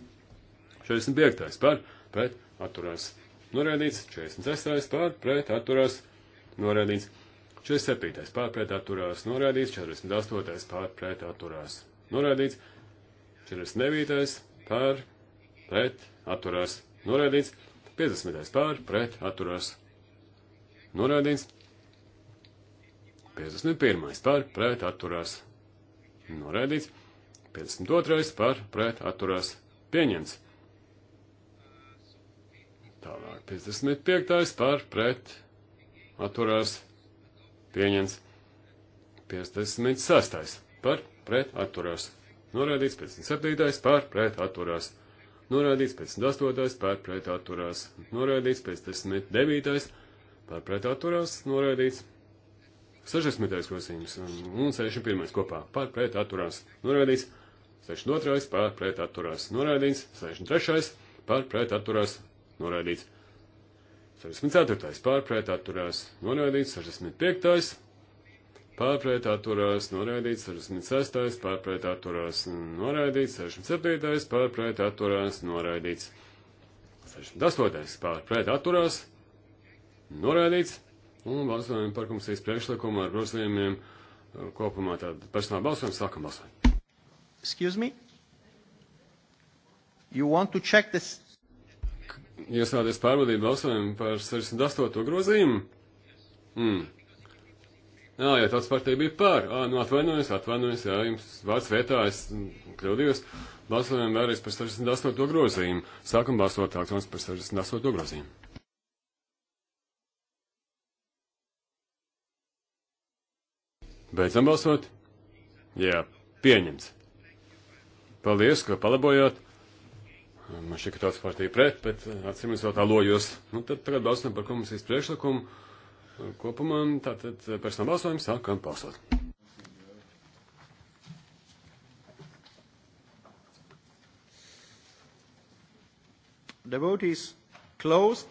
45. par pret atturās norēdīts, 46. par pret atturās norēdīts, 47. pārpret atturās norādīts, 48. pārpret atturās norādīts, 49. pārpret atturās norādīts, 50. pārpret atturās norādīts, 51. pārpret atturās norādīts, 52. pārpret atturās pieņemts. Tālāk 55. pārpret atturās norādīts pieņems 56. par pret atturās. Norādīts 57. par pret atturās. Norādīts 58. par pret atturās. Norādīts 59. par pret atturās. Norādīts 60. grozījums un 61. kopā par pret atturās. Norādīts 62. par pret atturās. Norādīts 63. par pret atturās. Norādīts 63. 64. pārpret atturās noraidīts, 65. pārpret atturās noraidīts, 66. pārpret atturās noraidīts, 67. pārpret atturās noraidīts, 68. pārpret atturās noraidīts, un balsojam par komisijas priekšlikumu ar grozījumiem uh, kopumā tāda personāla balsojuma sākam balsojumu. Excuse me? You want to check this iestādies pārvadību balsojumu par 68. grozījumu? Mm. Jā, ja tāds partija bija pār, ā, nu atvainojos, atvainojos, jā, jums vārds vietā, es kļūdījos, balsojam vēlreiz par 68. grozījumu. Sākam balsot elektrons par 68. grozījumu. Beidzam balsot? Jā, pieņemts. Paldies, ka palabojāt. Man šķiet, ka tautas partija pret, bet eh, atcīmēs vēl tā lojos. Nu, tad tagad balsam par komisijas priekšlikumu. Eh, kopumā nu, tātad eh, personāla balsojums sākam balsot. The vote is closed.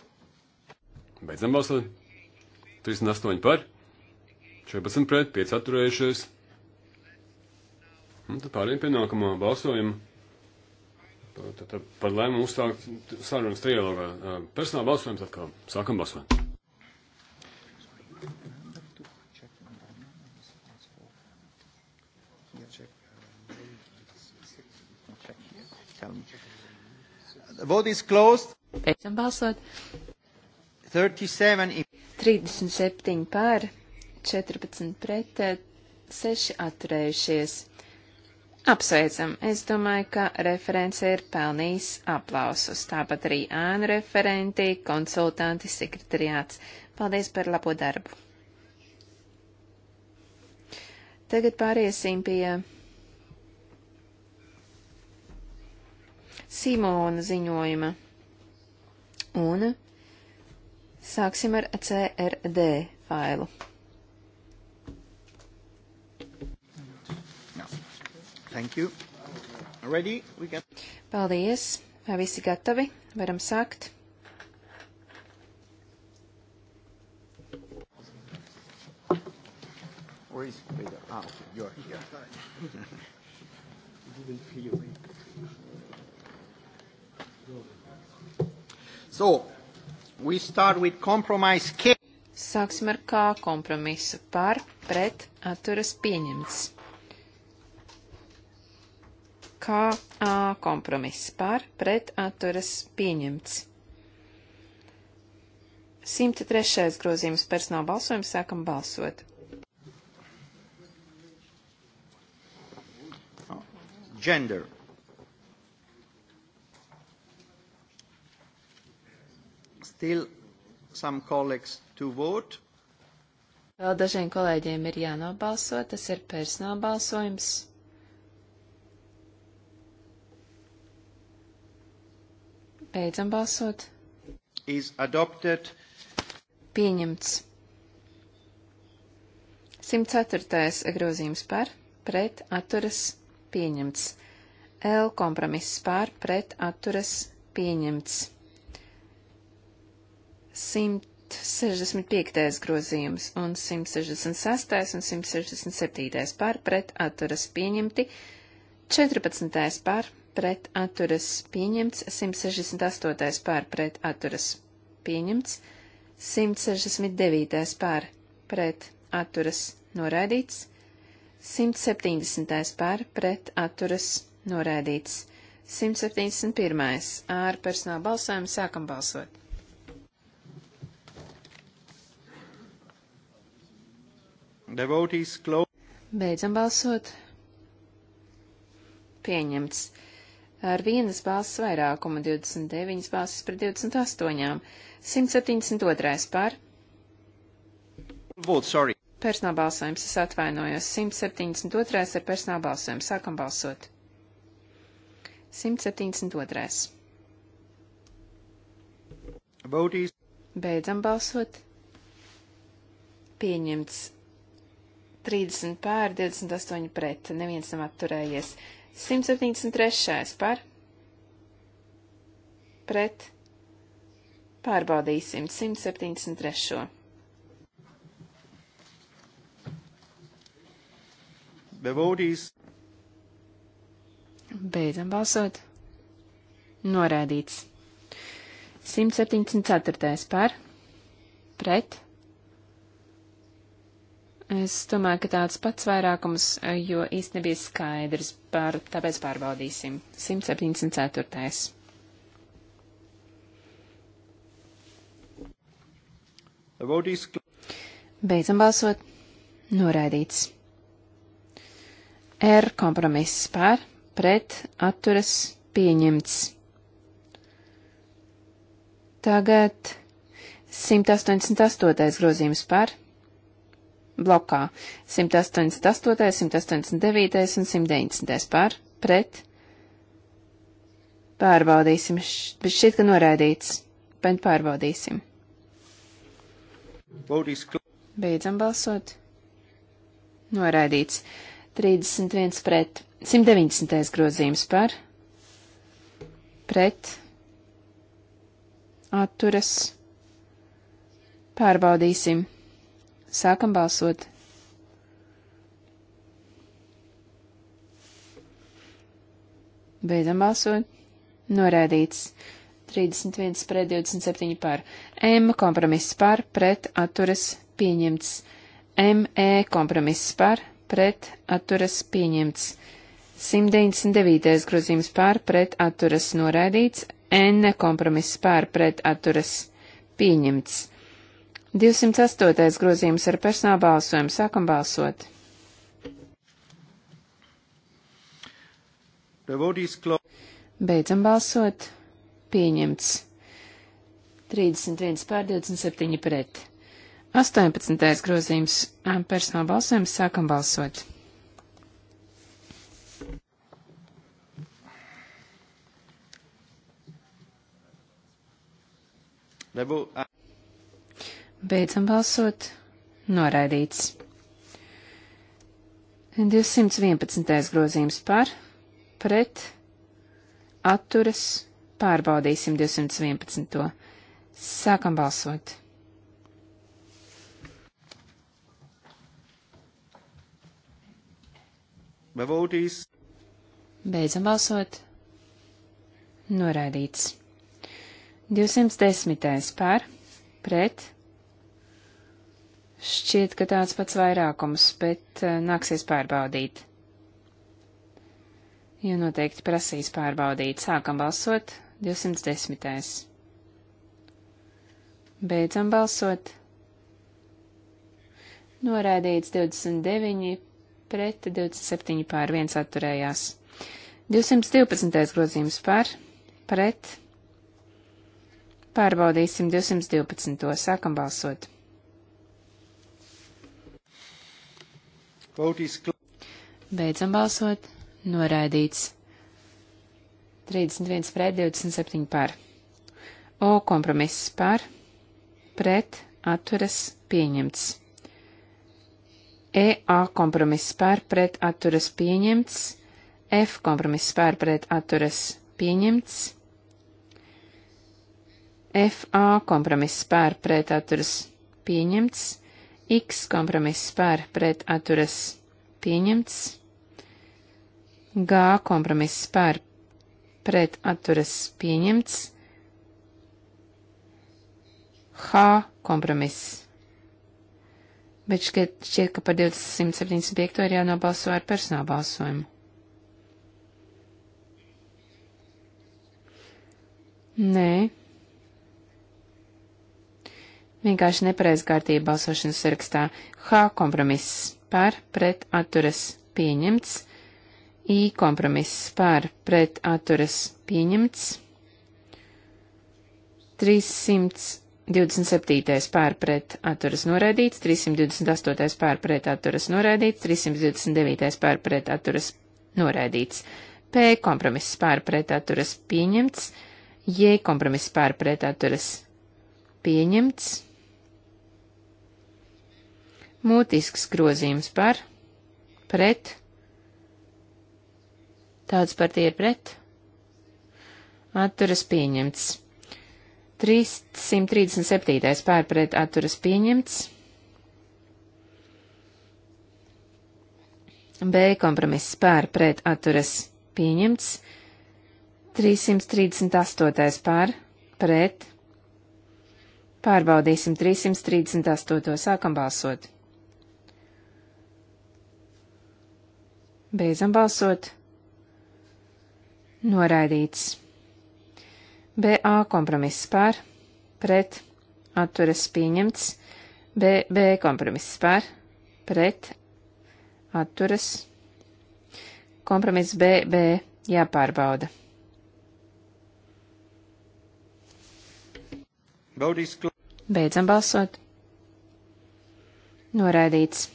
Beidzam balsot. 38 par, 14 pret, 5 atturējušies. Un nu, tad pārējiem pie nākamā balsojuma. Tātad par lēmumu uzstākt sarunas trijologā. Personāla balsojums atkal. Sākam balsot. Vote is closed. Beidzam balsot. 37, 37 pār, 14 pret, 6 atturējušies. Apsveicam! Es domāju, ka referents ir pelnījis aplausus. Tāpat arī ēnu referenti, konsultanti, sekretariāts. Paldies par labo darbu! Tagad pāriesim pie Simona ziņojuma. Un sāksim ar CRD failu. Thank you. Ready? We got... Paldies. Vai visi gatavi? Varam sākt. Where is Peter? Ah, okay, you're here. didn't feel me. So, we start with compromise K. Sāksim ar kā kompromisu par, pret, atturas pieņemts kā A kompromiss par pret atturas pieņemts. 103. grozījums personāla balsojums sākam balsot. Gender. Still some colleagues to vote. Vēl dažiem kolēģiem ir jānobalso, tas ir personāla balsojums. Beidzam balsot. Is adopted. Pieņemts. 104. grozījums par, pret, atturas, pieņemts. L kompromiss par, pret, atturas, pieņemts. 165. grozījums un 166. un 167. par, pret, atturas, pieņemti. 14. par, pret atturas pieņemts, 168. pār pret atturas pieņemts, 169. pār pret atturas noraidīts, 170. pār pret atturas noraidīts, 171. ar personāla balsojumu sākam balsot. Devotees close. Beidzam balsot. Pieņemts ar vienas balss vairākumu 29 balsis par 28. 172. par. Vote, sorry. Personāla balsojums, es atvainojos. 172. ir personāla balsojums. Sākam balsot. 172. Vote Beidzam balsot. Pieņemts 30 pār, 28 pret, neviens nav atturējies. 173. par pret pārbaudīsim 173. Bevodīs. Beidzam balsot. Norādīts. 174. par pret Es domāju, ka tāds pats vairākums, eh, jo īsti nebija skaidrs, par, tāpēc pārbaudīsim. 174. Beidzam balsot. Noraidīts. R kompromiss pār, pret, atturas, pieņemts. Tagad 188. grozījums pār blokā 188, 189 un 190 par, pret. Pārbaudīsim, bet šķiet, ka noraidīts, bet pārbaudīsim. Beidzam balsot. Noraidīts. 31 pret. 190. grozījums par. Pret. Atturas. Pārbaudīsim. Sākam balsot. Beidzam balsot. Norēdīts. 31 pret 27 par. M kompromiss par, pret atturas pieņemts. ME kompromiss par, pret atturas pieņemts. 199. grozījums par, pret atturas noraidīts. N kompromiss par, pret atturas pieņemts. 208. grozījums ar personālu balsojumu. Sākam balsot. Beidzam balsot. Pieņemts. 31 pār 27 pret. 18. grozījums personāla balsojums. Sākam balsot. Level, uh... Beidzam balsot. Noraidīts. 211. grozījums par, pret, atturas, pārbaudīsim 211. Sākam balsot. Bevotīs. Beidzam balsot. Noraidīts. 210. par, pret, atturas Šķiet, ka tāds pats vairākums, bet eh, nāksies pārbaudīt. Jo noteikti prasīs pārbaudīt. Sākam balsot 210. Beidzam balsot. Noraidīts 29 pret 27 pār 1 atturējās. 212. grozījums pār, pret. Pārbaudīsim 212. Sākam balsot. Beidzam balsot. Noraidīts. 31 pret 27 par. O kompromiss par. Pret atturas pieņemts. EA kompromiss par pret atturas pieņemts. F kompromiss par pret atturas pieņemts. FA kompromiss par pret atturas pieņemts. X kompromiss par pret atturas pieņemts. G kompromiss par pret atturas pieņemts. H kompromiss. Bet šķiet, šķiet ka par 275 ir jānobalso ar personālu balsojumu. Nē, Vienkārši nepareiz kārtība balsošanas sarakstā. H kompromiss par pret atturas pieņemts. I kompromiss par pret atturas pieņemts. 327. pār pret atturas noraidīts, 328. pār pret atturas noraidīts, 329. pār pret atturas noraidīts. P kompromiss pār pret atturas pieņemts. J kompromiss pār pret atturas pieņemts. Mūtisks grozījums par, pret, tāds par tie pret, atturas pieņemts. 337. pārpret atturas pieņemts. B kompromiss pārpret atturas pieņemts. 338. pārpret. Pārbaudīsim 338. sākam balsot. Beidzam balsot. Noraidīts. BA kompromiss par, pret, atturas pieņemts. BB kompromiss par, pret, atturas. Kompromiss BB jāpārbauda. Beidzam balsot. Noraidīts.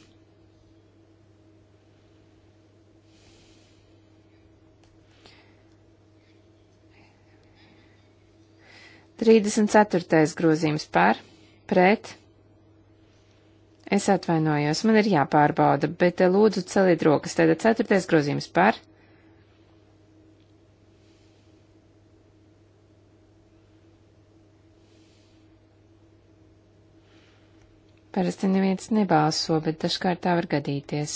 34. grozījums par, pret. Es atvainojos, man ir jāpārbauda, bet eh, lūdzu celiet rokas. Tātad 4. grozījums par. Parasti neviens nebalso, bet dažkārt tā var gadīties.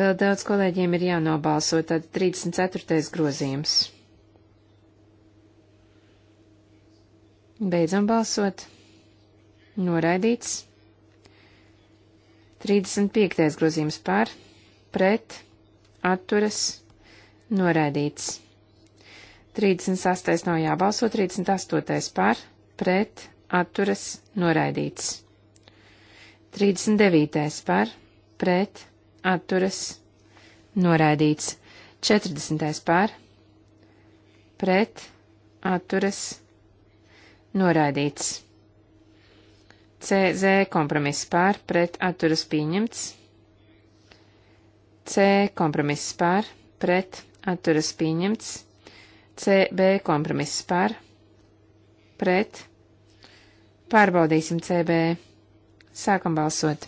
Vēl daudz kolēģiem ir jānobalso, tad 34. grozījums. Beidzam balsot. Noraidīts. 35. grozījums pār, pret, atturas, noraidīts. 38. nav jābalso, 38. pār, pret, atturas, noraidīts. 39. pār, pret, atturas, noraidīts. 40. pār, pret, atturas, noraidīts Noraidīts. CZ kompromiss pār pret atturas pieņemts. C kompromiss pār pret atturas pieņemts. CB kompromiss pār pret. Pārbaudīsim CB. Sākam balsot.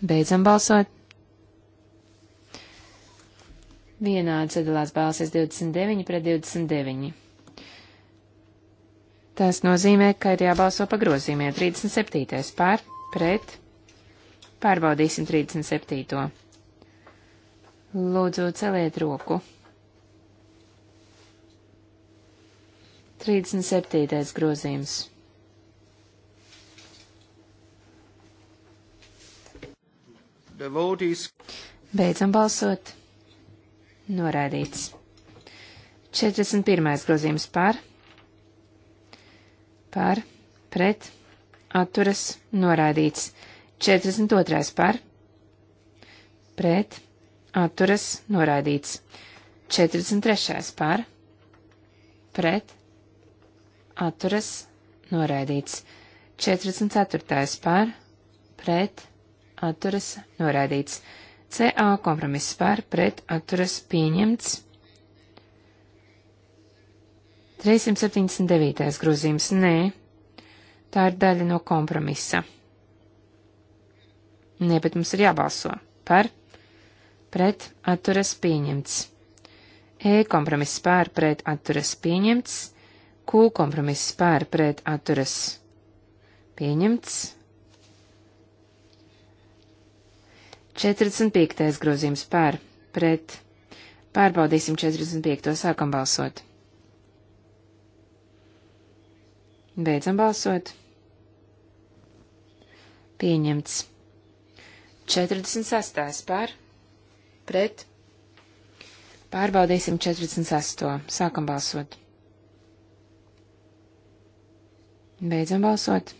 Beidzam balsot vienādi sadalās balsis 29 pret 29. Tas nozīmē, ka ir jābalso pa grozījumiem 37. pār, pret, pārbaudīsim 37. Lūdzu, celiet roku. 37. grozījums. Devotees. Beidzam balsot. Norādīts. 41. grozījums par, par, pret, atturas, norādīts. 42. par, pret, atturas, norādīts. 43. par, pret, atturas, noraidīts. 44. par, pret, atturas, noraidīts. CA kompromiss par pret atturas pieņemts. 379. grozījums nē. Tā ir daļa no kompromisa. Nē, bet mums ir jābalso par pret atturas pieņemts. E kompromiss pār pret atturas pieņemts. Q kompromiss pār pret atturas pieņemts. 45. grozījums par, pret. Pārbaudīsim 45. sākam balsot. Beidzam balsot. Pieņemts. 46. par, pret. Pārbaudīsim 48. Sākam balsot. Beidzam balsot.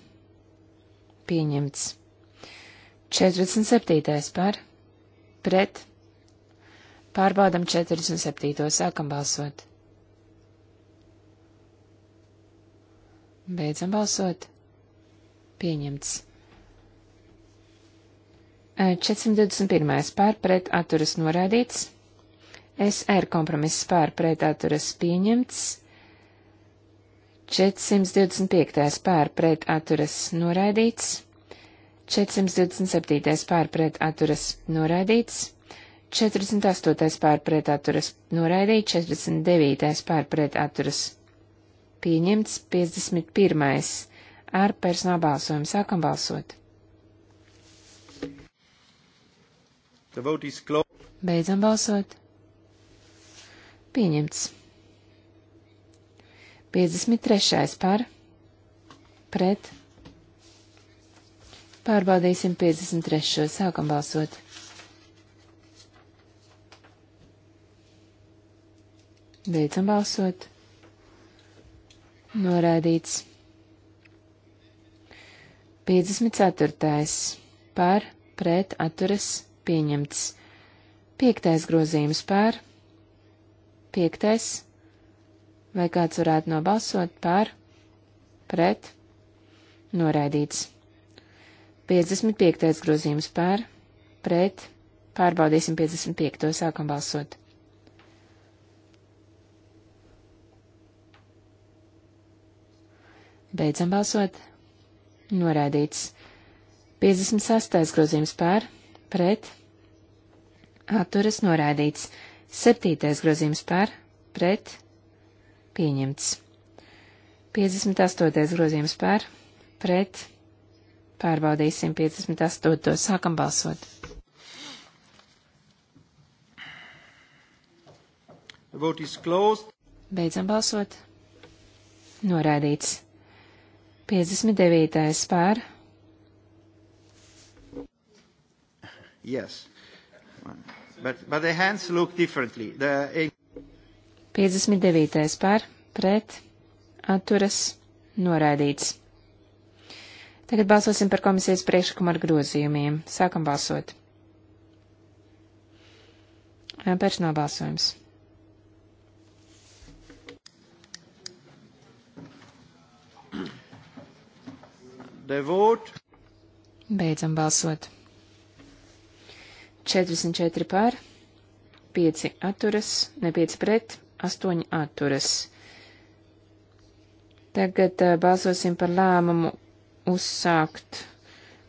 Pieņemts. 47. par, pret, pārbaudam 47. sākam balsot. Beidzam balsot. Pieņemts. 421. pār pret atturas norādīts. SR kompromiss pār pret atturas pieņemts. 425. pār pret atturas noraidīts. 427. pārpret atturas noraidīts, 48. pārpret atturas noraidīts, 49. pārpret atturas pieņemts, 51. ar personāla balsojumu sākam balsot. Beidzam balsot. Pieņemts. 53. par pret Pārbaudīsim 53. Sākam balsot. Beidzam balsot. Noraidīts. 54. Par, pret, atturas, pieņemts. 5. grozījums par. 5. Vai kāds varētu nobalsot par, pret, noraidīts. 55. grozījums pār, pret, pārbaudīsim 55. sākam balsot. Beidzam balsot. Noraidīts. 56. grozījums pār, pret, atturas noraidīts. 7. grozījums pār, pret, pieņemts. 58. grozījums pār, pret, pieņemts. Pārbaudīsim 58. Sākam balsot. Beidzam balsot. Noraidīts. 59. pār. Yes. But, but the hands look differently. The... 59. pār. Pret. Atturas. Noraidīts. Tagad balsosim par komisijas priekšlikumu ar grozījumiem. Sākam balsot. Personāla balsojums. Devot. Beidzam balsot. 44 pār, 5 atturas, ne 5 pret, 8 atturas. Tagad uh, balsosim par lēmumu uzsākt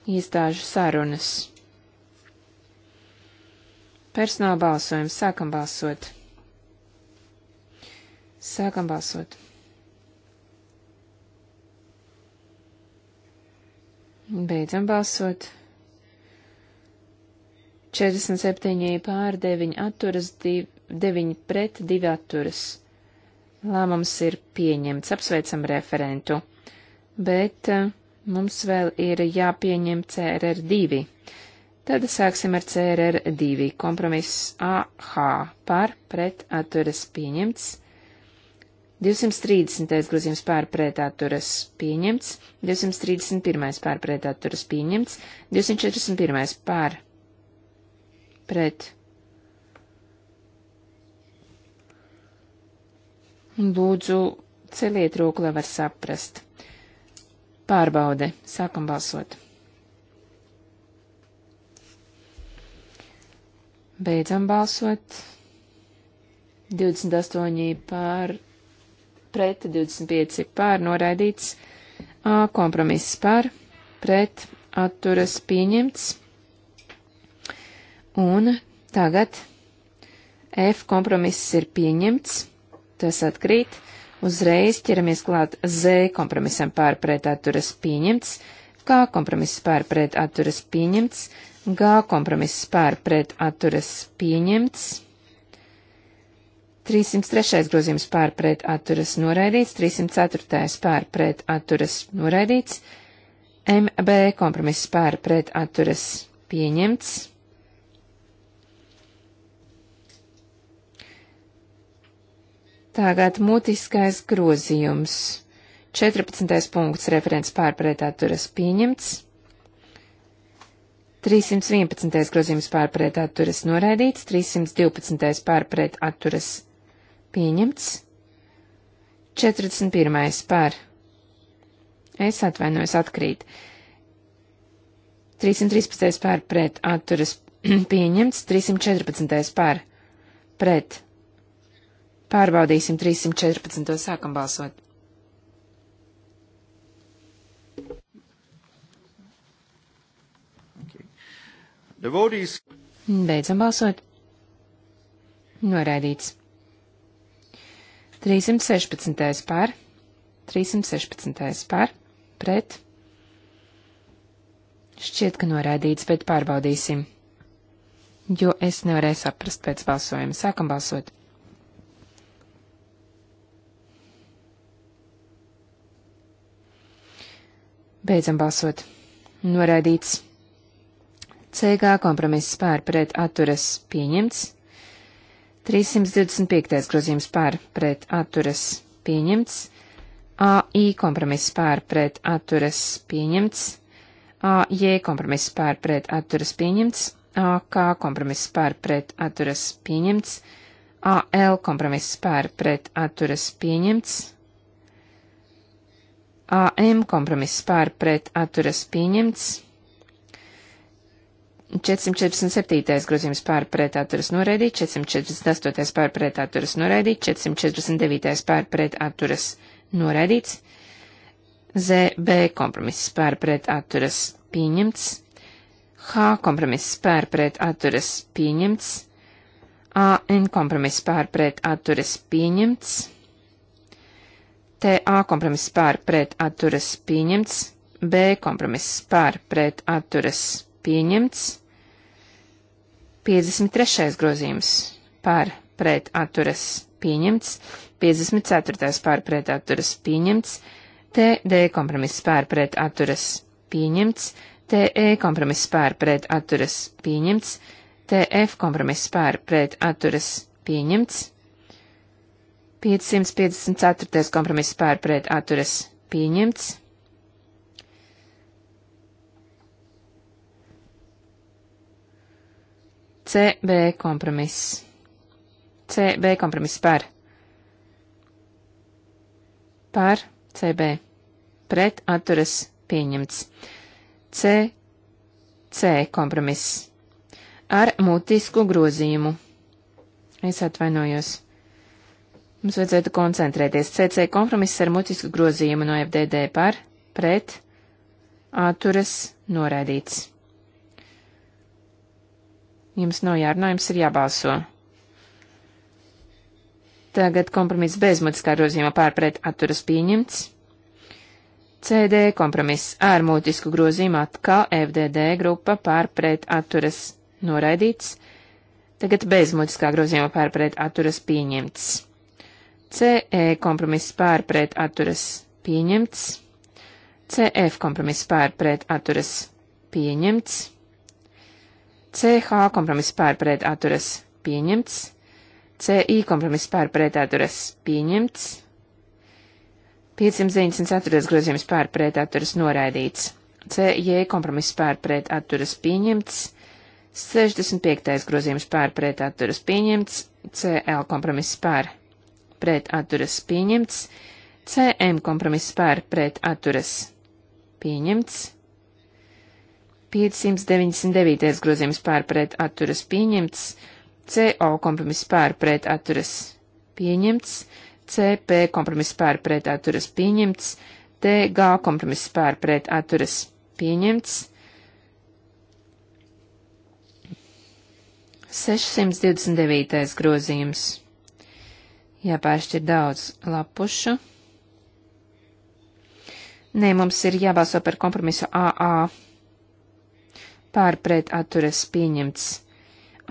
iestāžu sarunas. Personāla balsojums. Sākam balsot. Sākam balsot. Beidzam balsot. 47 pār 9 atturas, 9 pret 2 atturas. Lēmums ir pieņemts, apsveicam referentu. Bet uh, mums vēl ir jāpieņem CRR2. Tad sāksim ar CRR2. Kompromiss AH par pret atturas pieņemts. 230. grozījums pārpretā turas pieņemts, 231. pārpretā turas pieņemts, 241. pār pret. Lūdzu, celiet roku, lai var saprast. Pārbaude. Sākam balsot. Beidzam balsot. 28 pār, pret, 25 pār, noraidīts. A, kompromiss pār, pret, atturas pieņemts. Un tagad F kompromiss ir pieņemts. Tas atkrīt. Uzreiz ķeramies klāt Z kompromisam pārpret atturas pieņemts, K kompromiss pārpret atturas pieņemts, G kompromiss pārpret atturas pieņemts. 303. grozījums pārpret atturas noraidīts, 304. pārpret atturas noraidīts, MB kompromiss pārpret atturas pieņemts. Tagad mutiskais grozījums. 14. punkts referents pārpretā turas pieņemts. 311. grozījums pārpret atturas noraidīts, 312. pārpret atturas pieņemts, 41. pār. Es atvainojos atkrīt. 313. pārpret atturas pieņemts, 314. pārpret Pārbaudīsim 314. sākam balsot. Okay. Is... Beidzam balsot. Noraidīts. 316. pār, 316. pār, pret. Šķiet, ka noraidīts, bet pārbaudīsim. Jo es nevarēju saprast pēc balsojuma. Sākam balsot. Beidzam balsot. Noraidīts. CG kompromiss pār pret atturas pieņemts. 325. grozījums pār pret atturas pieņemts. AI kompromiss pār pret atturas pieņemts. AJ kompromiss pār pret atturas pieņemts. AK kompromiss pār pret atturas pieņemts. AL kompromiss pār pret atturas pieņemts. AM kompromiss pār pret atturas pieņemts. 447. grozījums pārpretā turas noraidīt, 448. pārpretā turas noraidīt, 449. pārpretā turas noraidīts, ZB kompromiss pārpretā turas pieņemts, H kompromiss pārpretā turas pieņemts, AN kompromiss pārpretā turas pieņemts. TA kompromiss pār pret atturas pieņemts, B kompromiss pār pret atturas pieņemts, 53. grozījums pār pret atturas pieņemts, 54. pār pret atturas pieņemts, TD kompromiss pār pret atturas pieņemts, TE kompromiss pār pret atturas pieņemts, TF e kompromiss pār pret atturas pieņemts, 554. kompromiss pār pret atturas pieņemts. CB kompromiss. CB kompromiss par. Par CB. Pret atturas pieņemts. CC kompromiss. Ar mutisku grozījumu. Es atvainojos. Mums vajadzētu koncentrēties. CC kompromiss ar mutisku grozījumu no FDD par, pret, atturas, noraidīts. Jums nav jārunā, jums ir jābalso. Tagad kompromiss bez mutiskā grozījuma pār pret atturas pieņemts. CD kompromiss ar mutisku grozījumu atkal FDD grupa pār pret atturas noraidīts. Tagad bez mutiskā grozījuma pār pret atturas pieņemts. CE kompromiss pārpret atturas pieņemts. CF kompromiss pārpret atturas pieņemts. CH kompromiss pārpret atturas pieņemts. CI kompromiss pārpret atturas pieņemts. 594. grozījums pārpret atturas noraidīts. CJ kompromiss pārpret atturas pieņemts. 65. grozījums pārpret atturas pieņemts. CL kompromiss pārpret pret atturas pieņemts, CM kompromiss par pret atturas pieņemts, 599. grozījums par pret atturas pieņemts, CO kompromiss par pret atturas pieņemts, CP kompromiss par pret atturas pieņemts, TG kompromiss par pret atturas pieņemts, 629. grozījums jāpēršķir daudz lapušu. Nē, mums ir jābalso par kompromisu AA. Pārpret atturas pieņemts.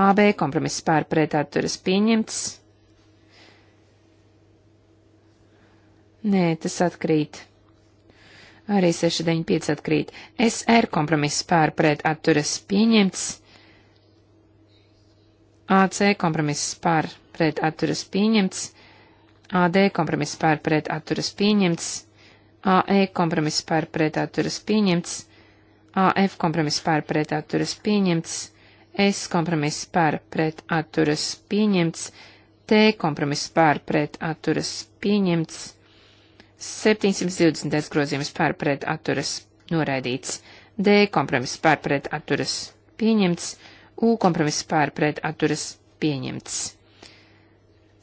AB kompromiss pārpret atturas pieņemts. Nē, tas atkrīt. Arī 695 atkrīt. SR kompromiss pārpret atturas pieņemts. AC kompromiss pārpret atturas pieņemts. AD kompromiss pār pret atturas pieņemts, AE kompromiss pār pret atturas pieņemts, AF kompromiss pār pret atturas pieņemts, S kompromiss pār pret atturas pieņemts, T kompromiss pār pret atturas pieņemts, 720. grozījums pār pret atturas noraidīts, D kompromiss pār pret atturas pieņemts, U kompromiss pār pret atturas pieņemts.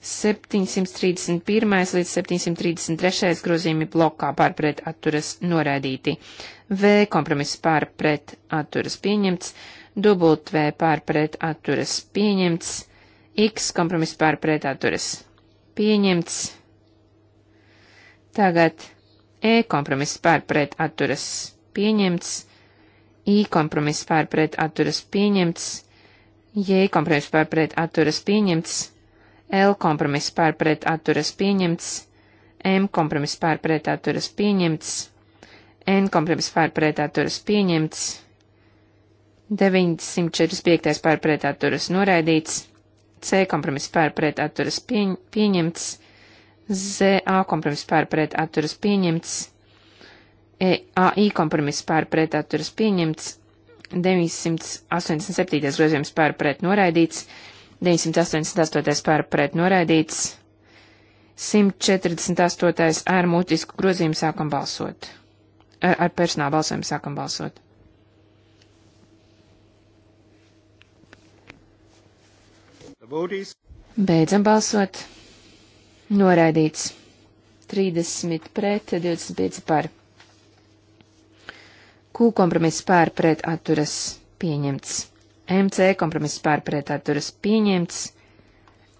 731 līdz 733 grozījumi blokā pārpret atturas noraidīti, V kompromiss pārpret atturas pieņemts, W pārpret atturas pieņemts, X kompromiss pārpret atturas pieņemts, tagad E kompromiss pārpret atturas pieņemts, I kompromiss pārpret atturas pieņemts, J kompromiss pārpret atturas pieņemts, L kompromiss pārpret atturas pieņemts, M kompromiss pārpret atturas pieņemts, N kompromiss pārpret atturas pieņemts, 945 pārpret atturas noraidīts, C kompromiss pārpret atturas pieņ pieņemts, ZA kompromiss pārpret atturas pieņemts, e, AI kompromiss pārpret atturas pieņemts, 987. grozījums pārpret noraidīts, 988. pār pret noraidīts. 148. ar mutisku grozījumu sākam balsot. Ar, ar personālu balsojumu sākam balsot. Beidzam balsot. Noraidīts. 30 pret, 25 par. Kū kompromiss pār pret atturas pieņemts. MC kompromiss pārpret atturas pieņemts,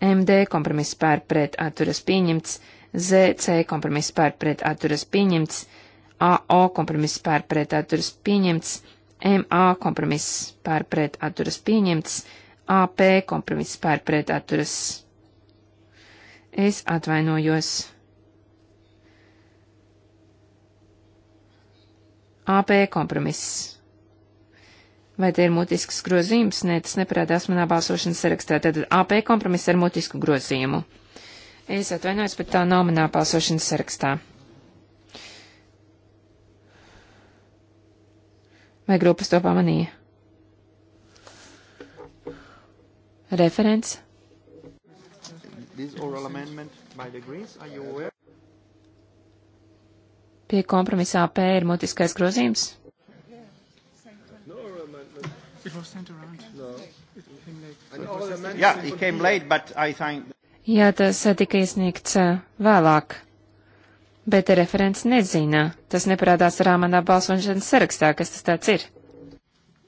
MD kompromiss pārpret atturas pieņemts, ZC kompromiss pārpret atturas pieņemts, AO kompromiss pārpret atturas pieņemts, MA kompromiss pārpret atturas pieņemts, AP kompromiss pārpret atturas. Es atvainojos. AP kompromiss Vai te ir mutisks grozījums? Nē, tas neparādās manā balsošanas sarakstā. Tad AP kompromiss ar mutisku grozījumu. Es atvainojos, bet tā nav manā balsošanas sarakstā. Vai grupas to pamanīja? Referents? Pie kompromisa AP ir mutiskais grozījums? was sent around. No. It came late. And all the amendments yeah, it came late, but I think. Jā, tas uh, tika iesniegts uh, vēlāk, bet referents nezina. Tas neparādās arī manā balsošanas sarakstā, kas tas tāds ir.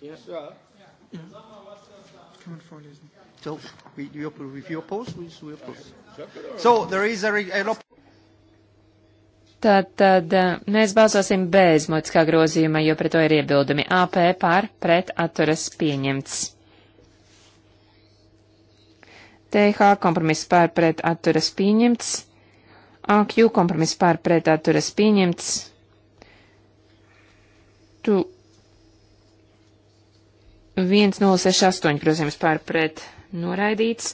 Yes, yeah. Yeah. Come and follow. So, with your, with your post, with your post. So, there is a, a Tātad eh, mēs balsosim bez motiskā grozījuma, jo pret to ir iebildumi. AP pār pret atturas pieņemts. TH kompromiss pār pret atturas pieņemts. AQ kompromiss pār pret atturas pieņemts. Tu 1068 grozījums pār pret noraidīts.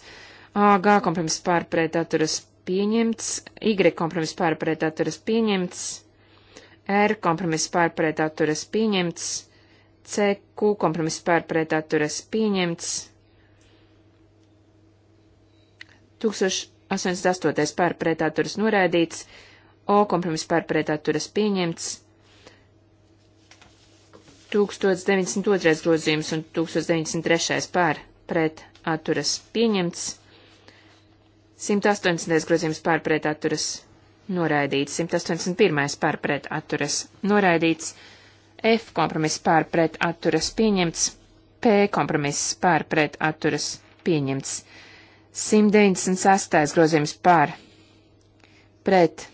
AG kompromiss pār pret atturas pieņemts pieņemts, Y kompromiss pārpret atturas pieņemts, R kompromiss pārpret atturas pieņemts, CQ kompromiss pārpret atturas pieņemts, 1088 pārpret atturas noraidīts, O kompromiss pārpret atturas pieņemts, 1092 grozījums un 1093 pārpret atturas pieņemts. 180. grozījums pārpret atturas noraidīts, 181. pārpret atturas noraidīts, F kompromiss pārpret atturas pieņemts, P kompromiss pārpret atturas pieņemts, 196. grozījums pār pret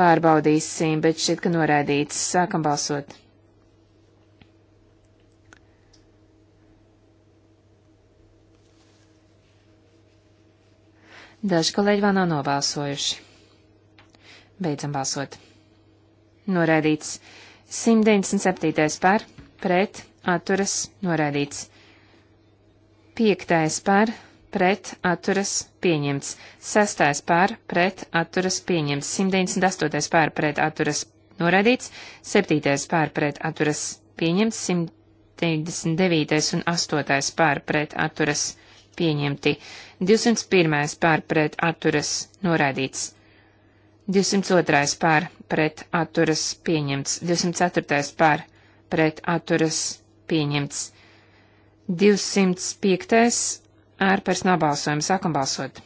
pārbaudīsim, bet šit, ka noraidīts, sākam balsot. Daži kolēģi vēl nav nobalsojuši. Beidzam balsot. Noraidīts. 197. par, pret, atturas, noraidīts. 5. par, pret, atturas, pieņemts. 6. par, pret, atturas, pieņemts. 198. par, pret, atturas, noraidīts. 7. par, pret, atturas, pieņemts. 199. un 8. par, pret, atturas, pieņemts pieņemti. 201. pār pret atturas noraidīts. 202. pār pret atturas pieņemts. 204. pār pret atturas pieņemts. 205. ar personāla balsojumu sākam balsot.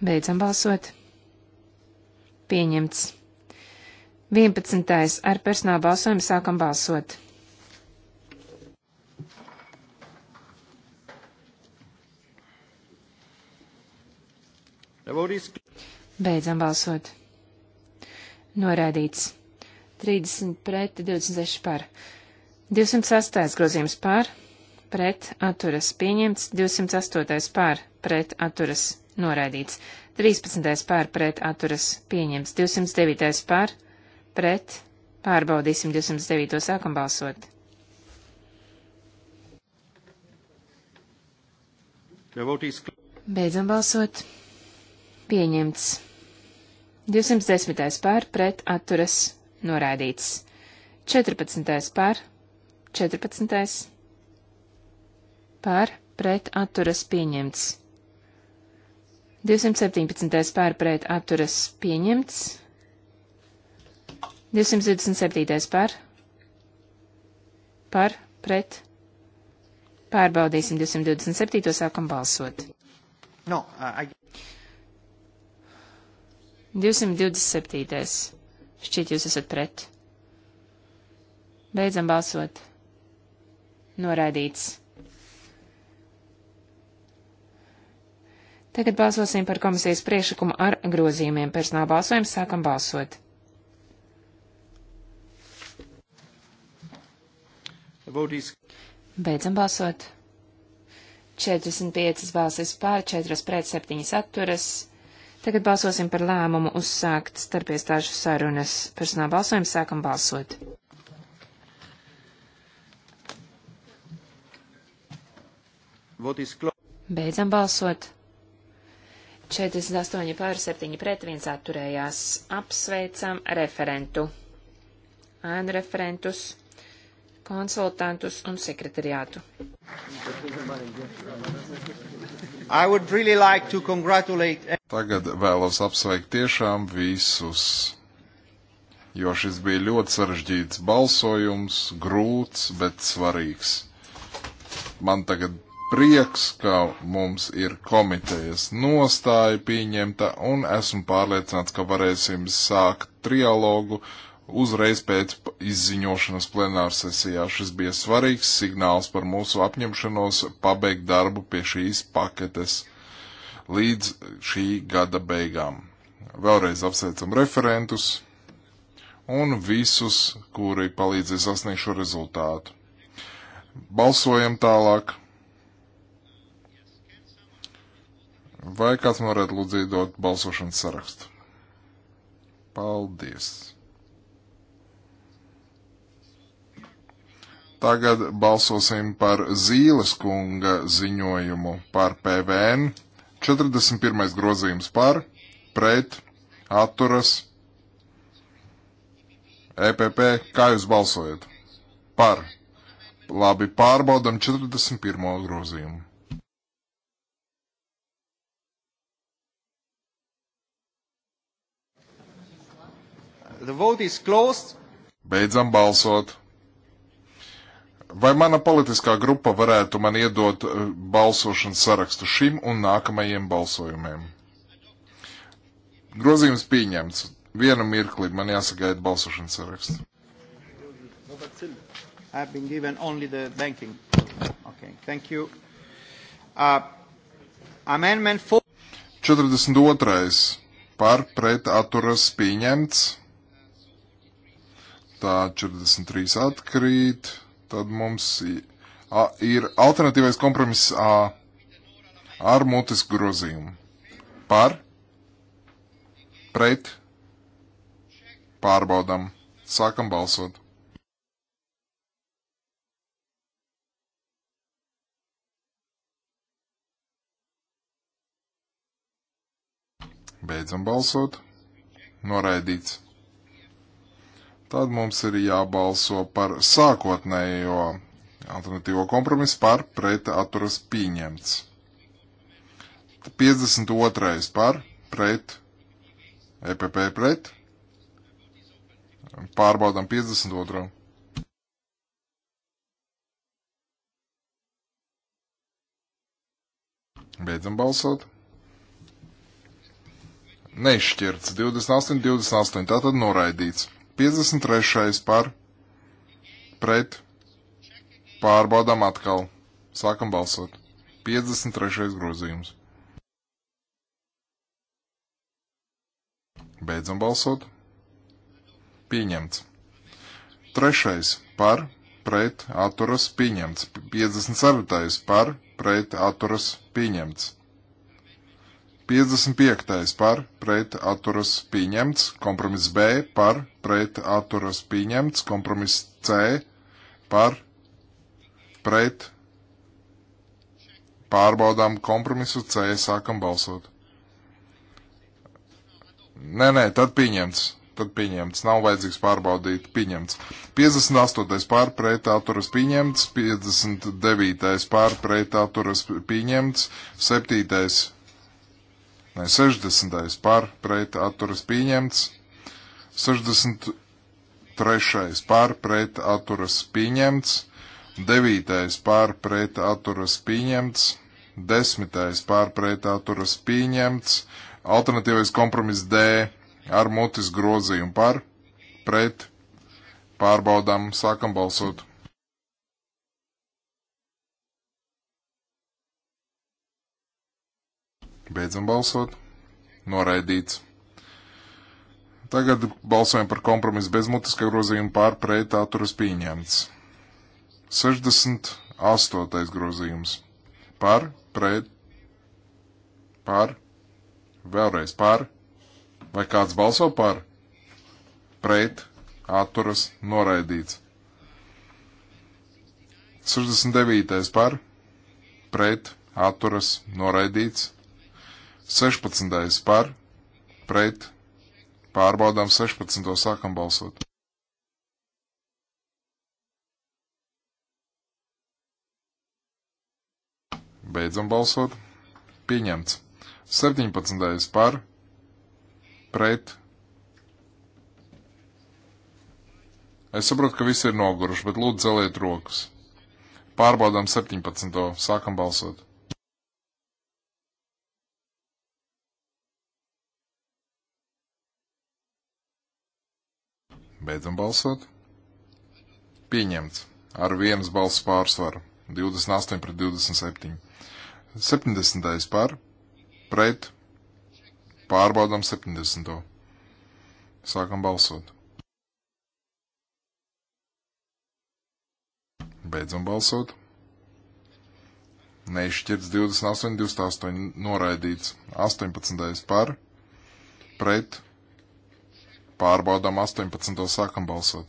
Beidzam balsot. Pieņemts. 11. ar personālu balsojumu sākam balsot. Beidzam balsot. Norādīts. 30 pret, 26 par. 208. grozījums par, pret, atturas. Pieņemts. 208. par, pret, atturas. Norādīts. 13. par, pret, atturas. Pieņemts. 209. par, pret pret, pārbaudīsim 209. sākam balsot. Beidzam balsot. Pieņemts. 210. pār pret atturas noraidīts. 14. pār 14. pār pret atturas pieņemts. 217. pār pret atturas pieņemts. 227. par, par, pret. Pārbaudīsim 227. sākam balsot. No, uh, I... 227. Šķiet, jūs esat pret. Beidzam balsot. Noraidīts. Tagad balsosim par komisijas priekšlikumu ar grozījumiem. Personāla balsojums sākam balsot. Beidzam balsot. 45 balsis pār, 4 pret, 7 atturas. Tagad balsosim par lēmumu uzsākt starpiestāžu sarunas. Personāla balsojumu sākam balsot. Beidzam balsot. 48 pār 7 pret 1 atturējās. Apsveicam referentu. Ēnu referentus konsultantus un sekretariātu. Really like congratulate... Tagad vēlos apsveikt tiešām visus, jo šis bija ļoti sarežģīts balsojums, grūts, bet svarīgs. Man tagad prieks, ka mums ir komitejas nostāja pieņemta, un esmu pārliecināts, ka varēsim sākt trialogu uzreiz pēc izziņošanas plenārsesijā. Šis bija svarīgs signāls par mūsu apņemšanos pabeigt darbu pie šīs paketes līdz šī gada beigām. Vēlreiz apsveicam referentus un visus, kuri palīdzēja sasniegt šo rezultātu. Balsojam tālāk. Vai kāds varētu lūdzīt dot balsošanas sarakstu? Paldies! Tagad balsosim par Zīles kunga ziņojumu par PVN. 41. grozījums par, pret, atturas, EPP, kā jūs balsojat? Par. Labi, pārbaudam 41. grozījumu. The vote is closed. Beidzam balsot. Vai mana politiskā grupa varētu man iedot eh, balsošanas sarakstu šim un nākamajiem balsojumiem? Grozījums pieņemts. Vienu mirkli man jāsagaida balsošanas saraksts. I've been given only the banking. Okay, thank you. Uh, amendment 4. 42. Par pret atturas pieņemts. Tā 43 atkrīt. Tad mums ir alternatīvais kompromiss A ar mutisku grozījumu. Par, pret, pārbaudam, sākam balsot. Beidzam balsot. Noraidīts tad mums ir jābalso par sākotnējo alternatīvo kompromisu par pret atturas pieņemts. 52. par pret EPP pret. Pārbaudām 52. Beidzam balsot. Nešķirts 28, 28, tātad noraidīts. 53. par pret pārbaudām atkal. Sākam balsot. 53. grozījums. Beidzam balsot. Pieņemts. Trešais par pret atturas pieņemts. 54. par pret atturas pieņemts. 55. par pret atturas pieņemts, kompromiss B par pret atturas pieņemts, kompromiss C par pret pārbaudām kompromisu C, sākam balsot. Nē, nē, tad pieņemts tad pieņemts. Nav vajadzīgs pārbaudīt, pieņemts. 58. pārpratā turas pieņemts, 59. pārpratā turas pieņemts, 7. Nē, 60. par pret atturas pieņemts. 63. par pret atturas pieņemts. 9. par pret atturas pieņemts. 10. par pret atturas pieņemts. Alternatīvais kompromiss D ar mutis grozījumu par pret pārbaudām sākam balsot. Beidzam balsot. Noraidīts. Tagad balsojam par kompromisu bezmutiskā grozījuma pār pret atturas pieņemts. 68. grozījums. Par, pret, par, vēlreiz par, vai kāds balso par, pret, atturas, noraidīts. 69. par, pret, atturas, noraidīts. 16. par, pret, pārbaudām 16. sākam balsot. Beidzam balsot. Pieņemts. 17. par, pret. Es saprotu, ka visi ir noguruši, bet lūdzu celiet rokas. Pārbaudām 17. sākam balsot. Beidzam balsot. Pieņemts ar vienas balss pārsvaru. 28 pret 27. 70. par pret pārbaudām 70. Sākam balsot. Beidzam balsot. Nešķirts 28, 28 noraidīts. 18. par pret Pārbaudām 18. sākam balsot.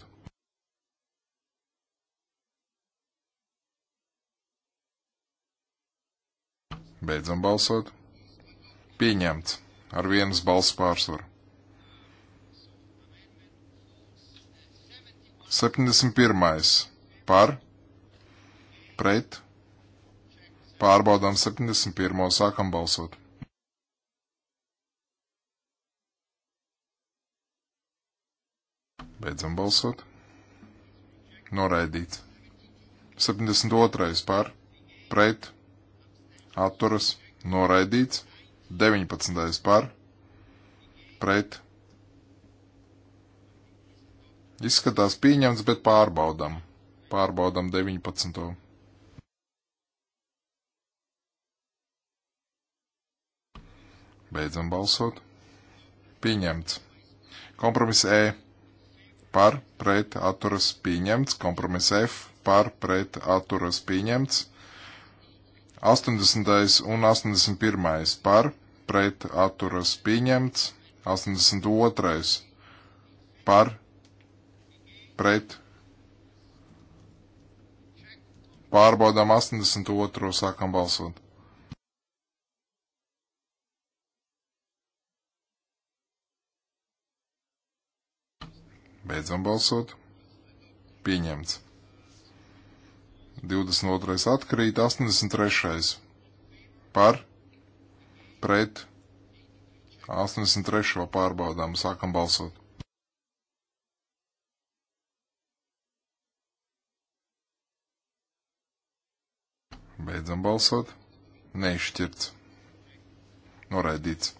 Beidzam balsot. Pieņemts ar vienas balss pārsvaru. 71. par, pret, pārbaudām 71. sākam balsot. Beidzam balsot. Noraidīts. 72. par, pret, atturas, noraidīts. 19. par, pret. Izskatās pieņemts, bet pārbaudam. Pārbaudam 19. Beidzam balsot. Pieņemts. Kompromiss E par pret atturas pieņemts, kompromiss F par pret atturas pieņemts, 80. un 81. par pret atturas pieņemts, 82. par pret pārbaudām 82. sākam balsot. Beidzam balsot. Pieņemts. 22. atkrīt, 83. par, pret, 83. pārbaudām, sākam balsot. Beidzam balsot. Neizšķirts. Noraidīts.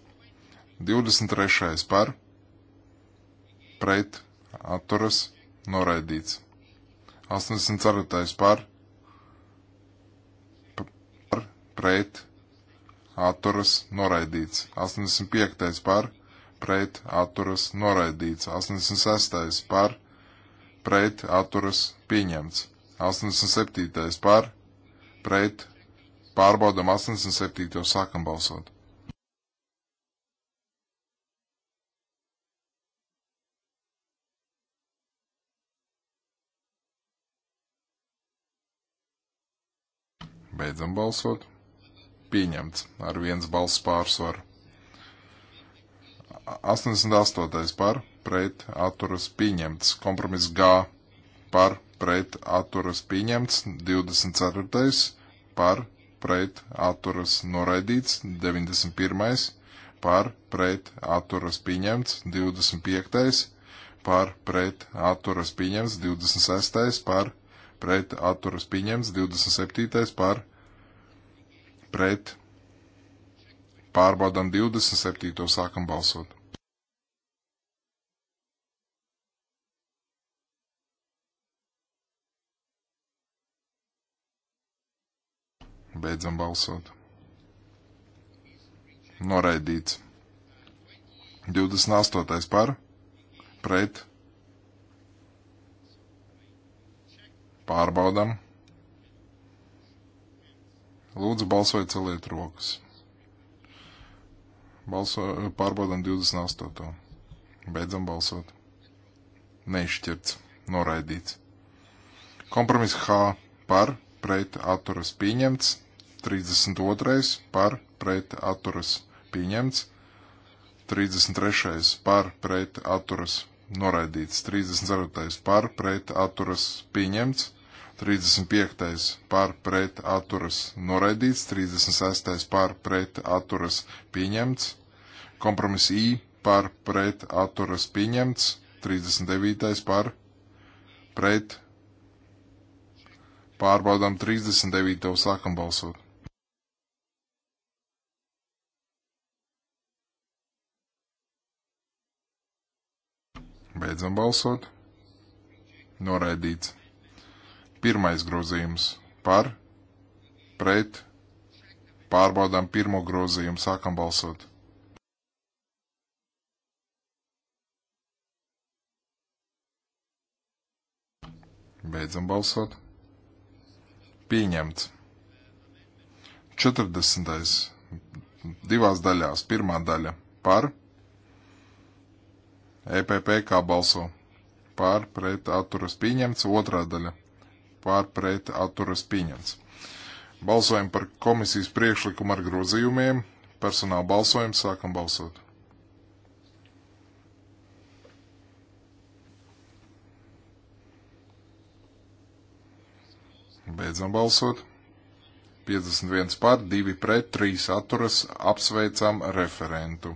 23. par, pret, atturas noraidīts. 84. par par pret atturas noraidīts. 85. par pret atturas noraidīts. 86. par pret atturas pieņemts. 87. par pret pārbaudam 87. sākam balsot. Beidzam balsot. Pieņemts ar viens balss pārsvaru. 88. par pret atturas pieņemts. Kompromiss G par pret atturas pieņemts. 24. par pret atturas noraidīts. 91. par pret atturas pieņemts. 25. par pret atturas pieņemts. 26. par pret atturas pieņemts, 27. par pret pārbaudām 27. sākam balsot. Beidzam balsot. Noraidīts. 28. par pret Pārbaudam. Lūdzu, balsojiet, celiet rokas. Balso, pārbaudam 28. Beidzam balsot. Neizšķirts, noraidīts. Kompromiss H par pret atturas pieņemts. 32. par pret atturas pieņemts. 33. par pret atturas noraidīts, 34. par pret atturas pieņemts, 35. par pret atturas noraidīts, 36. par pret atturas pieņemts, kompromiss I par pret atturas pieņemts, 39. par pret pārbaudām 39. sākam balsot. Beidzam balsot. Noraidīts. Pirmais grozījums par, pret, pārbaudām pirmo grozījumu, sākam balsot. Beidzam balsot. Pieņemts. 40. divās daļās. Pirmā daļa par, pret, EPP kā balso pār pret atturas pieņemts, otrā daļa pār pret atturas pieņemts. Balsojam par komisijas priekšlikumu ar grozījumiem, personāla balsojumu sākam balsot. Beidzam balsot. 51 pār, 2 pret, 3 atturas, apsveicam referentu.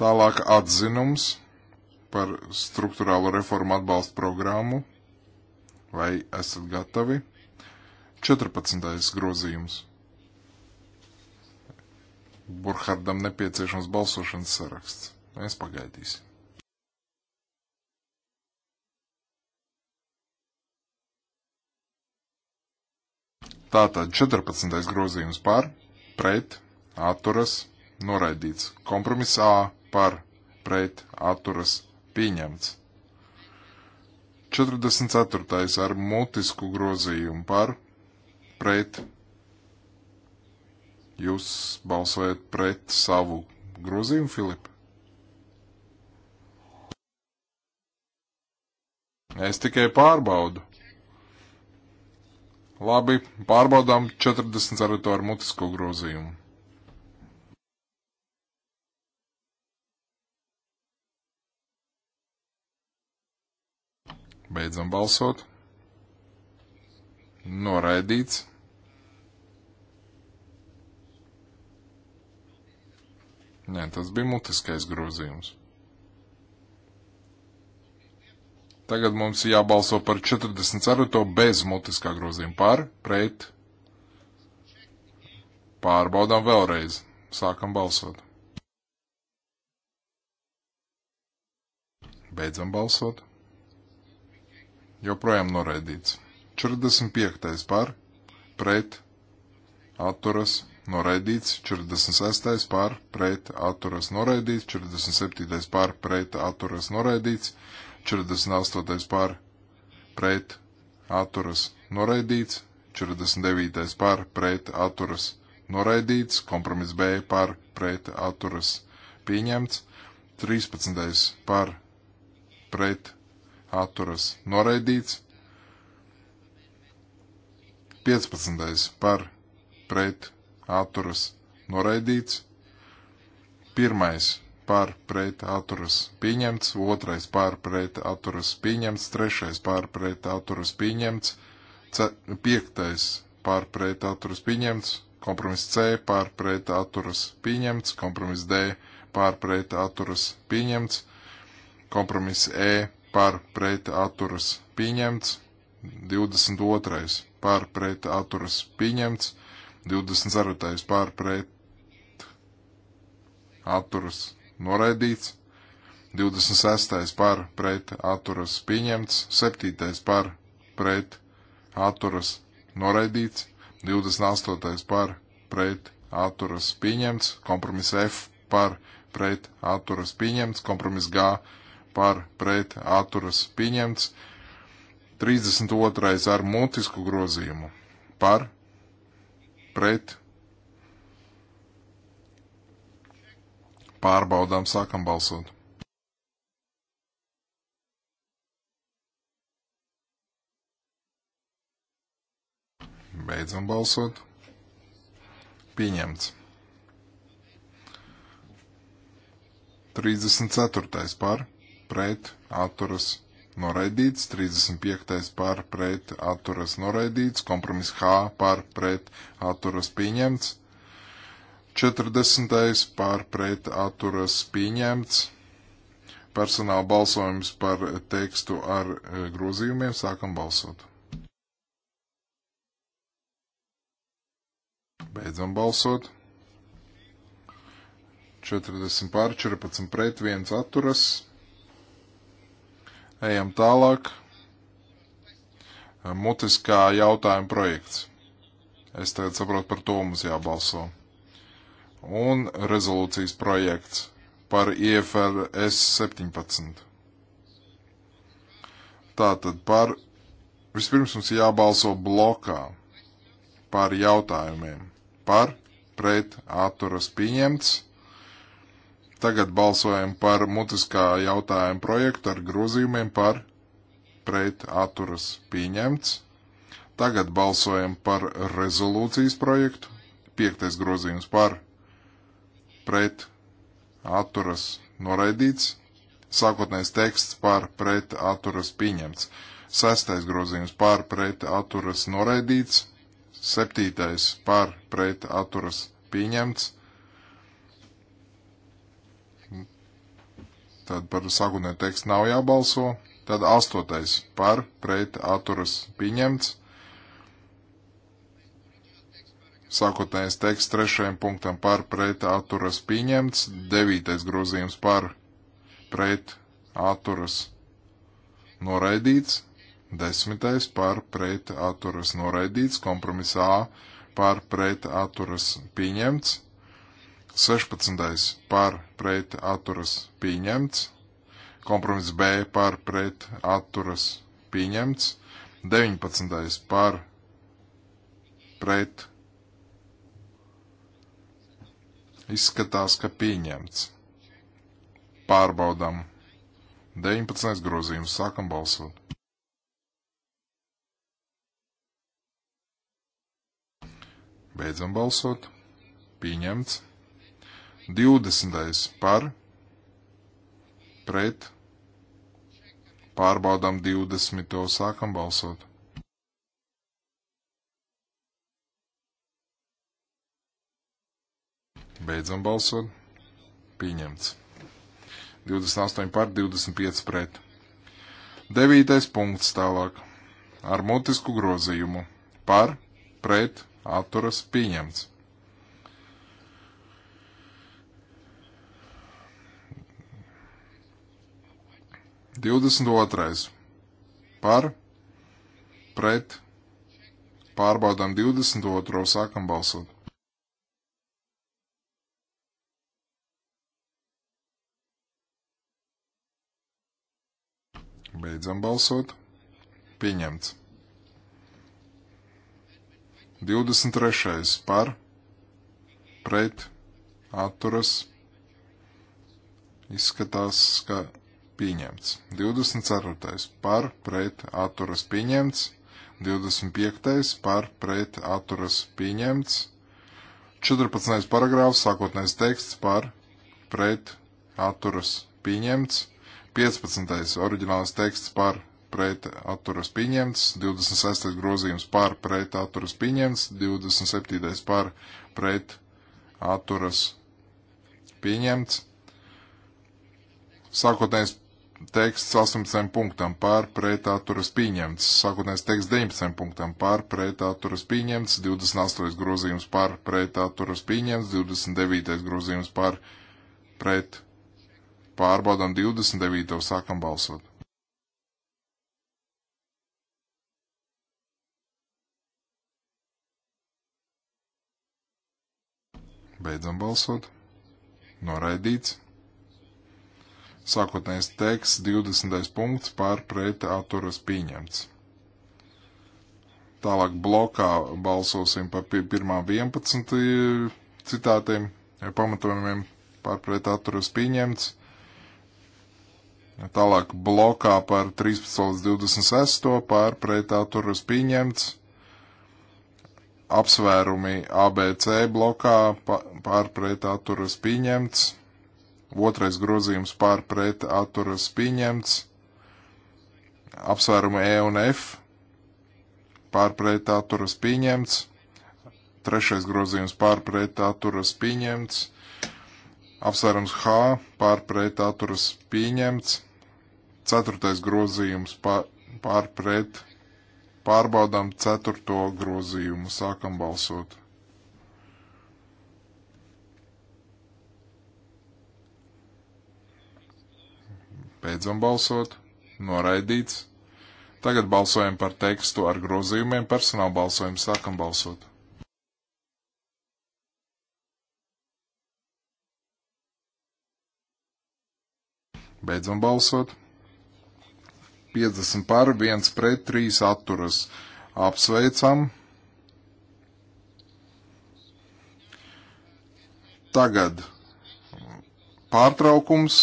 Tālāk atzinums par struktūrālo reformu atbalstu programmu. Vai esat gatavi? 14. grozījums. Burhardam nepieciešams balsošanas saraksts. Mēs pagaidīsim. Tātad 14. grozījums par, pret, atturas, noraidīts. Kompromiss A par pret atturas pieņemts. 44. ar mutisku grozījumu par pret. Jūs balsojat pret savu grozījumu, Filip? Es tikai pārbaudu. Labi, pārbaudām 44. ar mutisko grozījumu. Beidzam balsot. Noraidīts. Nē, tas bija mutiskais grozījums. Tagad mums jābalso par 44. bez mutiskā grozījuma par, pret. Pārbaudām vēlreiz. Sākam balsot. Beidzam balsot joprojām noraidīts. 45. par, pret, atturas, noraidīts. 46. par, pret, atturas, noraidīts. 47. par, pret, atturas, noraidīts. 48. par, pret, atturas, noraidīts. 49. par, pret, atturas, noraidīts. Kompromiss B par, pret, atturas, pieņemts. 13. par, pret, atturas, atturas noraidīts. 15. par pret atturas noraidīts. 1. par pret atturas pieņemts, 2. par pret atturas pieņemts, 3. par pret atturas pieņemts, 5. par pret atturas pieņemts, kompromiss C par pret atturas pieņemts, kompromiss D par pret atturas pieņemts, kompromiss E par pret atturas pieņemts. 22. par pret atturas pieņemts. 24. par pret atturas noraidīts. 26. par pret atturas pieņemts. 7. par pret atturas noraidīts. 28. par pret atturas pieņemts. Kompromiss F par pret atturas pieņemts. Kompromiss G par pret atturas pieņemts. 32. ar mutisku grozījumu par pret pārbaudām sākam balsot. Beidzam balsot. Pieņemts. 34. par pret atturas noraidīts, 35. par pret atturas noraidīts, kompromiss H par pret atturas pieņemts, 40. par pret atturas pieņemts, personāla balsojums par tekstu ar e, grozījumiem, sākam balsot. Beidzam balsot. 40 pār 14 pret 1 atturas Ejam tālāk. Mutiskā jautājuma projekts. Es tagad saprotu, par to mums jābalso. Un rezolūcijas projekts par IFRS 17. Tātad par vispirms mums jābalso blokā par jautājumiem. Par, pret, atturas pieņemts Tagad balsojam par mutiskā jautājuma projektu ar grozījumiem par pret atturas pieņemts. Tagad balsojam par rezolūcijas projektu. Piektais grozījums par pret atturas noraidīts. Sākotnējais teksts par pret atturas pieņemts. Sestais grozījums par pret atturas noraidīts. Septītais par pret atturas pieņemts. Tad par sākotnēju tekstu nav jābalso. Tad astotais par pret atturas pieņemts. Sākotnējais teksts trešajam punktam par pret atturas pieņemts. Devītais grozījums par pret atturas noraidīts. Desmitais par pret atturas noraidīts. Kompromisā par pret atturas pieņemts. 16. par pret atturas pieņemts. Kompromiss B par pret atturas pieņemts. 19. par pret izskatās, ka pieņemts. Pārbaudām. 19. grozījums sākam balsot. Beidzam balsot. Pieņemts. 20. par, pret, pārbaudām 20. sākam balsot. Beidzam balsot. Pieņemts. 28 par 25 pret. 9. punkts tālāk. Ar mutisku grozījumu. Par, pret, atturas, pieņemts. 22. par, pret, pārbaudām 22. sākam balsot. Beidzam balsot. Pieņemts. 23. par, pret, atturas, izskatās, ka pieņemts. 24. par pret atturas pieņemts. 25. par pret atturas pieņemts. 14. paragrāfs sākotnējs teksts par pret atturas pieņemts. 15. oriģināls teksts par pret atturas pieņemts. 26. grozījums par pret atturas pieņemts. 27. par pret atturas pieņemts. Sākotnējais teksts 18 punktam pār pret atturas pieņemts, sākotnēs teksts 19 punktam pār pret atturas pieņemts, 28 grozījums pār pret atturas pieņemts, 29 grozījums pār pret pārbaudam 29. sākam balsot. Beidzam balsot. Noraidīts. Sākotnējais teksts 20. punkts par pret atturas pieņemts. Tālāk blokā balsosim par pirmām 11 e, citātiem, e, pamatojumiem par pret atturas pieņemts. Tālāk blokā par 13 līdz 26 par pret atturas pieņemts apsvērumi ABC blokā pārpret atturas pieņemts, Otrais grozījums pār pret atturas pieņemts. Apsvērumi E un F pār pret atturas pieņemts. Trešais grozījums pār pret atturas pieņemts. Apsvērums H pār pret atturas pieņemts. Ceturtais grozījums pār pret pārbaudām ceturto grozījumu. Sākam balsot. Beidzam balsot. Noraidīts. Tagad balsojam par tekstu ar grozījumiem. Personāla balsojumu sākam balsot. Beidzam balsot. 50 par, 1 pret, 3 atturas. Apsveicam. Tagad pārtraukums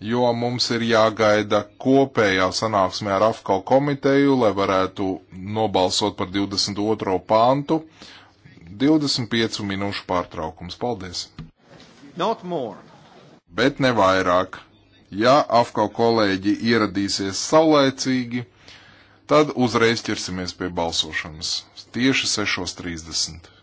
jo mums ir jāgaida kopējā sanāksmē ar AFKO komiteju, lai varētu nobalsot par 22. pāntu. 25 minūšu pārtraukums. Paldies! Bet ne vairāk. Ja AFKO kolēģi ieradīsies saulēcīgi, tad uzreiz ķersimies pie balsošanas. Tieši 6.30.